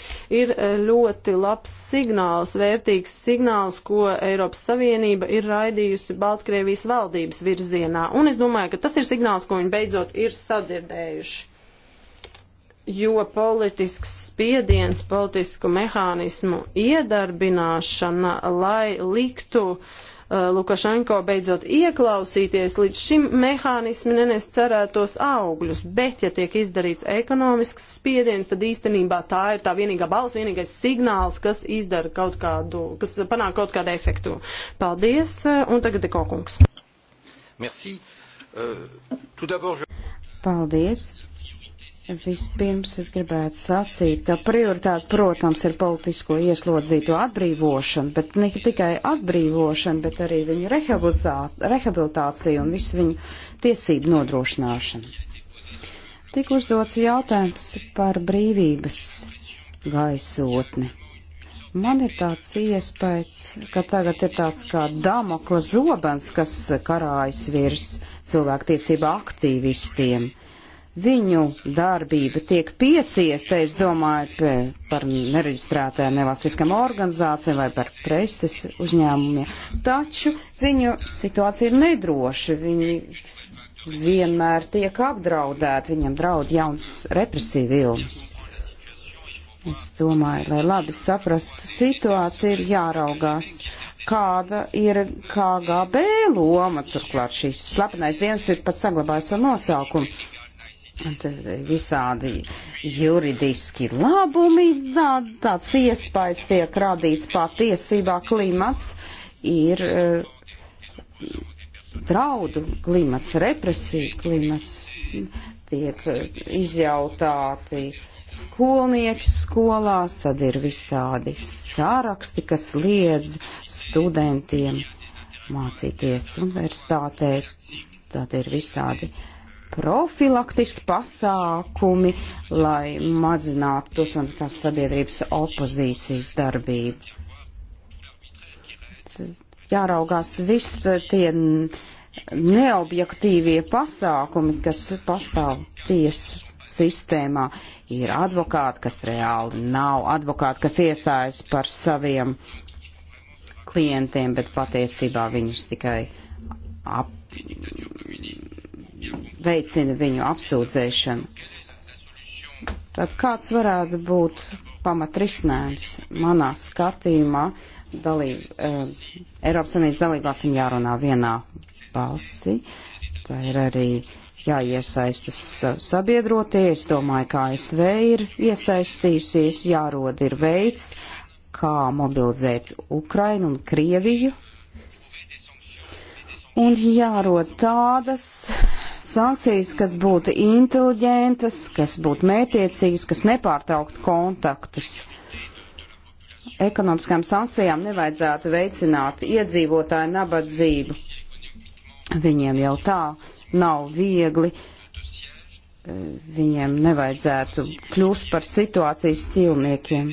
ir eh, ļoti labs signāls, vērtīgs signāls, ko Eiropas Savienība ir raidījusi Baltkrievijas valdības virzienā. Un es domāju, ka tas ir signāls, ko viņi beidzot ir sadzirdējuši jo politisks spiediens, politisku mehānismu iedarbināšana, lai liktu uh, Lukašenko beidzot ieklausīties, līdz šim mehānismi nenes cerētos augļus, bet ja tiek izdarīts ekonomisks spiediens, tad īstenībā tā ir tā vienīgā balss, vienīgais signāls, kas izdara kaut kādu, kas panāk kaut kādu efektu. Paldies, uh, un tagad Deko kungs. Merci. Uh, je... Paldies. Vispirms es gribētu sacīt, ka prioritāte, protams, ir politisko ieslodzīto atbrīvošana, bet ne tikai atbrīvošana, bet arī viņu rehabilitācija un visu viņu tiesību nodrošināšana. Tik uzdots jautājums par brīvības gaisotni. Man ir tāds iespējas, ka tagad ir tāds kā damokla zobens, kas karājas virs cilvēktiesība aktīvistiem viņu darbība tiek pieciesta, es domāju, par nereģistrētajām nevalstiskām organizācijām vai par preses uzņēmumiem. Taču viņu situācija ir nedroša, viņi vienmēr tiek apdraudēti, viņam draud jauns represīvi vilnis. Es domāju, lai labi saprastu situāciju, ir jāraugās kāda ir KGB loma. Turklāt šīs slepenais dienas ir pat saglabājis ar nosaukumu visādi juridiski labumi, tā, tāds iespējas tiek radīts patiesībā klimats ir eh, draudu klimats, represiju klimats, tiek eh, izjautāti skolnieki skolās, tad ir visādi sāraksti, kas liedz studentiem mācīties universitātē, tad ir visādi uh, profilaktiski pasākumi, lai mazinātu pilsoniskās sabiedrības opozīcijas darbību. Jāraugās viss tie neobjektīvie pasākumi, kas pastāv tiesu sistēmā. Ir advokāti, kas reāli nav advokāti, kas iestājas par saviem klientiem, bet patiesībā viņus tikai ap, veicina viņu apsūdzēšanu. Tad kāds varētu būt pamatrisinājums manā skatījumā? Dalība, eh, Eiropas Savienības dalībās ir jārunā vienā balsi. Tā ir arī jāiesaistas sabiedrotie. Es domāju, kā ASV ir iesaistījusies, jārod ir veids, kā mobilizēt Ukrainu un Krieviju. Un jārod tādas sankcijas, kas būtu inteliģentas, kas būtu mētiecīgas, kas nepārtrauktu kontaktus. Ekonomiskām sankcijām nevajadzētu veicināt iedzīvotāju nabadzību. Viņiem jau tā nav viegli. Viņiem nevajadzētu kļūst par situācijas cilniekiem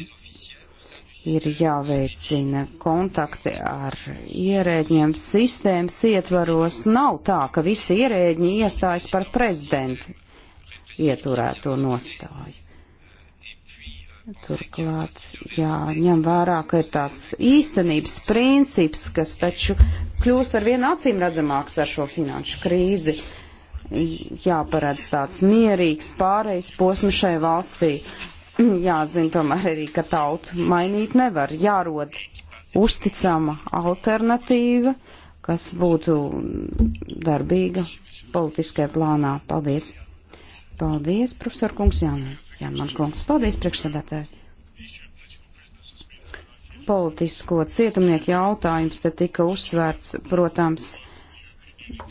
ir jāveicina kontakti ar ierēģiem sistēmas ietvaros. Nav tā, ka visi ierēģi iestājas par prezidentu ieturēto nostāju. Turklāt jāņem vērā, ka ir tās īstenības princips, kas taču kļūst ar vienu acīm redzamāks ar šo finanšu krīzi. Jāparedz tāds mierīgs pārejas posms šai valstī, jāzina tomēr arī, ka tautu mainīt nevar. Jārod uzticama alternatīva, kas būtu darbīga politiskajā plānā. Paldies! Paldies, profesor kungs Jānē. Jā, man kungs, paldies priekšsēdētāji. Politisko cietumnieku jautājums te tika uzsvērts, protams,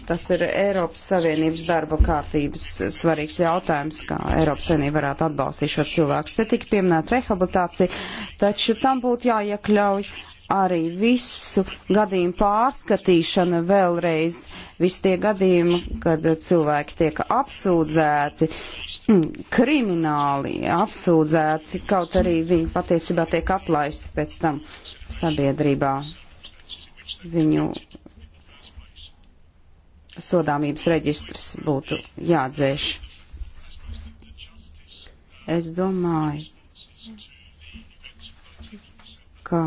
Tas ir Eiropas Savienības darba kārtības svarīgs jautājums, kā Eiropas Savienība varētu atbalstīt šo cilvēku. Te tika pieminēta rehabilitācija, taču tam būtu jāiekļauj arī visu gadījumu pārskatīšana vēlreiz, visi tie gadījumi, kad cilvēki tiek apsūdzēti, krimināli apsūdzēti, kaut arī viņi patiesībā tiek atlaisti pēc tam sabiedrībā. Viņu sodāmības reģistrs būtu jādzēš. Es domāju, ka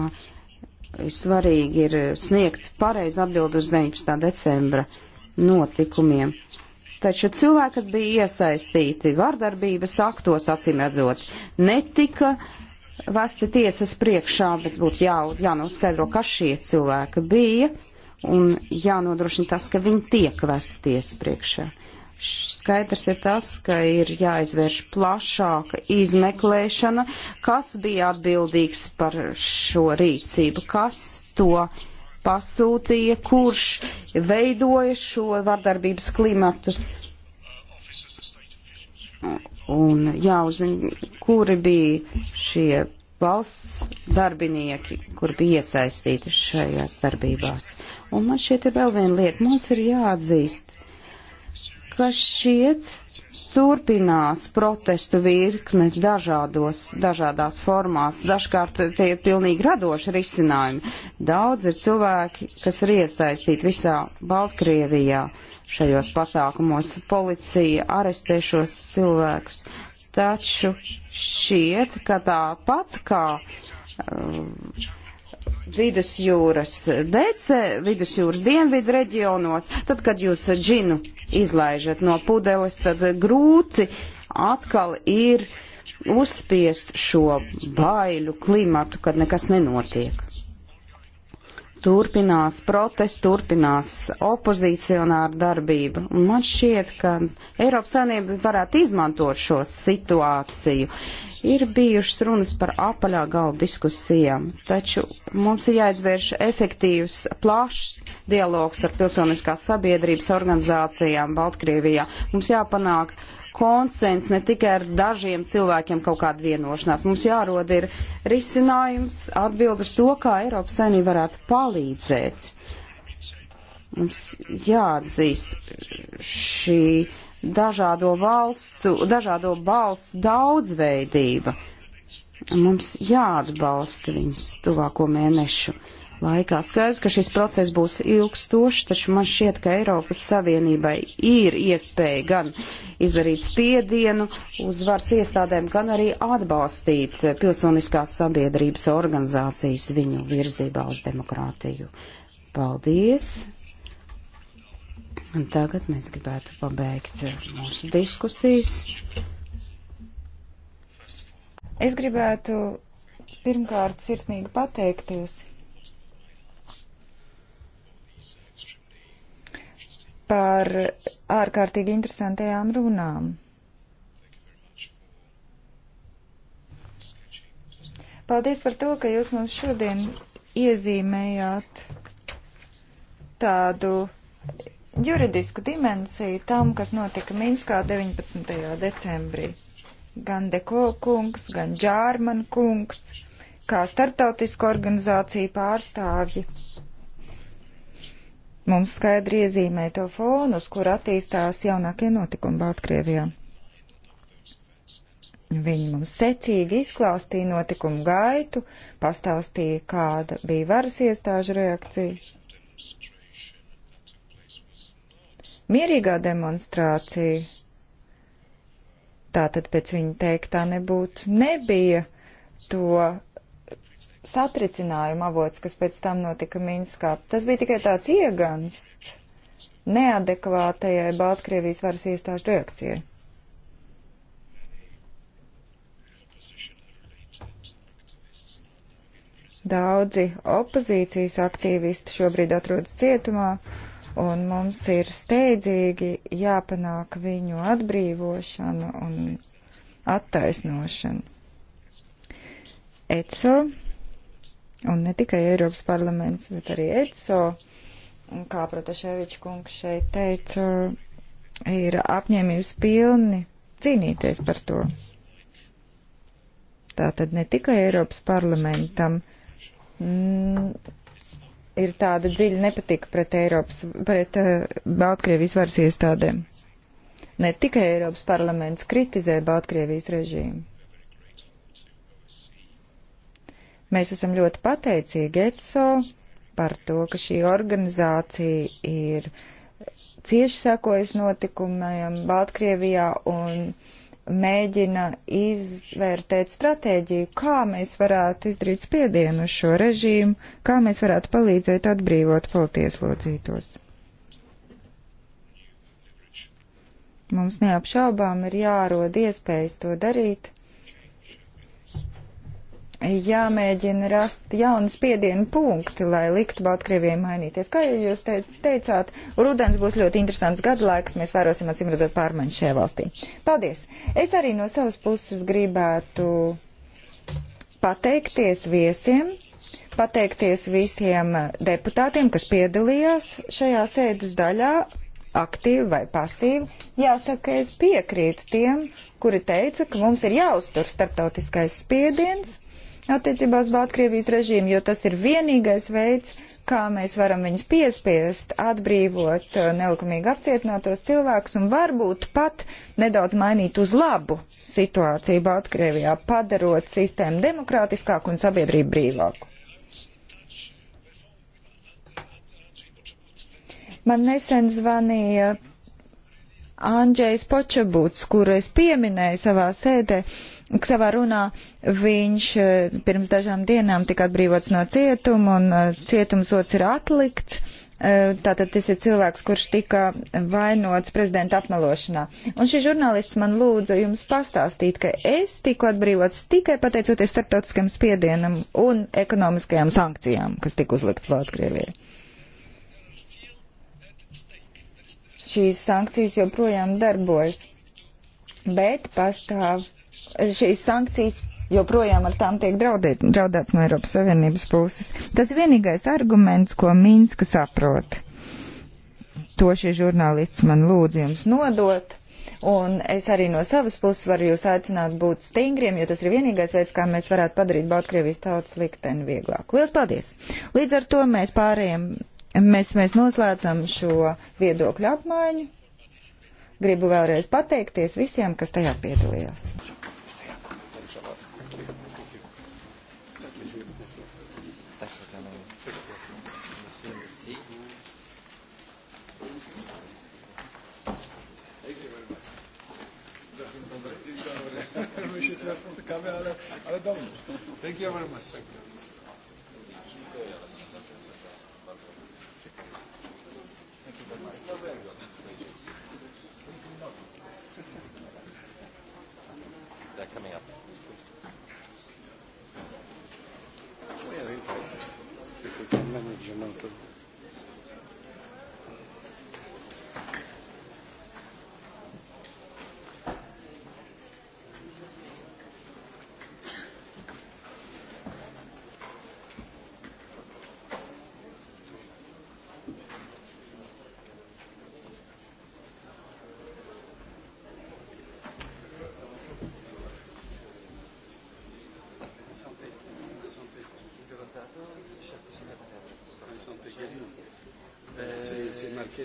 svarīgi ir sniegt pareizi atbildi uz 19. decembra notikumiem. Taču cilvēki, kas bija iesaistīti vardarbības aktos, acīm redzot, netika vesti tiesas priekšā, bet būtu jā, jānoskaidro, kas šie cilvēki bija un jānodrošina tas, ka viņi tiek vesti tiesas priekšā. Skaidrs ir tas, ka ir jāizvērš plašāka izmeklēšana, kas bija atbildīgs par šo rīcību, kas to pasūtīja, kurš veidoja šo vardarbības klimatu. Un jāuzina, kuri bija šie valsts darbinieki, kur bija iesaistīti šajās darbībās. Un man šeit ir vēl viena lieta. Mums ir jāatzīst, ka šiet turpinās protestu virkne dažādos, dažādās formās. Dažkārt tie ir pilnīgi radoši risinājumi. Daudz ir cilvēki, kas ir iesaistīti visā Baltkrievijā šajos pasākumos. Policija arestē šos cilvēkus. Taču šiet, ka tāpat kā uh, vidusjūras dece, vidusjūras dienvidu reģionos, tad, kad jūs džinu izlaižat no pudeles, tad grūti atkal ir uzspiest šo baiļu klimatu, kad nekas nenotiek turpinās protests, turpinās opozicionāra darbība. Un man šķiet, ka Eiropas Savienība varētu izmantot šo situāciju. Ir bijušas runas par apaļā galda diskusijām, taču mums ir jāizvērš efektīvs, plašs dialogs ar pilsoniskās sabiedrības organizācijām Baltkrievijā. Mums jāpanāk uh, konsens, ne tikai ar dažiem cilvēkiem kaut kāda vienošanās. Mums jārod ir risinājums atbild uz to, kā Eiropas saimnība varētu palīdzēt. Mums jāatzīst šī dažādo valstu, dažādo balstu daudzveidība. Mums jāatbalsta viņas tuvāko mēnešu laikā. Skaidrs, ka šis process būs ilgstošs, taču man šķiet, ka Eiropas Savienībai ir iespēja gan izdarīt spiedienu uz varas iestādēm, gan arī atbalstīt pilsoniskās sabiedrības organizācijas viņu virzībā uz demokrātiju. Paldies! Un tagad mēs gribētu pabeigt mūsu diskusijas. Es gribētu pirmkārt sirsnīgi pateikties par ārkārtīgi interesantajām runām. Paldies par to, ka jūs mums šodien iezīmējāt tādu juridisku dimensiju tam, kas notika Minskā 19. decembrī. Gan Deko kungs, gan Džārman kungs, kā starptautiska organizācija pārstāvji mums skaidri iezīmē to fonu, uz kur attīstās jaunākie notikumi Baltkrievijā. Viņi mums secīgi izklāstīja notikumu gaitu, pastāstīja, kāda bija varas iestāžu reakcija. Mierīgā demonstrācija, tātad pēc viņa teiktā nebūtu, nebija to satricinājuma avots, kas pēc tam notika Minskā. Tas bija tikai tāds iegans neadekvātajai Baltkrievijas varas iestāžu reakcijai. Daudzi opozīcijas aktīvisti šobrīd atrodas cietumā, un mums ir steidzīgi jāpanāk viņu atbrīvošana un attaisnošana. ECO un ne tikai Eiropas parlaments, bet arī ECO, kā Protaševičs kungs šeit teica, ir apņēmības pilni cīnīties par to. Tātad ne tikai Eiropas parlamentam mm, ir tāda dziļa nepatika pret Eiropas, pret uh, Baltkrievijas varas iestādēm. Ne tikai Eiropas parlaments kritizē Baltkrievijas režīmu. Mēs esam ļoti pateicīgi ETSO par to, ka šī organizācija ir cieši sekojusi notikumiem Baltkrievijā un mēģina izvērtēt stratēģiju, kā mēs varētu izdarīt spiedienu uz šo režīmu, kā mēs varētu palīdzēt atbrīvot politieslodzītos. Mums neapšaubām ir jārod iespējas to darīt jāmēģina rast jaunu spiedienu punkti, lai liktu Baltkrievijai mainīties. Kā jau jūs te, teicāt, rudens būs ļoti interesants gadlaiks, mēs vērosim atsimredzot pārmaiņas šajā valstī. Paldies! Es arī no savas puses gribētu pateikties viesiem, pateikties visiem deputātiem, kas piedalījās šajā sēdes daļā, aktīvi vai pasīvi. Jāsaka, es piekrītu tiem, kuri teica, ka mums ir jāuztur starptautiskais spiediens attiecībā uz Baltkrievijas režīmu, jo tas ir vienīgais veids, kā mēs varam viņus piespiest atbrīvot uh, nelikumīgi apcietinātos cilvēkus un varbūt pat nedaudz mainīt uz labu situāciju Baltkrievijā, padarot sistēmu demokrātiskāku un sabiedrību brīvāku. Man nesen zvanīja Andrzejs Počabūts, kuru es pieminēju savā sēdē. Uh, Savā runā viņš e, pirms dažām dienām tika atbrīvots no cietuma un e, cietumsots ir atlikts. E, tātad tas ir cilvēks, kurš tika vainots prezidenta apmelošanā. Un šis žurnālists man lūdza jums pastāstīt, ka es tiku atbrīvots tikai pateicoties starptautiskam spiedienam un ekonomiskajām sankcijām, kas tika uzlikts Baltkrievijai. Šīs sankcijas joprojām darbojas, bet pastāv šīs sankcijas joprojām ar tām tiek draudēt, draudēts no Eiropas Savienības puses. Tas vienīgais arguments, ko Minska saprot. To šie žurnālists man lūdz jums nodot. Un es arī no savas puses varu jūs aicināt būt stingriem, jo tas ir vienīgais veids, kā mēs varētu padarīt Baltkrievijas tautas likteni vieglāk. Lielas paldies! Līdz ar to mēs pārējiem, mēs, mēs noslēdzam šo viedokļu apmaiņu. Gribu vēlreiz pateikties visiem, kas tajā piedalījās. Alla Domnului. Thank you very much. Thank you. They're coming up.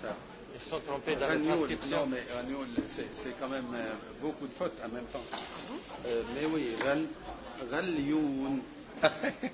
ça. Ils se sont trompés dans Ragnoul, la transcription. Non, mais Ragnoul, c'est quand même euh, beaucoup de fautes en même temps. Ah bon euh, mais oui, Ragnoul.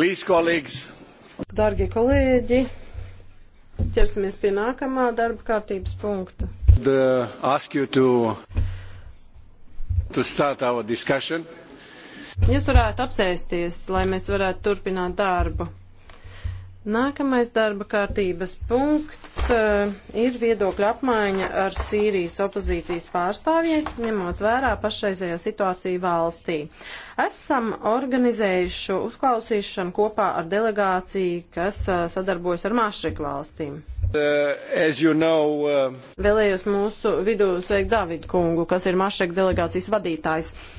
Darbie kolēģi, ķersimies pie nākamā darba kārtības punkta. The, to, to Jūs varētu apsēsties, lai mēs varētu turpināt darbu. Nākamais darba kārtības punkts uh, ir viedokļa apmaiņa ar Sīrijas opozīcijas pārstāvjiem, ņemot vērā pašreizējo situāciju valstī. Esam organizējuši šo uzklausīšanu kopā ar delegāciju, kas uh, sadarbojas ar Mašriku valstīm. Uh, you know, uh... Vēlējos mūsu vidū sveikt Davidu kungu, kas ir Mašriku delegācijas vadītājs. Uh,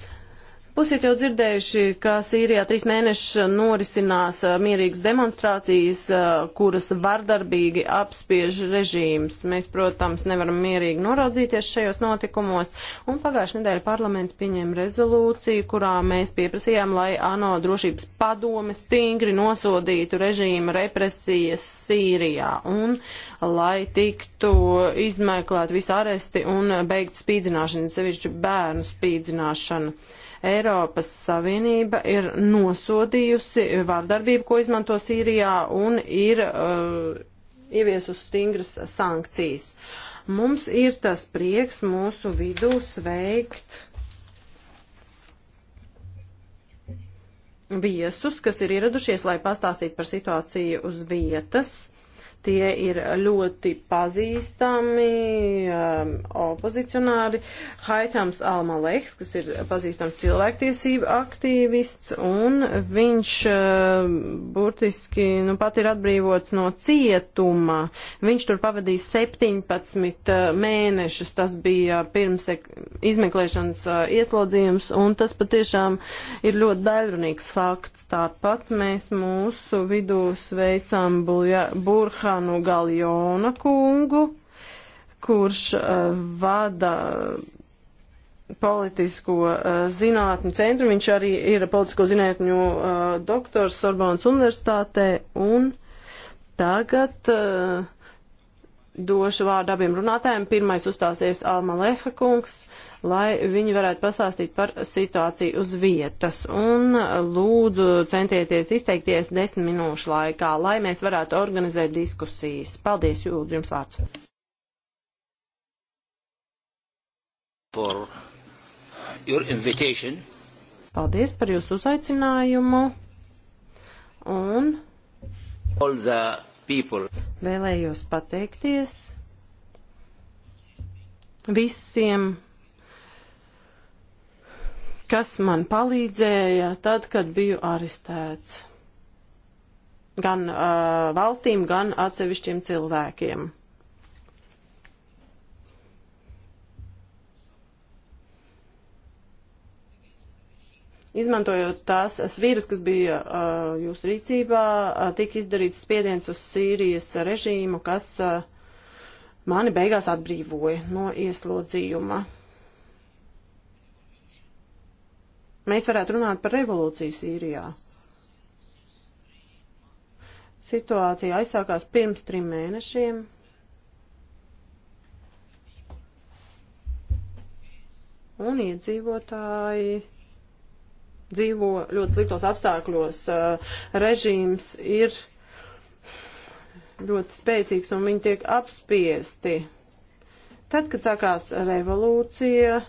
Būsiet jau dzirdējuši, ka Sīrijā trīs mēnešus norisinās mierīgas demonstrācijas, kuras vardarbīgi apspiež režīms. Mēs, protams, nevaram mierīgi noraudzīties šajos notikumos, un pagājušajā nedēļā parlaments pieņēma rezolūciju, kurā mēs pieprasījām, lai ANO drošības padome stingri nosodītu režīma represijas Sīrijā, un lai tiktu izmeklēt visi aresti un beigt spīdzināšanu, sevišķi bērnu spīdzināšanu. Eiropas Savienība ir nosodījusi vārdarbību, ko izmanto Sīrijā, un ir uh, ieviesus stingras sankcijas. Mums ir tas prieks mūsu vidū sveikt viesus, kas ir ieradušies, lai pastāstītu par situāciju uz vietas. Tie ir ļoti pazīstami um, opozicionāri. Haitams Almaleks, kas ir pazīstams cilvēktiesība aktīvists, un viņš um, burtiski nu, pat ir atbrīvots no cietuma. Viņš tur pavadīja 17 uh, mēnešus. Tas bija pirms izmeklēšanas uh, ieslodzījums, un tas patiešām ir ļoti daļrunīgs fakts. Tāpat mēs mūsu vidū sveicām Burha Stefanu Galjona kungu, kurš uh, vada politisko uh, zinātņu centru. Viņš arī ir politisko zinātņu uh, doktors Sorbonas universitātē un tagad uh, došu vārdu abiem runātājiem. Pirmais uzstāsies Alma Leha kungs. Uh, lai viņi varētu pastāstīt par situāciju uz vietas. Un uh, lūdzu centieties izteikties desmit minūšu laikā, lai mēs varētu organizēt diskusijas. Paldies, Jūdzu, jums vārds. For your invitation. Paldies par jūsu uzaicinājumu. Un vēlējos pateikties visiem kas man palīdzēja tad, kad biju arestēts. Gan uh, valstīm, gan atsevišķiem cilvēkiem. Izmantojot tās svīras, kas bija uh, jūsu rīcībā, uh, tika izdarīts spiediens uz Sīrijas režīmu, kas uh, mani beigās atbrīvoja no ieslodzījuma. Mēs varētu runāt par revolūciju Sīrijā. Situācija aizsākās pirms trim mēnešiem. Un iedzīvotāji dzīvo ļoti sliktos apstākļos. Uh, režīms ir ļoti spēcīgs un viņi tiek apspiesti. Tad, kad sākās revolūcija,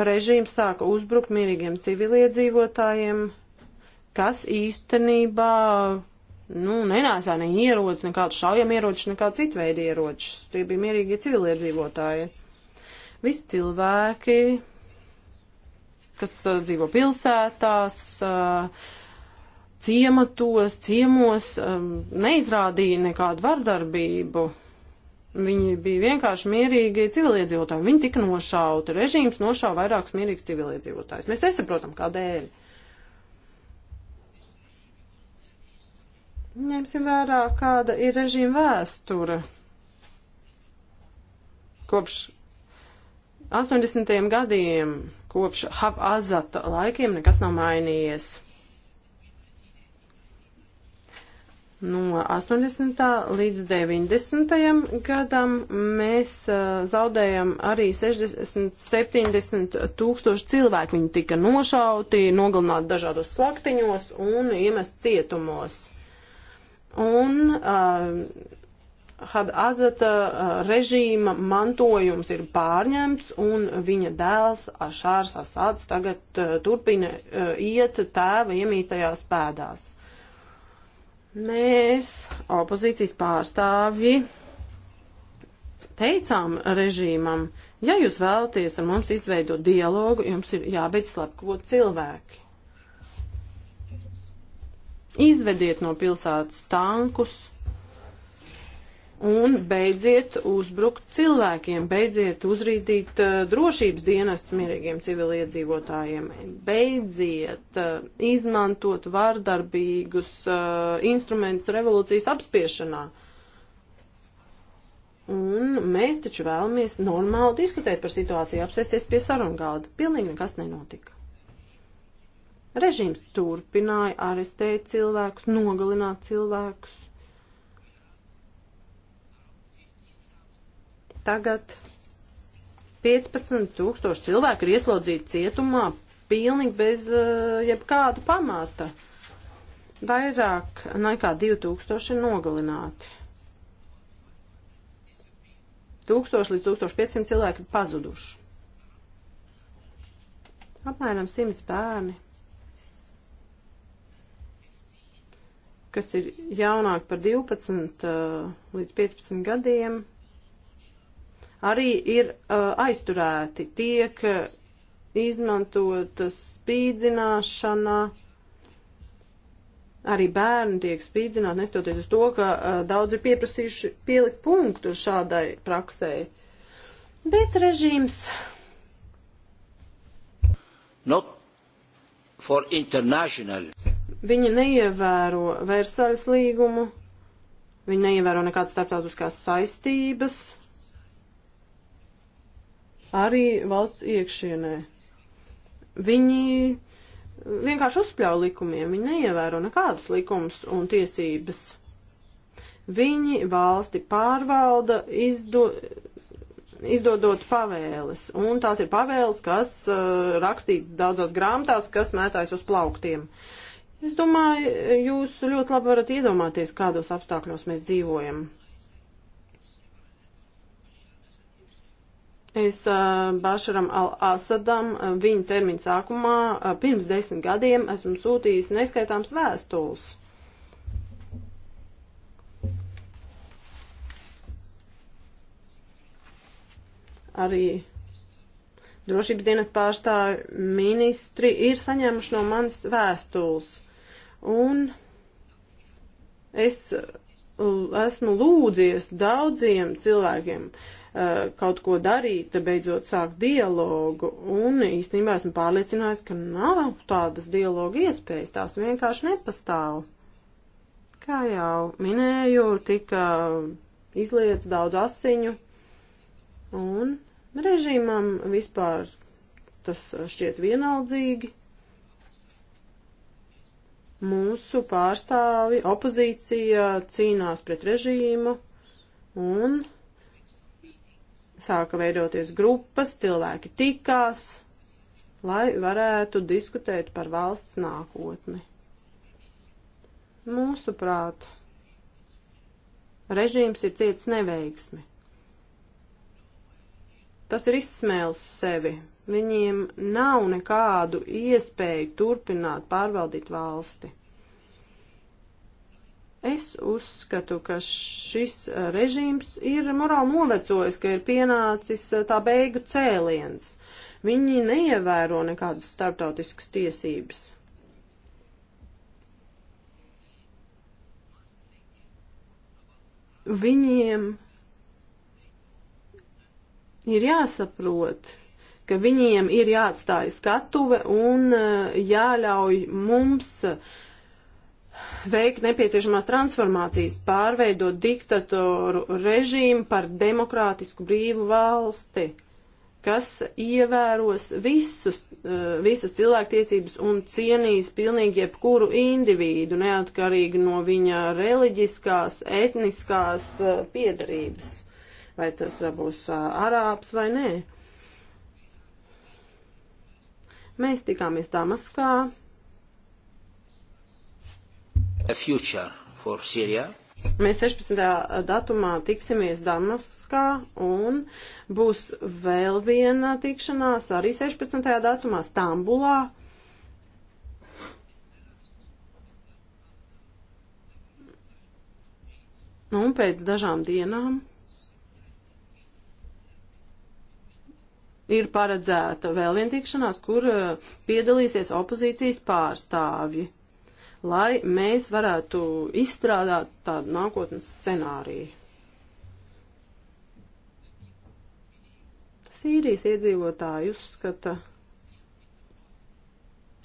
režīms sāka uzbrukt mierīgiem civiliedzīvotājiem, kas īstenībā nu, nenāsā ne ieroči, nekāds šaujam ieroči, nekāds citveidi ieroči. Tie bija mierīgie civiliedzīvotāji. Visi cilvēki, kas uh, dzīvo pilsētās, uh, ciematos, ciemos, um, neizrādīja nekādu vardarbību. Viņi bija vienkārši mierīgi civiliedzīvotāji. Viņi tika nošauti. Režīms nošāva vairākus mierīgus civiliedzīvotājus. Mēs nesaprotam, kādēļ. Ņemsim vērā, kāda ir režīma vēsture. Kopš 80. gadiem, kopš Havazata laikiem nekas nav mainījies. No 80. līdz 90. gadam mēs zaudējam arī 60, 70 tūkstoši cilvēku. Viņi tika nošauti, nogalināti dažādos slaktiņos un iemest cietumos. Un uh, Hadazata režīma mantojums ir pārņemts, un viņa dēls Ašārs Asāds tagad turpina iet tēva iemītajās pēdās. Mēs, opozīcijas pārstāvji, teicām režīmam, ja jūs vēlaties ar mums izveidot dialogu, jums ir jābeidz slepkavot cilvēki. Izvediet no pilsētas tankus, un beidziet uzbrukt cilvēkiem, beidziet uzrīdīt uh, drošības dienestus mierīgiem civiliedzīvotājiem, beidziet uh, izmantot vārdarbīgus uh, instrumentus revolūcijas apspiešanā. Un mēs taču vēlamies normāli diskutēt par situāciju, apsēsties pie sarungāda. Pilnīgi nekas nenotika. Režīms turpināja arestēt cilvēkus, nogalināt cilvēkus Tagad 15 tūkstoši cilvēku ir ieslodzīti cietumā pilnīgi bez uh, jebkāda pamata. Vairāk nekā 2000 ir nogalināti. 1000 līdz 1500 cilvēki ir pazuduši. Apmēram 100 bērni, kas ir jaunāki par 12 uh, eh, līdz 15 gadiem, arī ir uh, aizturēti, tiek uh, izmantota spīdzināšana, arī bērni tiek spīdzināti, nestoties uz to, ka uh, daudz ir pieprasījuši pielikt punktu šādai praksē. Bet režīms. Not for international. Viņi neievēro Versaļas līgumu, viņi neievēro nekādas starptautiskās saistības, arī valsts iekšienē. Viņi vienkārši uzspļauj likumiem, viņi neievēro nekādus likumus un tiesības. Viņi valsti pārvalda, izdo, izdodot pavēles, un tās ir pavēles, kas uh, rakstīts daudzās grāmatās, kas mētājas uz plauktiem. Es domāju, jūs ļoti labi varat iedomāties, kādos apstākļos mēs dzīvojam. Es Bašaram Al-Asadam viņa termiņa sākumā pirms desmit gadiem esmu sūtījis neskaitāms vēstules. Arī drošības dienas pārstāvi ministri ir saņēmuši no manis vēstules. Un es esmu lūdzies daudziem cilvēkiem. Uh, Eh, kaut ko darīt, beidzot sākt dialogu, un īstenībā esmu pārliecinājusi, ka nav tādas dialogu iespējas, tās vienkārši nepastāv. Kā jau minēju, tika izlietas daudz asiņu, un režīmam vispār tas šķiet vienaldzīgi mūsu pārstāvi, opozīcija cīnās pret režīmu un sāka veidoties grupas, cilvēki tikās, lai varētu diskutēt par valsts nākotni. Mūsuprāt, režīms ir cietis neveiksmi. Tas ir izsmēls sevi. Viņiem nav nekādu iespēju turpināt pārvaldīt valsti. Es uzskatu, ka šis režīms ir morāli novecojis, ka ir pienācis eh, tā beigu cēliens. Viņi neievēro nekādas starptautiskas tiesības. Viņiem ir jāsaprot, ka viņiem ir jāatstāj skatuve un eh, jāļauj mums uh, veikt nepieciešamās transformācijas, pārveidot diktatoru režīmu par demokrātisku brīvu valsti, kas ievēros visus, eh, visas cilvēktiesības un cienīs pilnīgi jebkuru individu, neatkarīgi no viņa reliģiskās, etniskās eh, piedarības, vai tas eh, būs arābs vai nē. Mēs tikāmies Damaskā, Mēs 16. datumā tiksimies Damaskā un būs vēl viena tikšanās arī 16. datumā Stambulā. Nu, un pēc dažām dienām ir paredzēta vēl viena tikšanās, kur eh, piedalīsies opozīcijas pārstāvji lai mēs varētu izstrādāt tādu nākotnes scenāriju. Sīrijas iedzīvotāji uzskata,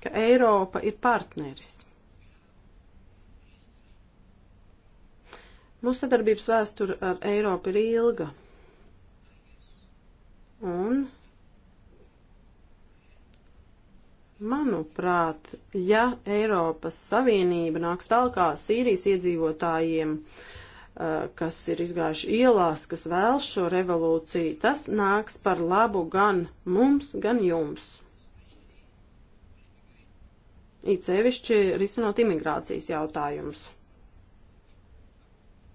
ka Eiropa ir partneris. Mūsu sadarbības vēsture ar Eiropu ir ilga. Un Manuprāt, ja Eiropas Savienība nāks tālākā Sīrijas iedzīvotājiem, eh, kas ir izgājuši ielās, kas vēl šo revolūciju, tas nāks par labu gan mums, gan jums. It sevišķi risinot imigrācijas jautājumus.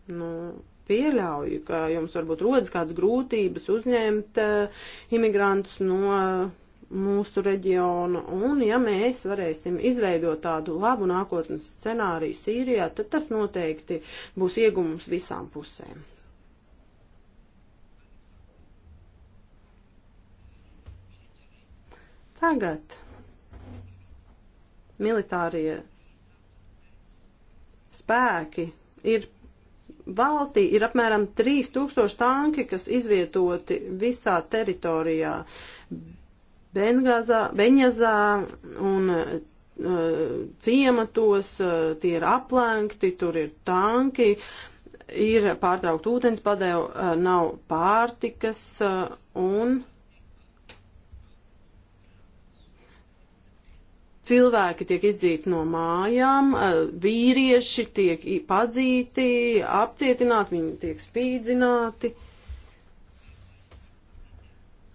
Nu, pieļauju, ka jums varbūt rodas kādas grūtības uzņemt uh, imigrantus no uh, mūsu reģionu, un ja mēs varēsim izveidot tādu labu nākotnes scenāriju Sīrijā, tad tas noteikti būs iegums visām pusēm. Tagad militārie spēki ir valstī ir apmēram 3000 tanki, kas izvietoti visā teritorijā, Bengazā, Beņazā un uh, ciematos, uh, tie ir aplenkti, tur ir tanki, ir pārtraukt ūdens padēvu, uh, e, nav pārtikas un cilvēki tiek izdzīti no mājām, vīrieši tiek padzīti, apcietināti, viņi tiek spīdzināti. Uh,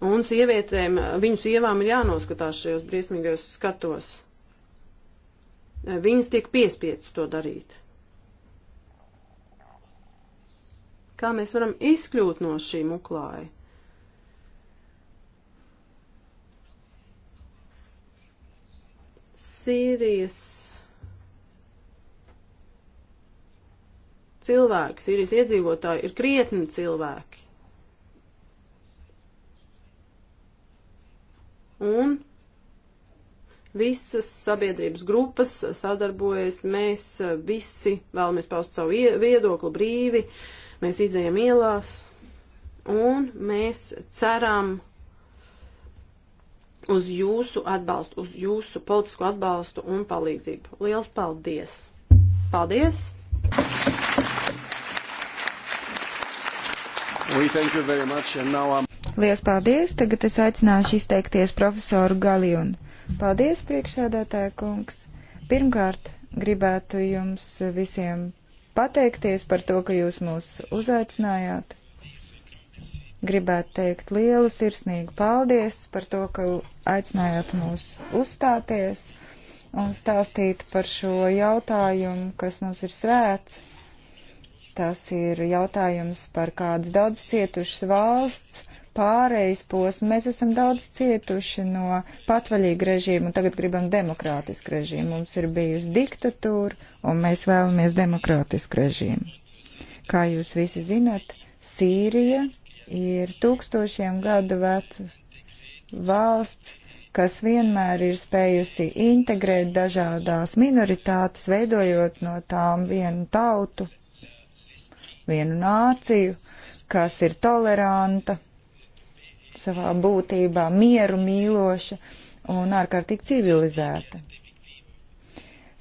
Un sievietēm, viņu sievām ir jānoskatās šajos briesmīgajos skatos. Viņas tiek piespiedzas to darīt. Kā mēs varam izkļūt no šī muklāja? Sīrijas cilvēki, Sīrijas iedzīvotāji ir krietni cilvēki. un visas sabiedrības grupas sadarbojas, mēs visi vēlamies paust savu viedokli brīvi, mēs izējam ielās un mēs ceram uz jūsu atbalstu, uz jūsu politisko atbalstu un palīdzību. Liels paldies! Paldies! We thank you very much and now I'm Lielas paldies! Tagad es aicināšu izteikties profesoru Galionu. Paldies, priekšsēdētāja kungs! Pirmkārt, gribētu jums visiem pateikties par to, ka jūs mūs uzaicinājāt. Gribētu teikt lielu sirsnīgu paldies par to, ka aicinājāt mūs uzstāties un stāstīt par šo jautājumu, kas mums ir svēts. Tas ir jautājums par kādas daudz cietušas valsts pārejas posmu. Mēs esam daudz cietuši no patvaļīga režīma un tagad gribam demokrātisku režīmu. Mums ir bijusi diktatūra un mēs vēlamies demokrātisku režīmu. Kā jūs visi zinat, Sīrija ir tūkstošiem gadu veca valsts, kas vienmēr ir spējusi integrēt dažādās minoritātes, veidojot no tām vienu tautu, vienu nāciju, kas ir toleranta savā būtībā mieru mīloša un ārkārtīgi civilizēta.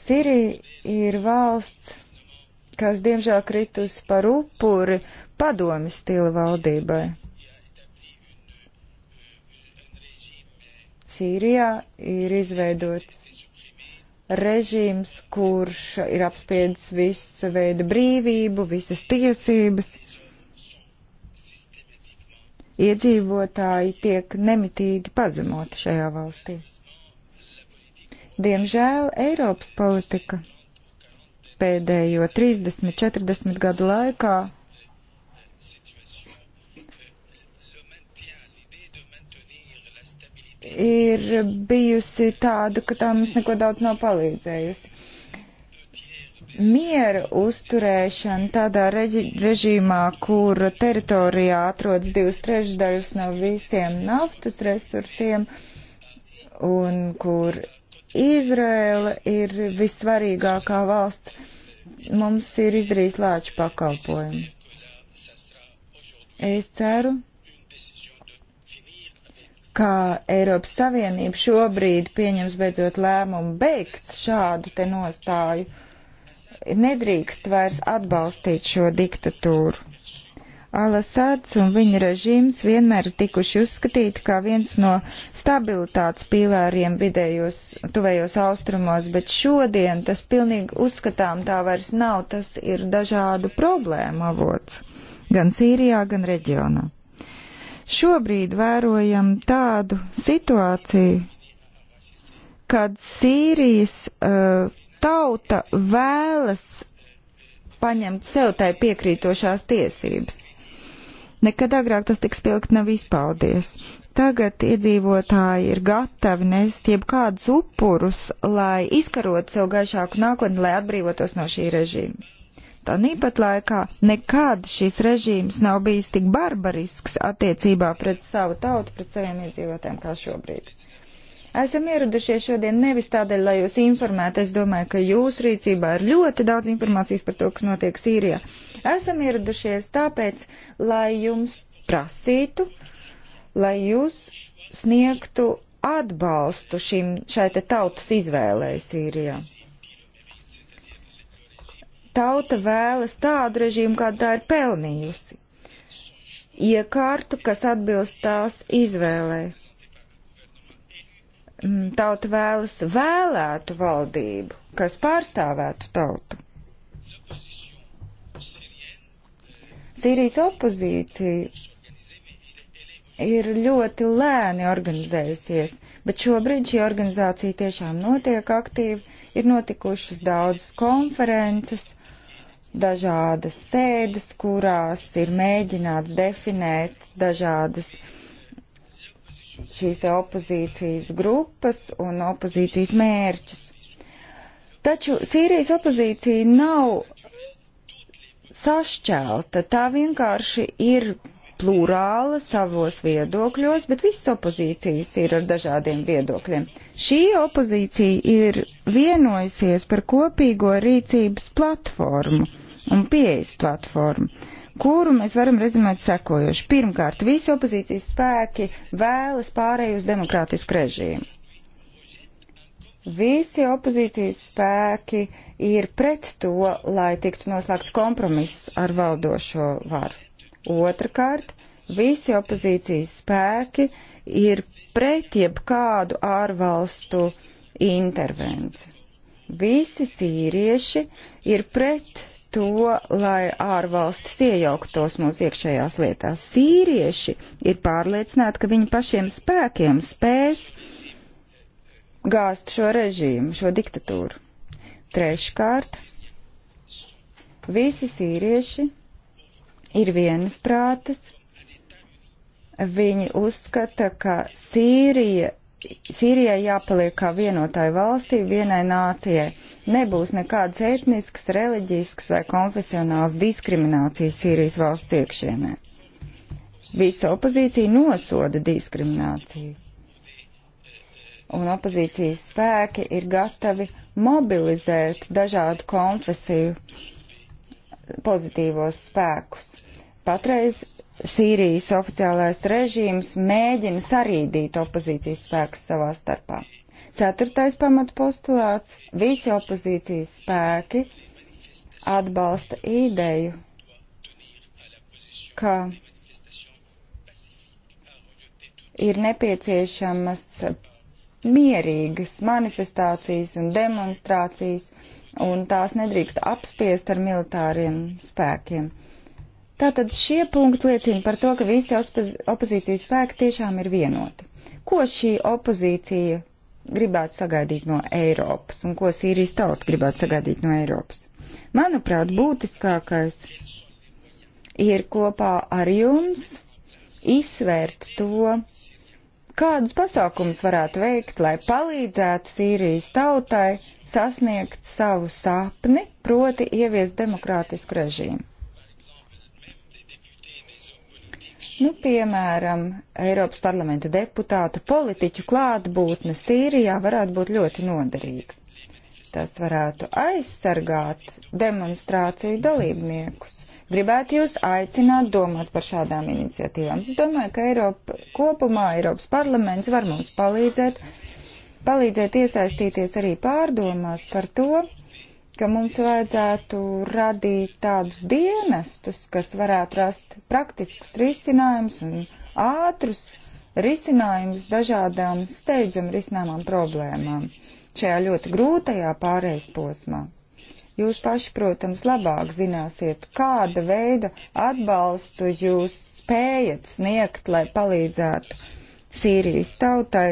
Sirija ir valsts, kas diemžēl kritus par upuri padomi stila valdībai. Sīrijā ir izveidots režīms, kurš ir apspiedis visu veidu brīvību, visas tiesības iedzīvotāji tiek nemitīgi pazemoti šajā valstī. Diemžēl Eiropas politika pēdējo 30-40 gadu laikā ir bijusi tāda, ka tā mums neko daudz nav palīdzējusi miera uzturēšana tādā reģi, režīmā, kur teritorijā atrodas divas trešdaļas no visiem naftas resursiem un kur Izraela ir vissvarīgākā valsts, mums ir izdarījis lāču pakalpojumu. Es ceru, ka Eiropas Savienība šobrīd pieņems beidzot lēmumu beigt šādu te nostāju nedrīkst vairs atbalstīt šo diktatūru. Alasads un viņa režīms vienmēr ir tikuši uzskatīti kā viens no stabilitātes pīlāriem vidējos, tuvējos austrumos, bet šodien tas pilnīgi uzskatām tā vairs nav, tas ir dažādu problēmu avots gan Sīrijā, gan reģionā. Šobrīd vērojam tādu situāciju, kad Sīrijas uh, tauta vēlas paņemt sev tai piekrītošās tiesības. Nekad agrāk tas tik spilgt nav izpaudies. Tagad iedzīvotāji ir gatavi nest jebkādus upurus, lai izkarot sev gaišāku nākotni, lai atbrīvotos no šī režīma. Tāpat laikā nekad šis režīms nav bijis tik barbarisks attiecībā pret savu tautu, pret saviem iedzīvotājiem kā šobrīd. Esam ieradušies šodien nevis tādēļ, lai jūs informētu. Es domāju, ka jūsu rīcībā ir ļoti daudz informācijas par to, kas notiek Sīrijā. Esam ieradušies tāpēc, lai jums prasītu, lai jūs sniegtu atbalstu šim, šai te tautas izvēlei Sīrijā tauta vēlas tādu režīmu, kādu tā ir pelnījusi. Iekārtu, kas atbilst tās izvēlē. Mm, tauta vēlas vēlētu valdību, kas pārstāvētu tautu. Sīrijas opozīcija ir ļoti lēni organizējusies, bet šobrīd šī organizācija tiešām notiek aktīvi, ir notikušas daudzas konferences, dažādas sēdes, kurās ir mēģināts definēt dažādas uh, šīs opozīcijas grupas un opozīcijas mērķus. Taču Sīrijas opozīcija nav sašķelta, tā vienkārši ir plurāla savos viedokļos, bet visas opozīcijas ir ar dažādiem viedokļiem. Šī opozīcija ir vienojusies par kopīgo rīcības platformu un pieejas platformu. Uh, kuru mēs varam rezumēt sekojoši. Pirmkārt, visi opozīcijas spēki vēlas pārēju uz demokrātisku režīmu. Visi opozīcijas spēki ir pret to, lai tiktu noslēgts kompromiss ar valdošo varu. Otrakārt, visi opozīcijas spēki ir pret jebkādu ārvalstu intervenciju. Visi sīrieši ir pret to, lai ārvalstis iejauktos mūsu iekšējās lietās. Sīrieši ir pārliecināti, ka viņi pašiem spēkiem spēs gāzt šo režīmu, šo diktatūru. Treškārt, visi sīrieši ir vienas prātas. Viņi uzskata, ka Sīrija Sīrijai jāpaliek kā vienotai valstī, vienai nācijai. Nebūs nekādas etniskas, reliģiskas vai konfesionālas diskriminācijas Sīrijas valsts iekšienē. Visa opozīcija nosoda diskrimināciju. Un opozīcijas spēki ir gatavi mobilizēt dažādu konfesiju pozitīvos spēkus. Patreiz Sīrijas oficiālais režīms mēģina sarīdīt opozīcijas spēkus savā starpā. Ceturtais pamata postulāts - visi opozīcijas spēki atbalsta ideju, ka ir nepieciešamas mierīgas manifestācijas un demonstrācijas, un tās nedrīkst apspiest ar militāriem spēkiem. Tātad šie punkti liecina par to, ka visi opozīcijas spēki tiešām ir vienoti. Ko šī opozīcija gribētu sagaidīt no Eiropas un ko Sīrijas tauta gribētu sagaidīt no Eiropas? Manuprāt, būtiskākais ir kopā ar jums izsvērt to, kādus pasākumus varētu veikt, lai palīdzētu Sīrijas tautai sasniegt savu sapni, proti ievies demokrātisku režīmu. Nu, piemēram, Eiropas parlamenta deputātu politiķu klātbūtne Sīrijā varētu būt ļoti noderīga. Tas varētu aizsargāt demonstrāciju dalībniekus. Gribētu jūs aicināt domāt par šādām iniciatīvām. Es domāju, ka Eiropa kopumā, Eiropas parlaments var mums palīdzēt, palīdzēt iesaistīties arī pārdomās par to, ka mums vajadzētu radīt tādus dienestus, kas varētu rast praktiskus risinājumus un ātrus risinājumus dažādām steidzam risināmām problēmām šajā ļoti grūtajā pārējais posmā. Jūs paši, protams, labāk zināsiet, kāda veida atbalstu jūs spējat sniegt, lai palīdzētu Sīrijas tautai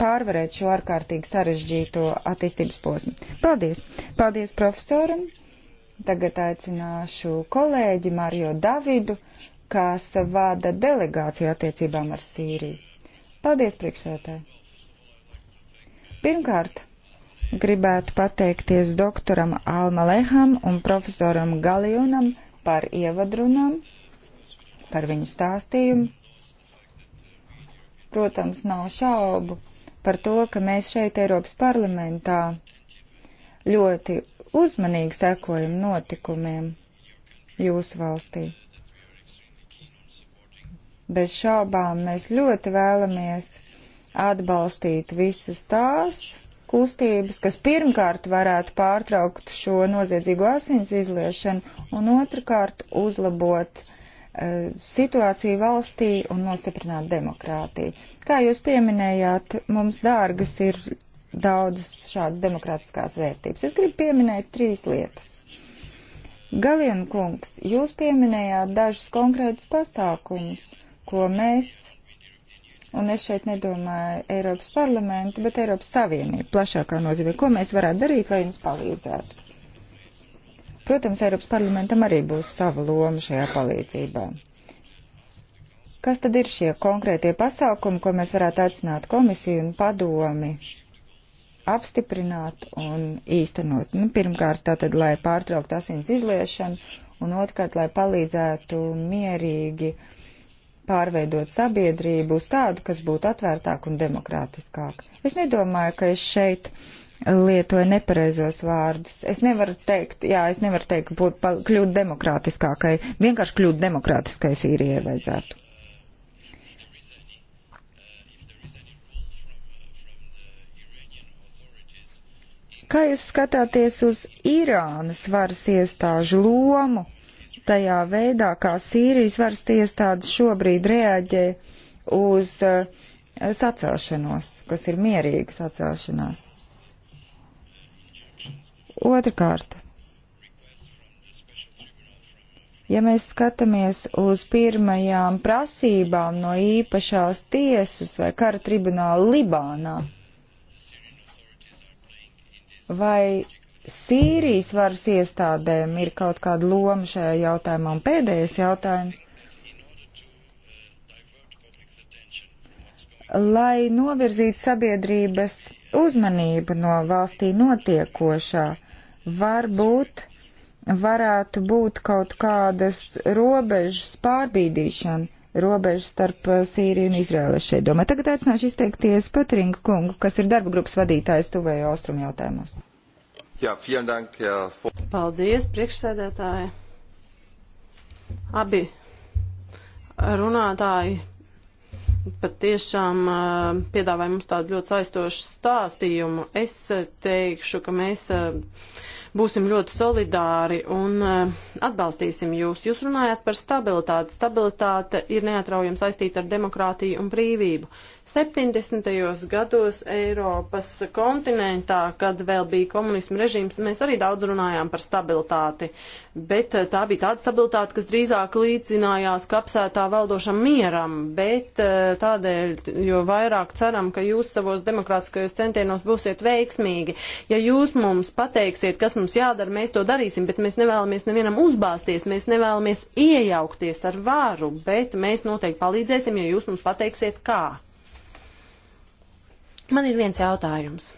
pārvarēt šo ārkārtīgi sarežģīto attīstības posmu. Paldies! Paldies profesoram! Tagad aicināšu kolēģi Mario Davidu, kas vada delegāciju attiecībām ar Sīriju. Paldies, priekšsētāji! Pirmkārt, gribētu pateikties doktoram Alma Leham un profesoram Galionam par ievadrunām, par viņu stāstījumu. Protams, nav šaubu, par to, ka mēs šeit Eiropas parlamentā ļoti uzmanīgi sekojam notikumiem jūsu valstī. Bez šaubām mēs ļoti vēlamies atbalstīt visas tās kustības, kas pirmkārt varētu pārtraukt šo noziedzīgo asins izliešanu un otrkārt uzlabot uh, Eh, situāciju valstī un nostiprināt demokrātiju. Kā jūs pieminējāt, mums dārgas ir daudzas šādas demokrātiskās vērtības. Es gribu pieminēt trīs lietas. Galien kungs, jūs pieminējāt dažus konkrētus pasākumus, ko mēs, un es šeit nedomāju Eiropas parlamentu, bet Eiropas Savienību plašākā nozīmē, ko mēs varētu darīt, lai jums palīdzētu. Protams, Eiropas parlamentam arī būs sava loma šajā palīdzībā. Kas tad ir šie konkrētie pasākumi, ko mēs varētu aicināt komisiju un padomi apstiprināt un īstenot? Nu, pirmkārt, tātad, lai pārtraukt asins izliešanu, un otrkārt, lai palīdzētu mierīgi pārveidot sabiedrību uz tādu, kas būtu atvērtāk un demokrātiskāk. Es nedomāju, ka es šeit uh, lietoja nepareizos vārdus. Es nevaru teikt, jā, es nevaru teikt, būt, pa, kļūt demokrātiskākai. Vienkārši kļūt demokrātiskai Sīrijai vajadzētu. Kā jūs skatāties uz Irānas varas iestāžu lomu tajā veidā, kā Sīrijas varas iestādes šobrīd reaģē uz uh, sacelšanos, kas ir mierīga sacelšanās? Otrakārt, ja mēs skatāmies uz pirmajām prasībām no īpašās tiesas vai kara tribunāla Libānā, vai Sīrijas varas iestādēm ir kaut kāda loma šajā jautājumā? Un pēdējais jautājums. Lai novirzītu sabiedrības uzmanību no valstī notiekošā, Varbūt varētu būt kaut kādas robežas pārbīdīšana, robežas starp eh, Sīriju un Izraēlu šeit domā. Tagad aicināšu izteikties Patringa kungu, kas ir darba grupas vadītājs tuvējo austrumu jautājumos. Jā, dank, jā, for... Paldies, priekšsēdētāji. Abi runātāji pat tiešām uh, eh, piedāvāja mums tādu ļoti saistošu stāstījumu. Es eh, teikšu, ka mēs. Uh, būsim ļoti solidāri un eh, atbalstīsim jūs. Jūs runājat par stabilitāti. Stabilitāte ir neatraujami saistīta ar demokrātiju un brīvību. 70. gados Eiropas kontinentā, kad vēl bija komunismu režīms, mēs arī daudz runājām par stabilitāti, bet eh, tā bija tāda stabilitāte, kas drīzāk līdzinājās kapsētā valdošam mieram, bet eh, tādēļ, jo vairāk ceram, ka jūs savos demokrātiskajos centienos būsiet veiksmīgi. Ja jūs mums pateiksiet, kas mums jādara, mēs to darīsim, bet mēs nevēlamies nevienam uzbāzties, mēs nevēlamies iejaukties ar vāru, bet mēs noteikti palīdzēsim, ja jūs mums pateiksiet, kā. Man ir viens jautājums.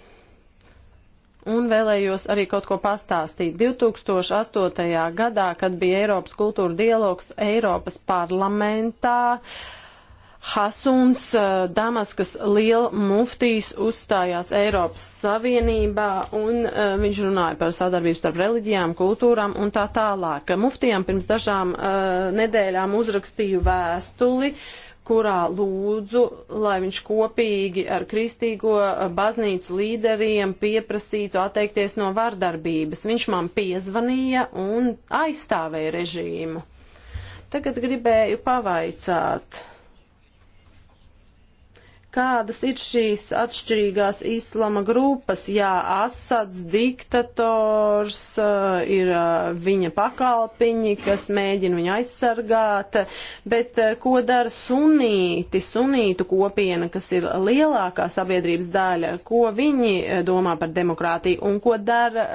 Un vēlējos arī kaut ko pastāstīt. 2008. gadā, kad bija Eiropas kultūra dialogs Eiropas parlamentā, uh, Hasuns, eh, Damaskas liela muftīs, uzstājās Eiropas Savienībā un uh, viņš runāja par sadarbību starp reliģijām, kultūrām un tā tālāk. Muftijām pirms dažām uh, nedēļām uzrakstīju vēstuli, kurā lūdzu, lai viņš kopīgi ar kristīgo baznīcu līderiem pieprasītu atteikties no vardarbības. Viņš man piezvanīja un aizstāvēja režīmu. Tagad gribēju pavaicāt kādas ir šīs atšķirīgās islama grupas. Jā, Asads diktators, eh, ir eh, viņa pakalpiņi, kas mēģina viņu aizsargāt, bet eh, ko dara sunīti, sunītu kopiena, kas ir lielākā sabiedrības daļa, ko viņi domā par demokrātiju un ko dara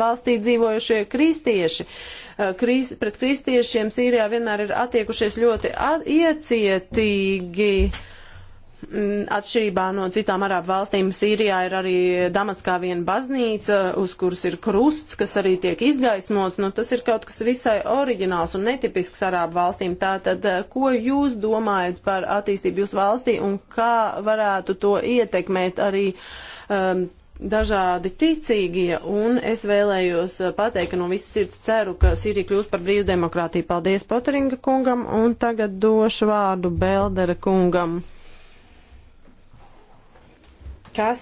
valstī dzīvojušie kristieši krist, pret kristiešiem Sīrijā vienmēr ir attiekušies ļoti at, iecietīgi. Mm, atšķirībā no citām arābu valstīm, Sīrijā ir arī Damaskā viena baznīca, uz kuras ir krusts, kas arī tiek izgaismots. Nu, tas ir kaut kas visai oriģināls un netipisks arābu valstīm. Tātad, eh, ko jūs domājat par attīstību jūsu valstī un kā varētu to ietekmēt arī um, dažādi ticīgie? Un es vēlējos eh, pateikt, ka no visas sirds ceru, ka Sīrija kļūs par brīvu demokrātiju. Paldies Poteringa kungam un tagad došu vārdu Beldera kungam kas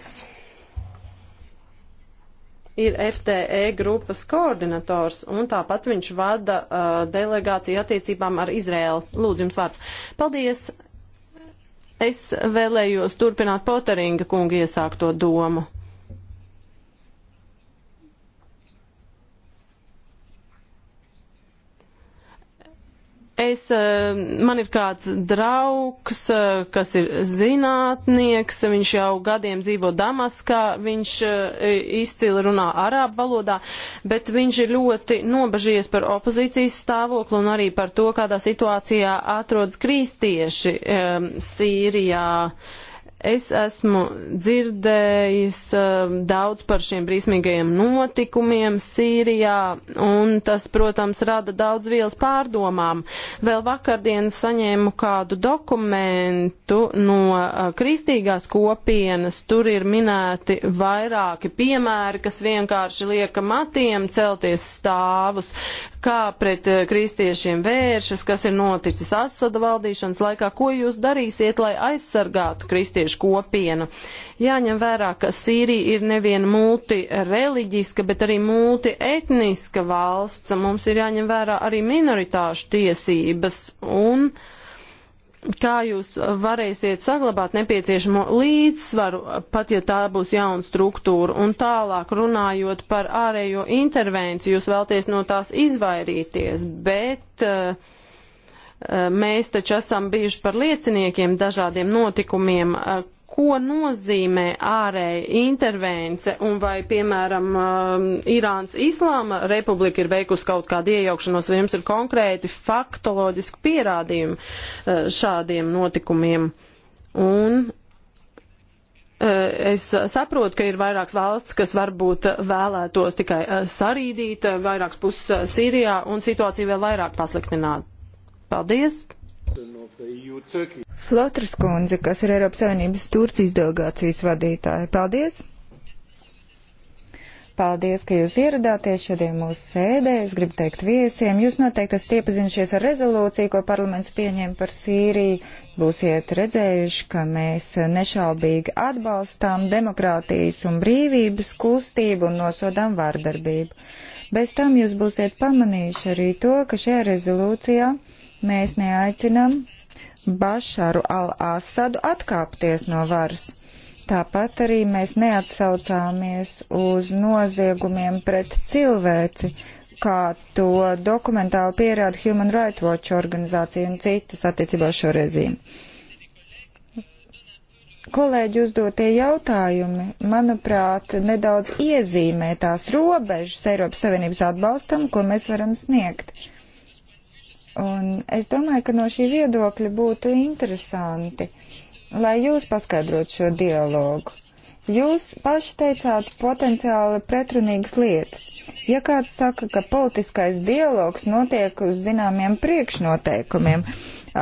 ir FTE grupas koordinators, un tāpat viņš vada uh, delegāciju attiecībām ar Izrēlu. Lūdzu, jums vārds. Paldies! Es vēlējos turpināt Poteringa kunga iesākto domu. es, eh, man ir kāds draugs, eh, kas ir zinātnieks, viņš jau gadiem dzīvo Damaskā, viņš eh, izcili runā arābu valodā, bet viņš ir ļoti nobažījies par opozīcijas stāvokli un arī par to, kādā situācijā atrodas kristieši Sīrijā. Es esmu dzirdējis uh, daudz par šiem brīsmīgajiem notikumiem Sīrijā, un tas, protams, rada daudz vielas pārdomām. Vēl vakardien saņēmu kādu dokumentu no uh, kristīgās kopienas. Tur ir minēti vairāki piemēri, kas vienkārši lieka matiem celties stāvus, kā pret eh, kristiešiem vēršas, kas ir noticis Asada valdīšanas laikā, ko jūs darīsiet, lai aizsargātu kristiešu kopienu. Jāņem vērā, ka Sīrija ir nevien multireliģiska, bet arī multietniska valsts. Mums ir jāņem vērā arī minoritāšu tiesības un uh, kā jūs varēsiet saglabāt nepieciešamo līdzsvaru, pat ja tā būs jauna struktūra, un tālāk runājot par ārējo intervenciju, jūs vēlties no tās izvairīties, bet uh, mēs taču esam bijuši par lieciniekiem dažādiem notikumiem, uh, ko nozīmē ārēja intervence un vai, piemēram, um, Irānas Islāma republika ir veikusi kaut kādu iejaukšanos, vai jums ir konkrēti faktoloģiski pierādījumi uh, šādiem notikumiem. Un uh, Es saprotu, ka ir vairākas valsts, kas varbūt vēlētos tikai uh, sarīdīt, vairākas puses Sīrijā un situāciju vēl vairāk pasliktināt. Paldies! Flotras kundze, kas ir Eiropas Savienības Turcijas delegācijas vadītāja. Paldies! Paldies, ka jūs ieradāties šodien mūsu sēdē. Es gribu teikt viesiem, jūs noteikti esat iepazinušies ar rezolūciju, ko parlaments pieņēma par Sīriju. Būsiet redzējuši, ka mēs nešaubīgi atbalstām demokrātijas un brīvības kustību un nosodām vārdarbību. Bez tam jūs būsiet pamanījuši arī to, ka šajā rezolūcijā Mēs neaicinām Bašaru al-Asadu atkāpties no varas. Tāpat arī mēs neatsaucāmies uz noziegumiem pret cilvēci, kā to dokumentāli pierāda Human Rights Watch organizācija un citas attiecībā šo režīmu. Kolēģi uzdotie jautājumi, manuprāt, nedaudz iezīmē tās robežas Eiropas Savienības atbalstam, ko mēs varam sniegt. Uh, Un es domāju, ka no šī viedokļa būtu interesanti, lai jūs paskaidrotu šo dialogu. Jūs paši teicāt potenciāli pretrunīgas lietas. Ja kāds saka, ka politiskais dialogs notiek uz zināmiem priekšnoteikumiem,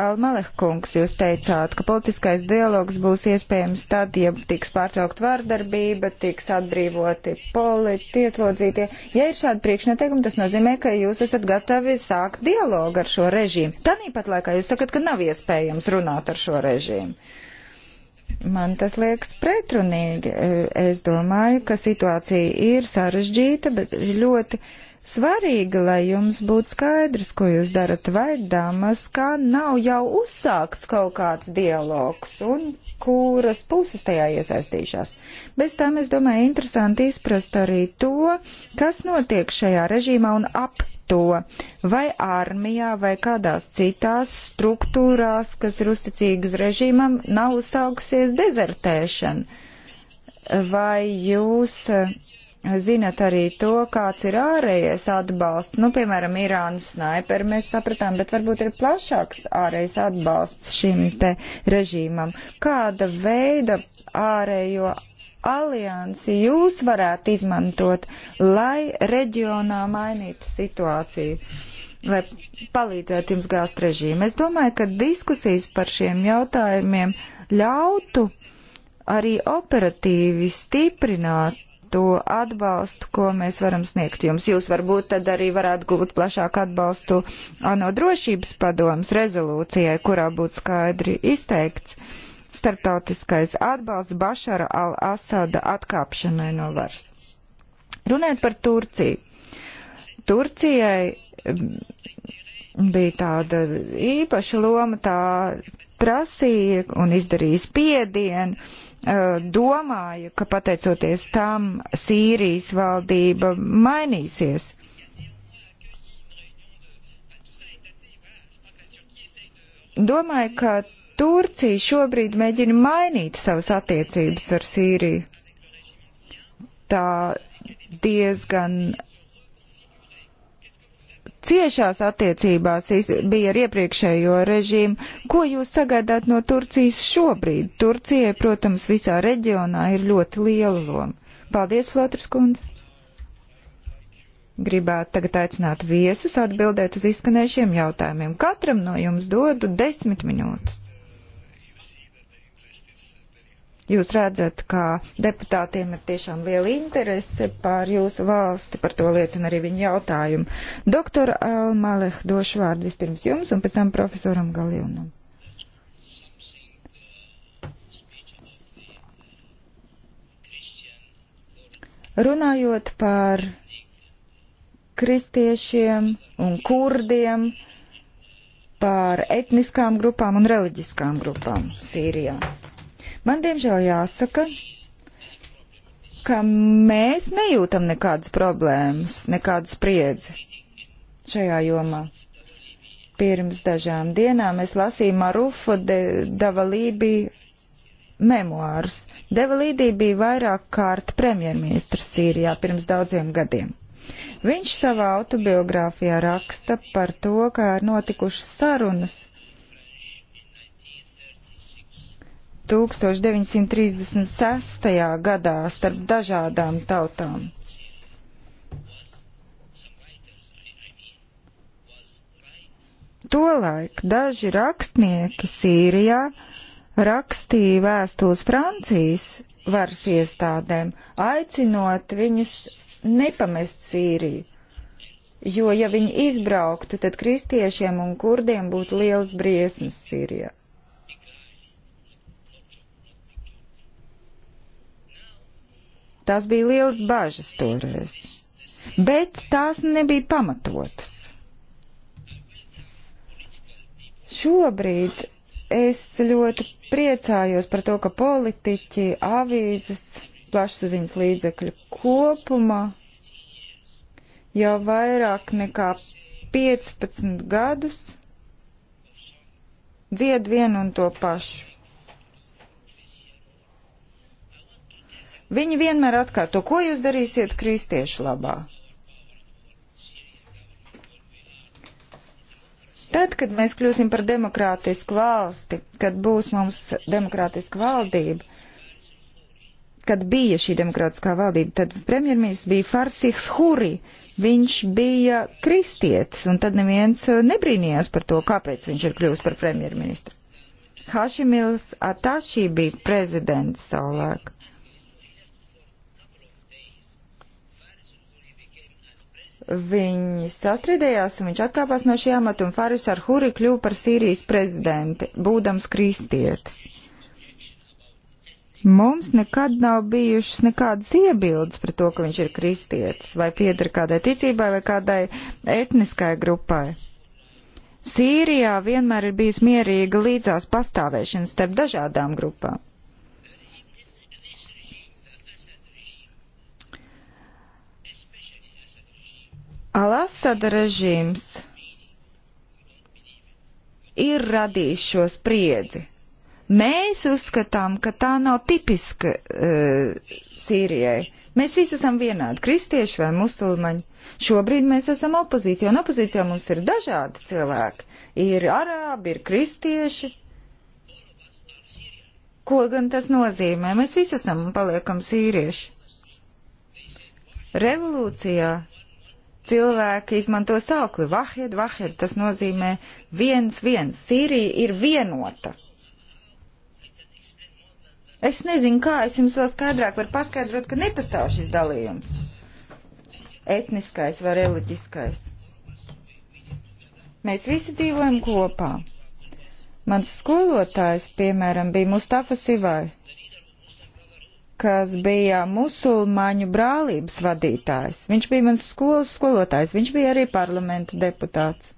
Almalehkungs, jūs teicāt, ka politiskais dialogs būs iespējams tad, ja tiks pārtraukt vārdarbība, tiks atbrīvoti politi, ieslodzītie. Ja ir šādi priekšnoteikumi, tas nozīmē, ka jūs esat gatavi sākt dialogu ar šo režīmu. Tanīpat laikā jūs sakat, ka nav iespējams runāt ar šo režīmu. Man tas liekas pretrunīgi. Es domāju, ka situācija ir sarežģīta, bet ļoti svarīga, lai jums būtu skaidrs, ko jūs darat. Vai Damaskā nav jau uzsākts kaut kāds dialogs, un kuras puses tajā iesaistīšās. Bez tam, es domāju, interesanti izprast arī to, kas notiek šajā režīmā un ap to, vai armijā vai kādās citās struktūrās, kas ir uzticīgas režīmam, nav uzsākusies dezertēšana. Vai jūs zinat arī to, kāds ir ārējais atbalsts. Nu, piemēram, Irānas snaiperi mēs sapratām, bet varbūt ir plašāks ārējais atbalsts šim te režīmam. Kāda veida ārējo aliansi jūs varētu izmantot, lai reģionā mainītu situāciju? Lai palīdzētu jums gāzt režīmu. Es domāju, ka diskusijas par šiem jautājumiem ļautu arī operatīvi stiprināt to atbalstu, ko mēs varam sniegt jums. Jūs varbūt tad arī varētu gūt plašāku atbalstu ANO drošības padomas rezolūcijai, kurā būtu skaidri izteikts starptautiskais atbalsts Bašara al-Asada atkāpšanai no varas. Runājot par Turciju. Turcijai mm, bija tāda īpaša loma, tā prasīja un izdarīja spiedienu domāju, ka pateicoties tam Sīrijas valdība mainīsies. Domāju, ka Turcija šobrīd mēģina mainīt savas attiecības ar Sīriju. Tā diezgan ciešās attiecībās bija ar iepriekšējo režīmu. Ko jūs sagaidāt no Turcijas šobrīd? Turcijai, protams, visā reģionā ir ļoti liela loma. Paldies, Flotras kundze! Gribētu tagad aicināt viesus atbildēt uz izskanējušiem jautājumiem. Katram no jums dodu desmit minūtes. Jūs redzat, ka deputātiem ir tiešām liela interese par jūsu valsti, par to liecina arī viņa jautājumu. Doktor Almaleh, došu vārdu vispirms jums un pēc tam profesoram Galionam. Runājot par kristiešiem un kurdiem, par etniskām grupām un reliģiskām grupām Sīrijā. Man, diemžēl, jāsaka, ka mēs nejūtam nekādas problēmas, nekādu spriedzi šajā jomā. Pirms dažām dienām es lasīju Marufa Davalībī memoārus. Davalībī bija vairāk kārt premjerministrs Sīrijā pirms daudziem gadiem. Viņš savā autobiogrāfijā raksta par to, kā ir notikušas sarunas 1936. gadā starp dažādām tautām. Tolaik daži rakstnieki Sīrijā rakstīja vēstules Francijas varas iestādēm, aicinot viņus nepamest Sīriju. Jo, ja viņi izbrauktu, tad kristiešiem un kurdiem būtu liels briesmas Sīrijā. Tās bija liels bažas toreiz, bet tās nebija pamatotas. Šobrīd es ļoti priecājos par to, ka politiķi, avīzes, plašsaziņas līdzekļu kopumā jau vairāk nekā 15 gadus dzied vienu un to pašu. Viņi vienmēr atkārto, ko jūs darīsiet kristiešu labā. Tad, kad mēs kļūsim par demokrātisku valsti, kad būs mums demokrātiska valdība, kad bija šī demokrātiskā valdība, tad premjerministrs bija Farsihs Huri. Viņš bija kristietis, un tad neviens uh, nebrīnījās par to, kāpēc viņš ir kļuvis par premjerministru. Hašimils Atašī bija prezidents savulaik. Viņi sastrīdējās un viņš atkāpās no šī amata un Faris ar Huri kļuva par Sīrijas prezidenti, būdams kristietis. Mums nekad nav bijušas nekādas iebildes par to, ka viņš ir kristietis vai pieder kādai ticībai vai kādai etniskai grupai. Sīrijā vienmēr ir bijusi mierīga līdzās pastāvēšana starp dažādām grupām. Alasada režīms ir radījis šo spriedzi. Mēs uzskatām, ka tā nav tipiska uh, Sīrijai. Mēs visi esam vienādi, kristieši vai musulmaņi. Šobrīd mēs esam opozīcija, un opozīcijā mums ir dažādi cilvēki. Ir arābi, ir kristieši. Ko gan tas nozīmē? Mēs visi esam un paliekam sīrieši. Revolūcijā cilvēki izmanto saukli Vahid, Vahid, tas nozīmē viens, viens. Sīrija ir vienota. Es nezinu, kā es jums vēl skaidrāk varu paskaidrot, ka nepastāv šis dalījums. Etniskais vai reliģiskais. Mēs visi dzīvojam kopā. Mans skolotājs, piemēram, bija Mustafa Sivai kas bija musulmaņu brālības vadītājs. Viņš bija mans skolas skolotājs, viņš bija arī parlamenta deputāts.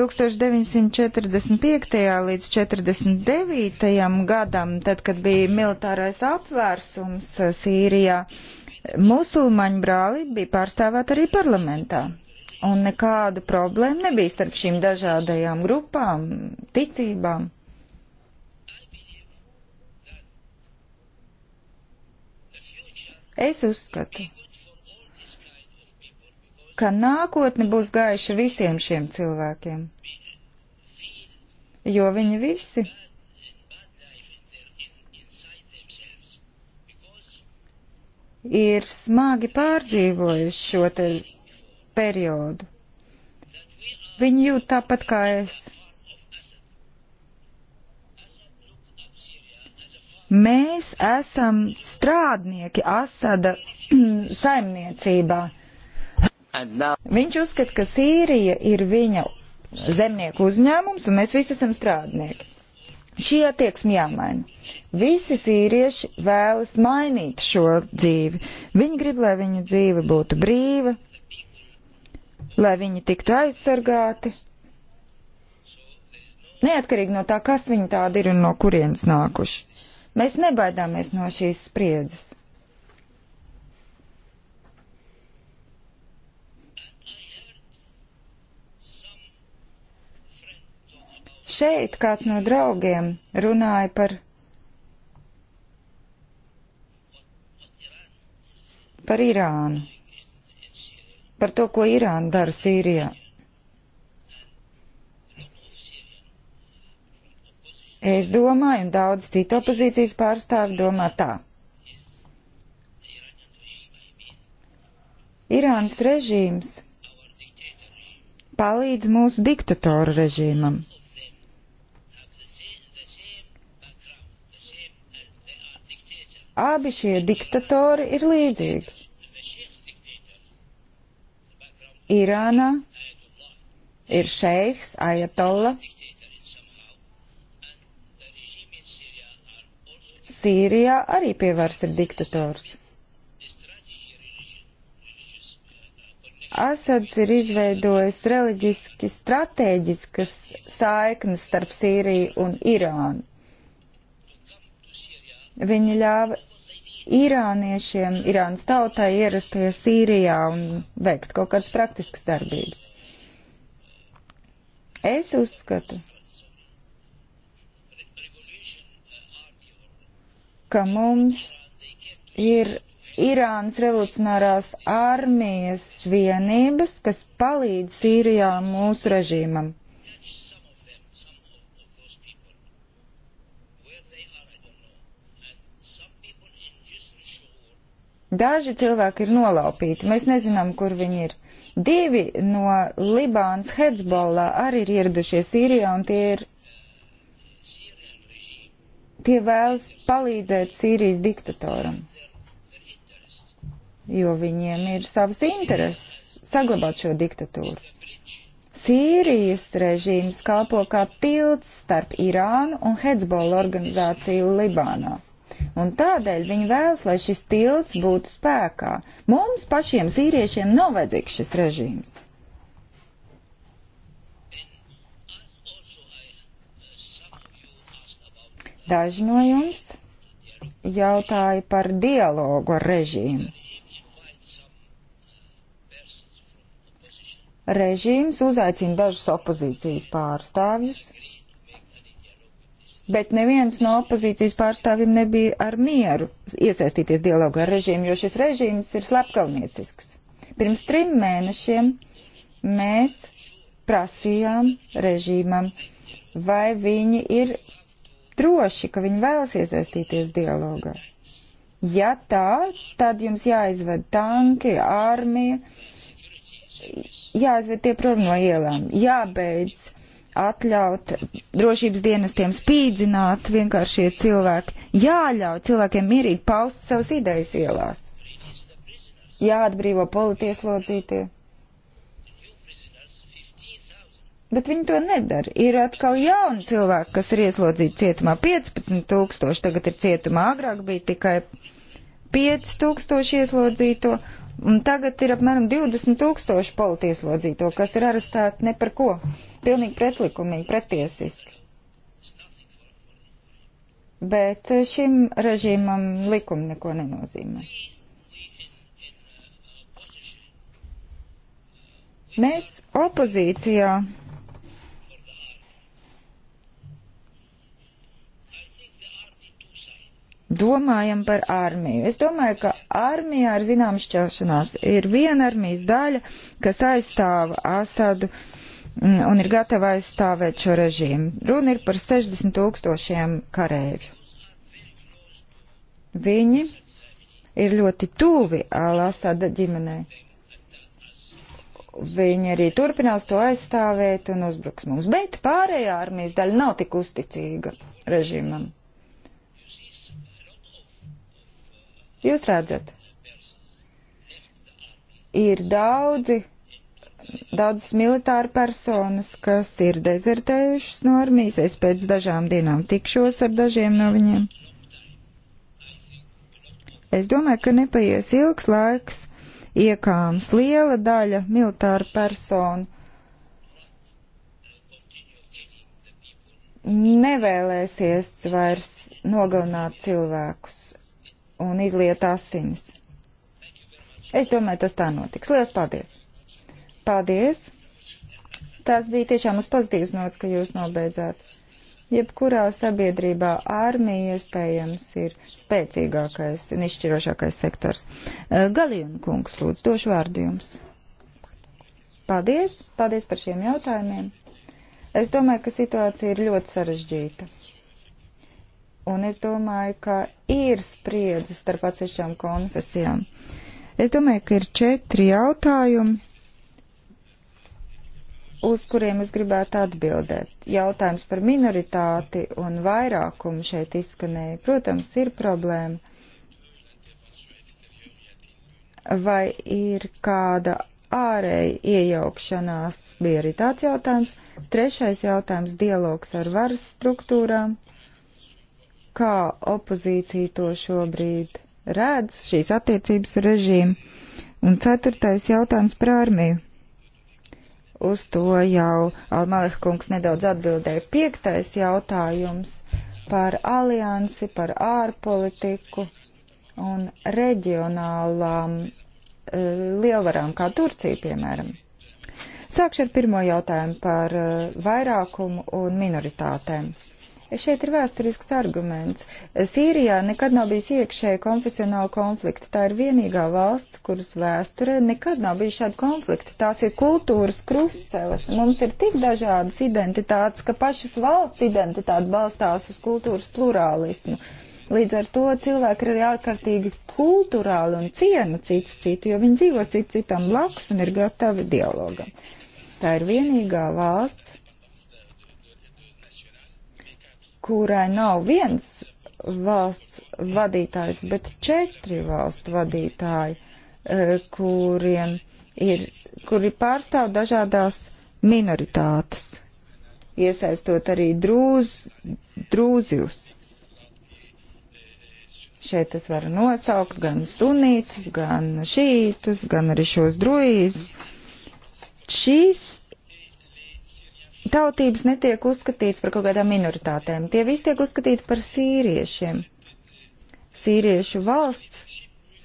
1945. līdz 49. gadam, tad, kad bija militārais apvērsums Sīrijā, musulmaņu brālība bija pārstāvēta arī parlamentā. Un nekādu problēmu nebija starp šīm dažādajām grupām, ticībām. Es uzskatu, ka nākotne būs gaiša visiem šiem cilvēkiem, jo viņi visi ir smagi pārdzīvojuši šo te periodu. Viņi jūt tāpat kā es. Mēs esam strādnieki Asada saimniecībā. Viņš uzskata, ka Sīrija ir viņa zemnieku uzņēmums, un mēs visi esam strādnieki. Šī attieksme jāmaina. Visi sīrieši vēlas mainīt šo dzīvi. Viņi grib, lai viņu dzīve būtu brīva, lai viņi tiktu aizsargāti. Neatkarīgi no tā, kas viņi tādi ir un no kurienes nākuši. Mēs nebaidāmies no šīs spriedzes. Šeit kāds no draugiem runāja par, par Irānu, par to, ko Irāna dara Sīrijā. Es domāju, un daudz citu opozīcijas pārstāvi domā tā. Irānas režīms palīdz mūsu diktatoru režīmam. Abi šie diktatori ir līdzīgi. Irānā ir šeiks Ajatolla Sīrijā arī pievērsta ir diktators. Asads ir izveidojis reliģiski strateģiskas saiknes starp Sīriju un Irānu. Viņi ļāva īrāniešiem, Irānas tautai ierasties Sīrijā un veikt kaut kādas praktiskas darbības. Es uzskatu, ka mums ir Irānas revolucionārās armijas vienības, kas palīdz Sīrijā mūsu režīmam. Daži cilvēki ir nolaupīti, mēs nezinām, kur viņi ir. Divi no Libānas Hezbollah arī ir ieradušies Sīrijā un tie ir Tie vēlas palīdzēt Sīrijas diktatoram, jo viņiem ir savas intereses saglabāt šo diktatūru. Sīrijas režīms kalpo kā tilts starp Irānu un Hezbollah organizāciju Libānā. Un tādēļ viņi vēlas, lai šis tilts būtu spēkā. Mums pašiem sīriešiem nav vajadzīgs šis režīms. Daži no jums jautāja par dialogu ar režīmu. Režīms uzaicina dažus opozīcijas pārstāvjus, bet neviens no opozīcijas pārstāvjiem nebija ar mieru iesaistīties dialogu ar režīmu, jo šis režīms ir slepkavniecisks. Pirms trim mēnešiem mēs prasījām režīmam, vai viņi ir droši, ka viņi vēlas iesaistīties dialogā. Ja tā, tad jums jāizved tanki, armija, jāizved tie prom no ielām, jābeidz atļaut drošības dienestiem spīdzināt vienkāršie cilvēki, jāļauj cilvēkiem mierīgi paust savas idejas ielās, jāatbrīvo politieslodzītie. Bet viņi to nedara. Ir atkal jauni cilvēki, kas ir ieslodzīti cietumā. 15 tūkstoši tagad ir cietumā. Agrāk bija tikai 5 tūkstoši ieslodzīto, un tagad ir apmēram 20 tūkstoši politieslodzīto, kas ir arestēti ne par ko. Pilnīgi pretlikumīgi, pretiesiski. Bet šim režīmam likumi neko nenozīmē. Mēs opozīcijā domājam par armiju. Es domāju, ka armijā ar zinām šķelšanās ir viena armijas daļa, kas aizstāv Asadu un ir gatava aizstāvēt šo režīmu. Runa ir par 60 tūkstošiem karēļu. Viņi ir ļoti tuvi Al-Asada ģimenei. Viņi arī turpinās to aizstāvēt un uzbruks mums, bet pārējā armijas daļa nav tik uzticīga režīmam. Jūs redzat, ir daudzi, daudz militāru personas, kas ir dezertējušas no armijas. Es pēc dažām dienām tikšos ar dažiem no viņiem. Es domāju, ka nepaies ilgs laiks, iekāms liela daļa militāru personu nevēlēsies vairs nogalināt cilvēkus un izliet asinis. Es domāju, tas tā notiks. Lielas paldies! Paldies! Tas bija tiešām uz pozitīvas nots, ka jūs nobeidzāt. Jebkurā sabiedrībā armija iespējams ir spēcīgākais un izšķirošākais sektors. Eh, Galjuna kungs, lūdzu, došu vārdu jums. Paldies! Paldies par šiem jautājumiem! Es domāju, ka situācija ir ļoti sarežģīta un es domāju, ka ir spriedzes starp atsevišķām konfesijām. Es domāju, ka ir četri jautājumi, uz kuriem es gribētu atbildēt. Jautājums par minoritāti un vairākumu šeit izskanēja. Protams, ir problēma. Vai ir kāda ārēja iejaukšanās, bija arī tāds jautājums. Trešais jautājums - dialogs ar varas struktūrām kā opozīcija to šobrīd redz, šīs attiecības ar režīmu. Un ceturtais jautājums par armiju. Uz to jau Almalek kungs nedaudz atbildēja. Piektais jautājums par aliansi, par ārpolitiku un reģionālām e, lielvarām, kā Turcija, piemēram. Sākšu ar pirmo jautājumu par e, vairākumu un minoritātēm. Šeit ir vēsturisks arguments. Sīrijā nekad nav bijis iekšēji konfesionāli konflikti. Tā ir vienīgā valsts, kuras vēsturē nekad nav bijis šādi konflikti. Tās ir kultūras krustceles. Mums ir tik dažādas identitātes, ka pašas valsts identitāte balstās uz kultūras plurālismu. Līdz ar to cilvēki ir arī ārkārtīgi kulturāli un cienu cits citu, jo viņi dzīvo cit citam blakus un ir gatavi dialogam. Tā ir vienīgā valsts, kurai nav viens valsts vadītājs, bet četri valstu vadītāji, e, kuriem ir, kuri pārstāv dažādās minoritātes, iesaistot arī drūz, drūzjus. Šeit es varu nosaukt gan sunītus, gan šītus, gan arī šos druīzus. Šīs tautības netiek uzskatīts par kaut kādām minoritātēm. Tie visi tiek uzskatīti par sīriešiem. Sīriešu valsts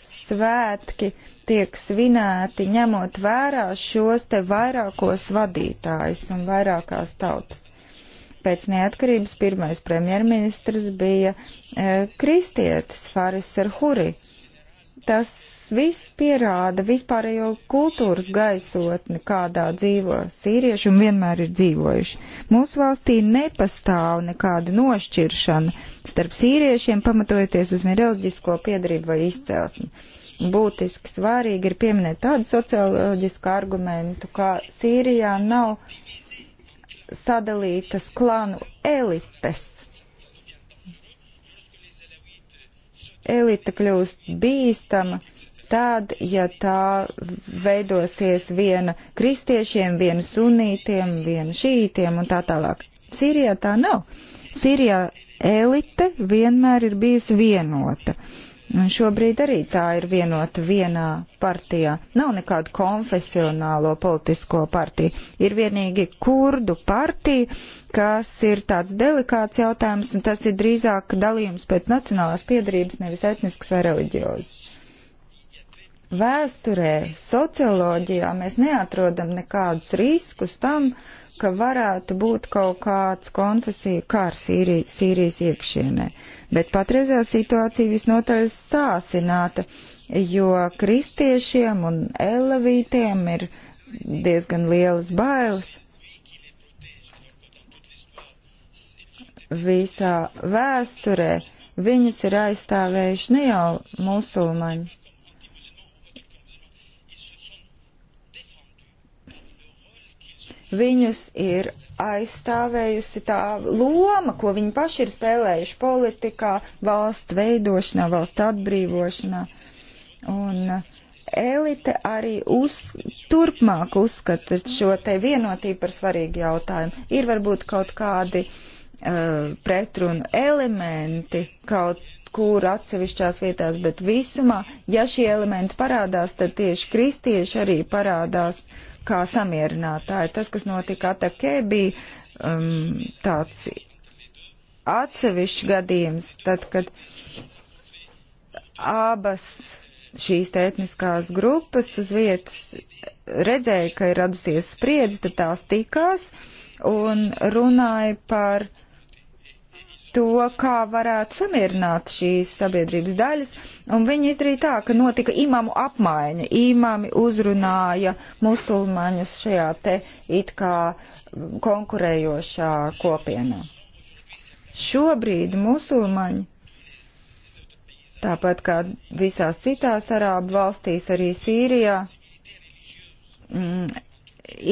svētki tiek svinēti ņemot vērā šos te vairākos vadītājus un vairākās tautas. Pēc neatkarības pirmais premjerministrs bija e, kristietis Faris Arhuri. Tas viss pierāda vispārējo kultūras gaisotni, kādā dzīvo sīrieši un vienmēr ir dzīvojuši. Mūsu valstī nepastāv nekāda nošķiršana starp sīriešiem, pamatojoties uz viņu reliģisko piedarību vai izcelsmi. Būtiski svarīgi ir pieminēt tādu socioloģisku argumentu, ka Sīrijā nav sadalītas klanu elites. elita kļūst bīstama, tad, ja tā veidosies viena kristiešiem, viena sunītiem, viena šītiem un tā tālāk. Sīrijā tā nav. Sīrijā elite vienmēr ir bijusi vienota. Un šobrīd arī tā ir vienota vienā partijā. Nav nekādu konfesionālo politisko partiju. Ir vienīgi kurdu partija, kas ir tāds delikāts jautājums, un tas ir drīzāk dalījums pēc nacionālās piedarības, nevis etnisks vai reliģiozs. Vēsturē, socioloģijā mēs neatrodam nekādus riskus tam, ka varētu būt kaut kāds konfesiju kārs Sīri, Sīrijas iekšienē. Bet patreizā situācija visnotaļ sāsināta, jo kristiešiem un elavītiem ir diezgan lielas bailes. Visā vēsturē viņus ir aizstāvējuši ne jau musulmaņi, Viņus ir aizstāvējusi tā loma, ko viņi paši ir spēlējuši politikā, valsts veidošanā, valsts atbrīvošanā. Un elite arī uz, turpmāk uzskata šo te vienotību par svarīgu jautājumu. Ir varbūt kaut kādi uh, pretrunu elementi, kaut kur atsevišķās vietās, bet visumā, ja šie elementi parādās, tad tieši kristieši arī parādās uh, kā samierinātāji. Tas, kas notika Atakē, bija um, tāds atsevišķs gadījums, tad, kad abas šīs etniskās grupas uz vietas redzēja, ka ir radusies spriedzi, tad tās tikās un runāja par uh, to, kā varētu samierināt šīs sabiedrības daļas, un viņi izdarīja tā, ka notika imamu apmaiņa. Imami uzrunāja musulmaņus šajā te it kā konkurējošā kopienā. Šobrīd musulmaņi Tāpat kā visās citās arābu valstīs, arī Sīrijā, mm,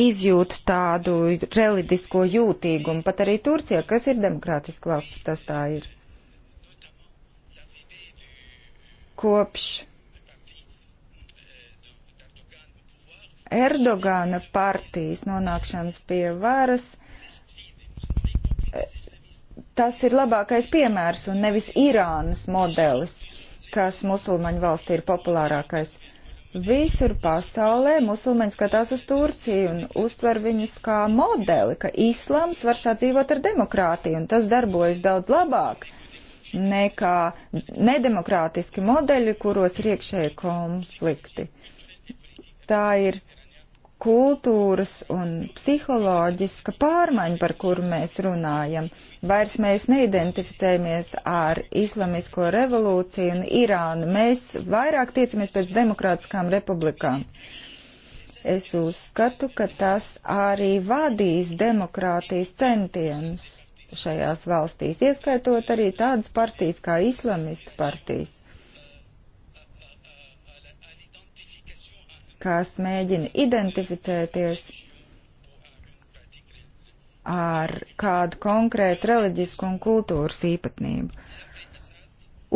izjūt tādu reliģisko jūtīgumu, pat arī Turcija, kas ir demokrātiska valsts, tas tā ir. Kopš Erdogāna partijas nonākšanas pie varas, tas ir labākais piemērs un nevis Irānas modelis, kas musulmaņu valstī ir populārākais. Visur pasaulē musulmaņi skatās uz Turciju un uztver viņus kā modeli, ka islāms var sadzīvot ar demokrātiju, un tas darbojas daudz labāk nekā nedemokrātiski modeļi, kuros ir iekšēji konflikti. Tā ir kultūras un psiholoģiska pārmaiņa, par kuru mēs runājam. Vairs mēs neidentificējamies ar islamisko revolūciju un Irānu. Mēs vairāk tiecamies pēc demokrātiskām republikām. Es uzskatu, ka tas arī vadīs demokrātijas centienus šajās valstīs, ieskaitot arī tādas partijas kā islamistu partijas. kas mēģina identificēties ar kādu konkrētu reliģisku un kultūras īpatnību.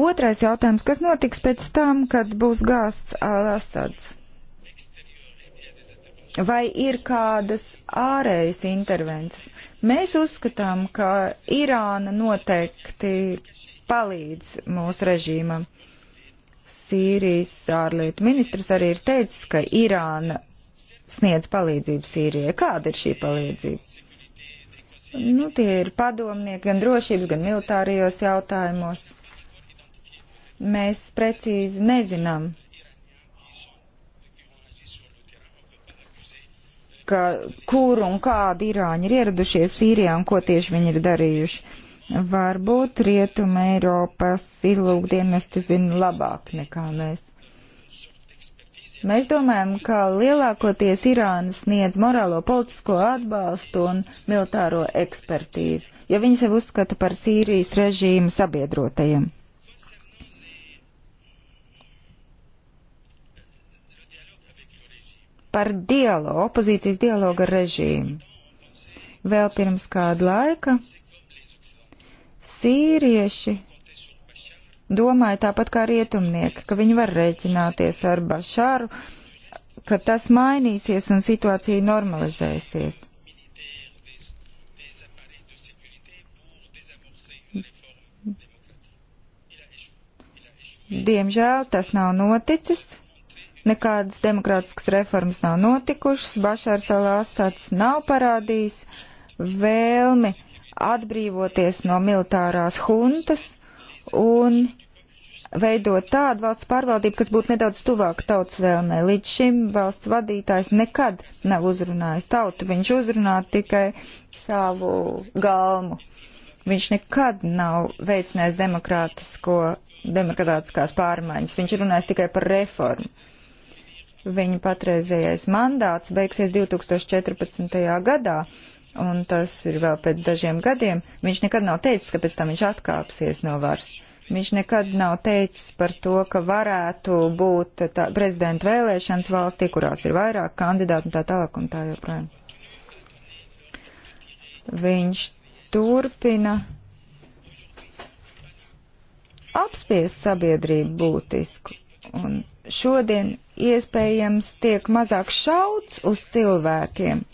Otrais jautājums, kas notiks pēc tam, kad būs gāsts Al-Assads? Vai ir kādas ārējas intervences? Mēs uzskatām, ka Irāna noteikti palīdz mūsu režīmam. Sīrijas ārlietu ministrs arī ir teicis, ka Irāna sniedz palīdzību Sīrijai. Kāda ir šī palīdzība? Nu, tie ir padomnieki gan drošības, gan militārijos jautājumos. Mēs precīzi nezinām, ka kur un kādi irāņi ir ieradušies Sīrijā un ko tieši viņi ir darījuši. Varbūt Rietuma Eiropas izlūkdienesti zina labāk nekā mēs. Mēs domājam, ka lielākoties Irāna sniedz morālo, politisko atbalstu un militāro ekspertīzi, ja viņi sev uzskata par Sīrijas režīmu sabiedrotajiem. Par dialogu, opozīcijas dialogu ar režīmu. Vēl pirms kādu laiku Sīrieši domāja tāpat kā rietumnieki, ka viņi var rēķināties ar Bašāru, ka tas mainīsies un situācija normalizēsies. Diemžēl tas nav noticis, nekādas demokrātiskas reformas nav notikušas, Bašārs Alāsats nav parādījis vēlmi atbrīvoties no militārās huntas un veidot tādu valsts pārvaldību, kas būtu nedaudz tuvāk tautas vēlmē. Līdz šim valsts vadītājs nekad nav uzrunājis tautu, viņš uzrunā tikai savu galmu. Viņš nekad nav veicinājis demokrātisko, demokrātiskās pārmaiņas, viņš runājis tikai par reformu. Viņa patreizējais mandāts beigsies 2014. gadā, un tas ir vēl pēc dažiem gadiem, viņš nekad nav teicis, ka pēc tam viņš atkāpsies no varas. Viņš nekad nav teicis par to, ka varētu būt tā, prezidenta vēlēšanas valstī, kurās ir vairāk kandidātu un tā tālāk un tā joprojām. Viņš turpina apspiest sabiedrību būtisku. Un šodien iespējams tiek mazāk šauts uz cilvēkiem,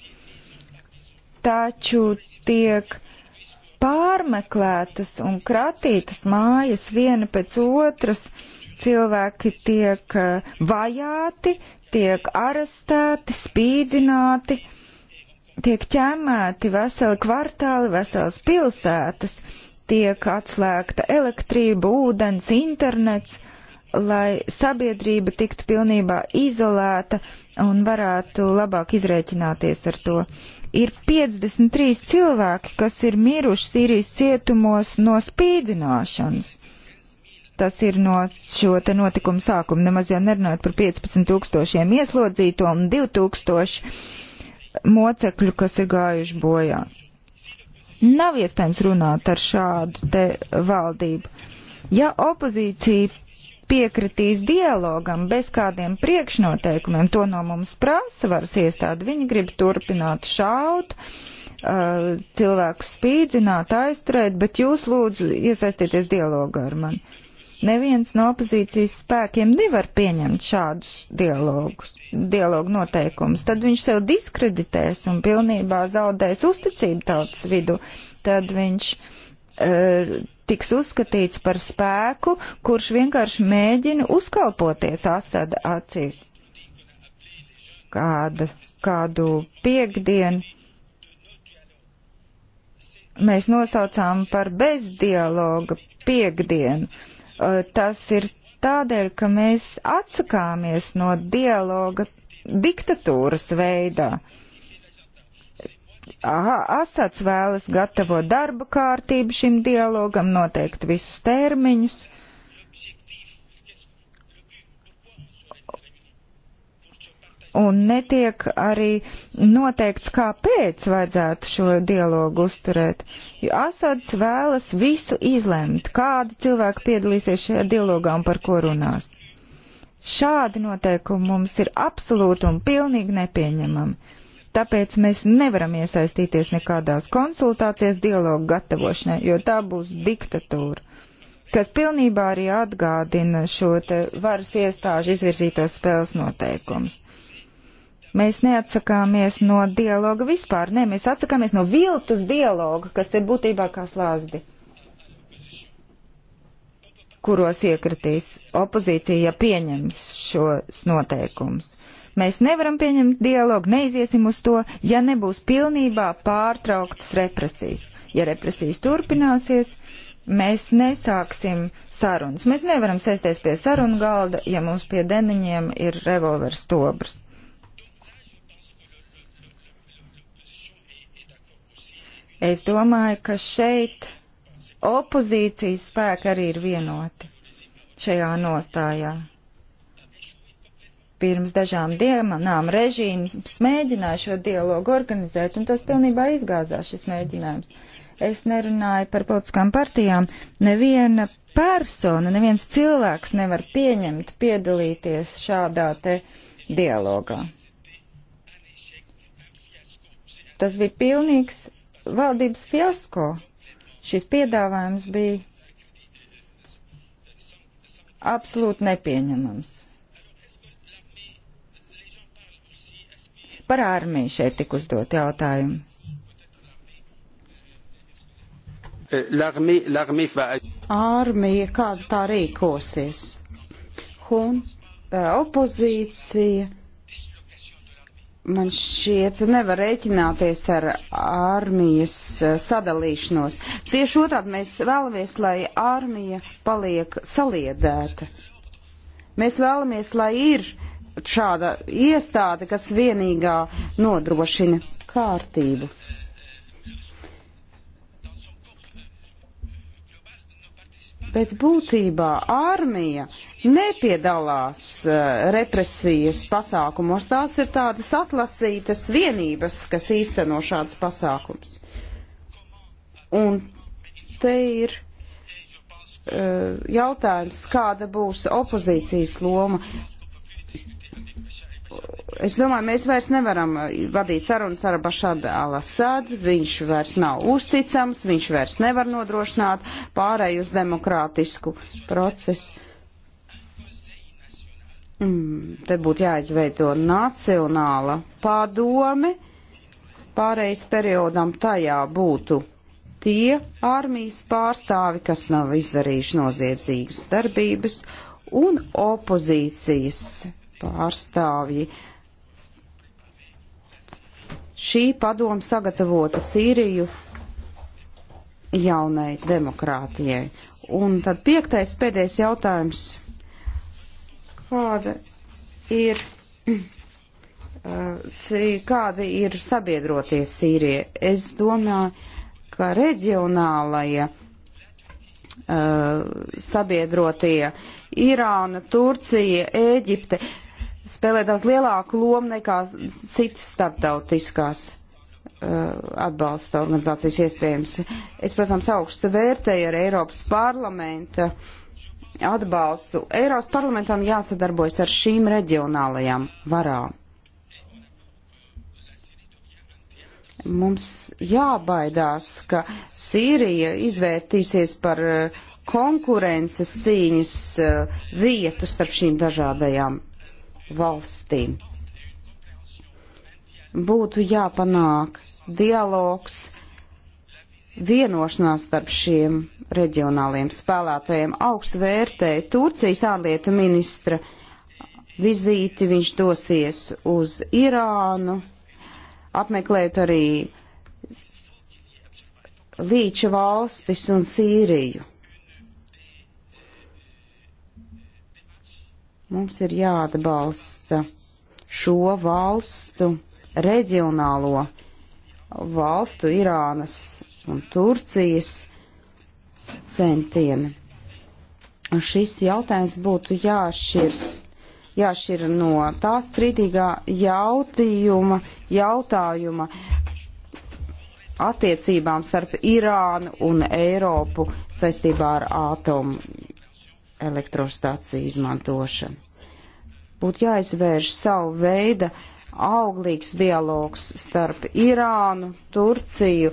taču tiek pārmeklētas un kratītas mājas viena pēc otras, cilvēki tiek eh, vajāti, tiek arestēti, spīdzināti, tiek ķemēti veseli kvartāli, veselas pilsētas, tiek atslēgta elektrība, ūdens, internets, lai sabiedrība tiktu pilnībā izolēta un varētu labāk izrēķināties ar to. Uh, ir 53 cilvēki, kas ir miruši Sīrijas cietumos no spīdzināšanas. Tas ir no šo te notikumu sākuma, nemaz jau nerunājot par 15 tūkstošiem ieslodzīto un 2000 mocekļu, kas ir gājuši bojā. Nav iespējams runāt ar šādu te valdību. Ja opozīcija piekritīs dialogam bez kādiem priekšnoteikumiem. To no mums prasa varas iestāde. Viņi grib turpināt šaut, uh, cilvēku spīdzināt, aizturēt, bet jūs lūdzu iesaistieties dialogā ar mani. Neviens no opozīcijas spēkiem nevar pieņemt šādus dialogus, dialogu noteikumus. Tad viņš sev diskreditēs un pilnībā zaudēs uzticību tautas vidu. Tad viņš uh, tiks uzskatīts par spēku, kurš vienkārši mēģina uzkalpoties Asada acīs. Kāda, kādu piekdienu mēs nosaucām par bezdialoga piekdienu. Tas ir tādēļ, ka mēs atsakāmies no dialoga diktatūras veidā. Uh, Aha, Asats vēlas gatavot darba kārtību šim dialogam, noteikt visus termiņus. Un netiek arī noteikts, kāpēc vajadzētu šo dialogu uzturēt. Jo Asads vēlas visu izlemt, kādi cilvēki piedalīsies šajā dialogā un par ko runās. Šādi noteikumi mums ir absolūti un pilnīgi nepieņemami Tāpēc mēs nevaram iesaistīties nekādās konsultācijās dialogu gatavošanai, jo tā būs diktatūra kas pilnībā arī atgādina šo te varas iestāžu izvirzītos spēles noteikumus. Mēs neatsakāmies no dialoga vispār, nē, mēs atsakāmies no viltus dialoga, kas ir būtībā kā slāzdi, kuros iekritīs opozīcija, ja pieņems šos noteikumus. Mēs nevaram pieņemt dialogu, neiziesim uz to, ja nebūs pilnībā pārtrauktas represijas. Ja represijas turpināsies, mēs nesāksim sarunas. Mēs nevaram sēsties pie sarunu galda, ja mums pie deniņiem ir revolvers stobrs. Es domāju, ka šeit opozīcijas spēki arī ir vienoti šajā nostājā. Pirms dažām dienām režīms mēģināja šo dialogu organizēt, un tas pilnībā izgāzās šis mēģinājums. Es nerunāju par politiskām partijām. Neviena persona, neviens cilvēks nevar pieņemt piedalīties šādā te dialogā. Tas bija pilnīgs valdības fiasko. Šis piedāvājums bija absolūti nepieņemams. Par armiju šeit tik uzdot jautājumu. Eh, armija, kāda tā rīkosies? Un eh, opozīcija man šķiet, nevar rēķināties ar armijas eh, sadalīšanos. Tieši otrādi mēs vēlamies, lai armija paliek saliedēta. Mēs vēlamies, lai ir uh, šāda iestāde, kas vienīgā nodrošina kārtību. Bet būtībā armija nepiedalās uh, represijas pasākumos. Tās ir tādas atlasītas vienības, kas īsteno šādas pasākums. Un te ir uh, jautājums, kāda būs opozīcijas loma. Es domāju, mēs vairs nevaram uh, vadīt sarunas ar Bašādu Alasādu. Viņš vairs nav uzticams, viņš vairs nevar nodrošināt pārēju uz demokrātisku procesu. Mm, te būtu jāizveido nacionāla padome. Pārējais periodam tajā būtu tie armijas pārstāvi, kas nav izdarījuši noziedzīgas darbības, un opozīcijas pārstāvji. Šī padoma sagatavotu Sīriju jaunai demokrātijai. Un tad piektais pēdējais jautājums. Kāda ir, uh, kāda ir sabiedrotie Sīrie? Es domāju, ka reģionālajie uh, sabiedrotie Irāna, Turcija, Ēģipte spēlē daudz lielāku lomu nekā citas starptautiskās uh, atbalsta organizācijas iespējams. Es, protams, augstu vērtēju ar Eiropas parlamenta atbalstu. Eiropas parlamentam jāsadarbojas ar šīm reģionālajām varām. Mums jābaidās, ka Sīrija izvērtīsies par uh, konkurences cīņas uh, vietu starp šīm dažādajām valstīm. Būtu jāpanāk dialogs, vienošanās starp šiem reģionāliem spēlētājiem. Augstu vērtēja Turcijas ārlietu ministra vizīti, viņš dosies uz Irānu, apmeklēt arī Līča valstis un Sīriju. Mums ir jāatbalsta šo valstu reģionālo valstu Irānas un Turcijas centieni. Un šis jautājums būtu jāšķirs, jāšķir no tā strīdīgā jautījuma, jautājuma attiecībām starp Irānu un Eiropu saistībā ar ātomu elektrostāciju izmantošanu. Būtu jāizvērš savu veidu auglīgs dialogs starp Irānu, Turciju,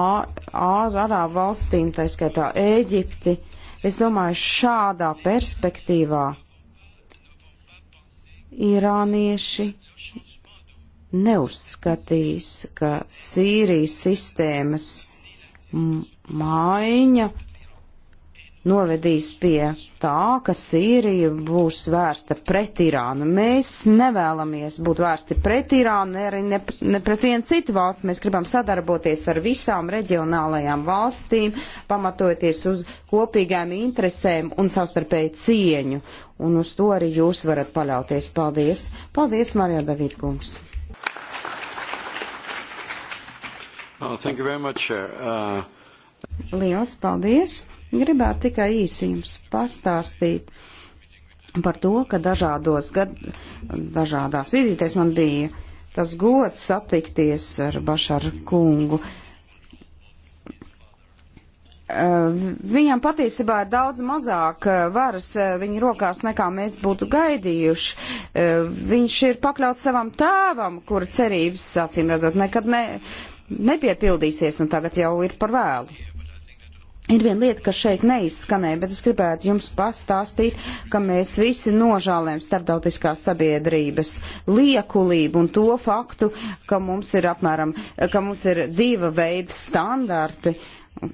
ārā valstīm, tā skaitā Ēģipti. Es domāju, šādā perspektīvā irānieši neuzskatīs, ka Sīrijas sistēmas maiņa novedīs pie tā, ka Sīrija būs vērsta pret Irānu. Mēs nevēlamies būt vērsti pret Irānu, ne arī ne, ne pret vienu citu valsti. Mēs gribam sadarboties ar visām reģionālajām valstīm, pamatojoties uz kopīgām interesēm un savstarpēju cieņu. Un uz to arī jūs varat paļauties. Paldies! Paldies, Marija Davidkungs! Oh, thank you very much, Chair. Uh... Liels paldies! Gribētu tikai īsi jums pastāstīt par to, ka dažādos gad, dažādās vizītēs man bija tas gods satikties ar Bašaru kungu. Uh, viņam patiesībā ir daudz mazāk uh, varas uh, viņa rokās nekā mēs būtu gaidījuši. Viņš ir pakļauts savam tēvam, kura cerības, acīm redzot, nekad ne, nepiepildīsies, un tagad jau ir par vēlu. Ir viena lieta, kas šeit neizskanēja, bet es gribētu jums pastāstīt, ka mēs visi nožēlējam starptautiskās sabiedrības liekulību un to faktu, ka mums ir apmēram, ka mums ir diva veida standarti,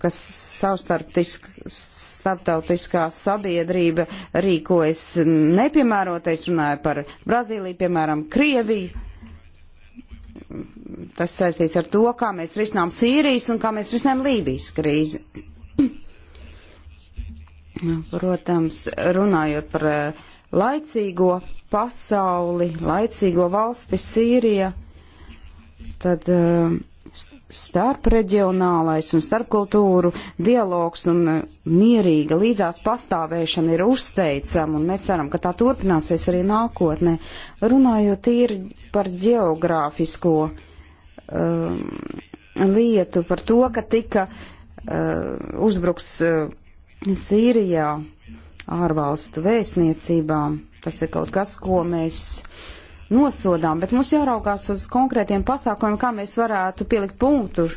kas savstarptautiskā sabiedrība rīkojas nepiemērotais, runāja par Brazīliju, piemēram, Krieviju. Tas saistīts ar to, kā mēs risinām Sīrijas un kā mēs risinām Lībijas krīzi Nu, protams, runājot par eh, laicīgo pasauli, laicīgo valsti Sīrija, tad eh, starpreģionālais un starpkultūru dialogs un eh, mierīga līdzās pastāvēšana ir uzteicama, un mēs ceram, ka tā turpināsies arī nākotnē. Runājot tīri par geogrāfisko um, lietu, par to, ka tika uh, uzbruks uh, Sīrijā, ārvalstu vēstniecībām. Tas ir kaut kas, ko mēs nosodām, bet mums jāraugās uz konkrētiem pasākumiem, kā mēs varētu pielikt punktu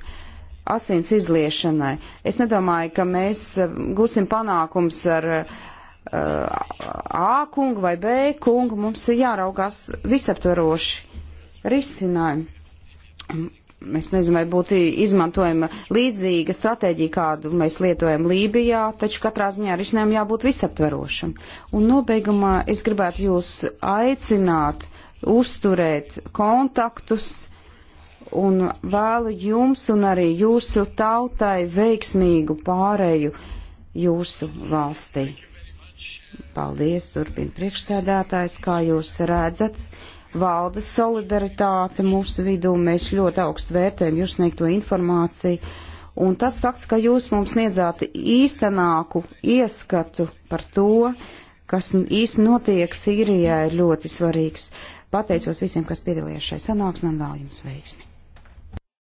asins izliešanai. Es nedomāju, ka mēs eh, gūsim panākums ar uh, A kungu vai B kungu. Mums ir jāraugās visaptvaroši risinājumi es nezinu, vai būtu izmantojama līdzīga stratēģija, kādu mēs lietojam Lībijā, taču katrā ziņā risinājumam jābūt visaptverošam. Un nobeigumā es gribētu jūs aicināt uzturēt kontaktus un vēlu jums un arī jūsu tautai veiksmīgu pārēju jūsu valstī. Paldies, turpina priekšsēdētājs, kā jūs redzat valda solidaritāte mūsu vidū. Mēs ļoti augstu vērtējam jūs sniegto informāciju. Un tas fakts, ka jūs mums sniedzāt īstenāku ieskatu par to, kas īsti notiek Sīrijā, ir ļoti svarīgs. Pateicos visiem, kas piedalījās šai sanāksmē un vēl jums veiksmi!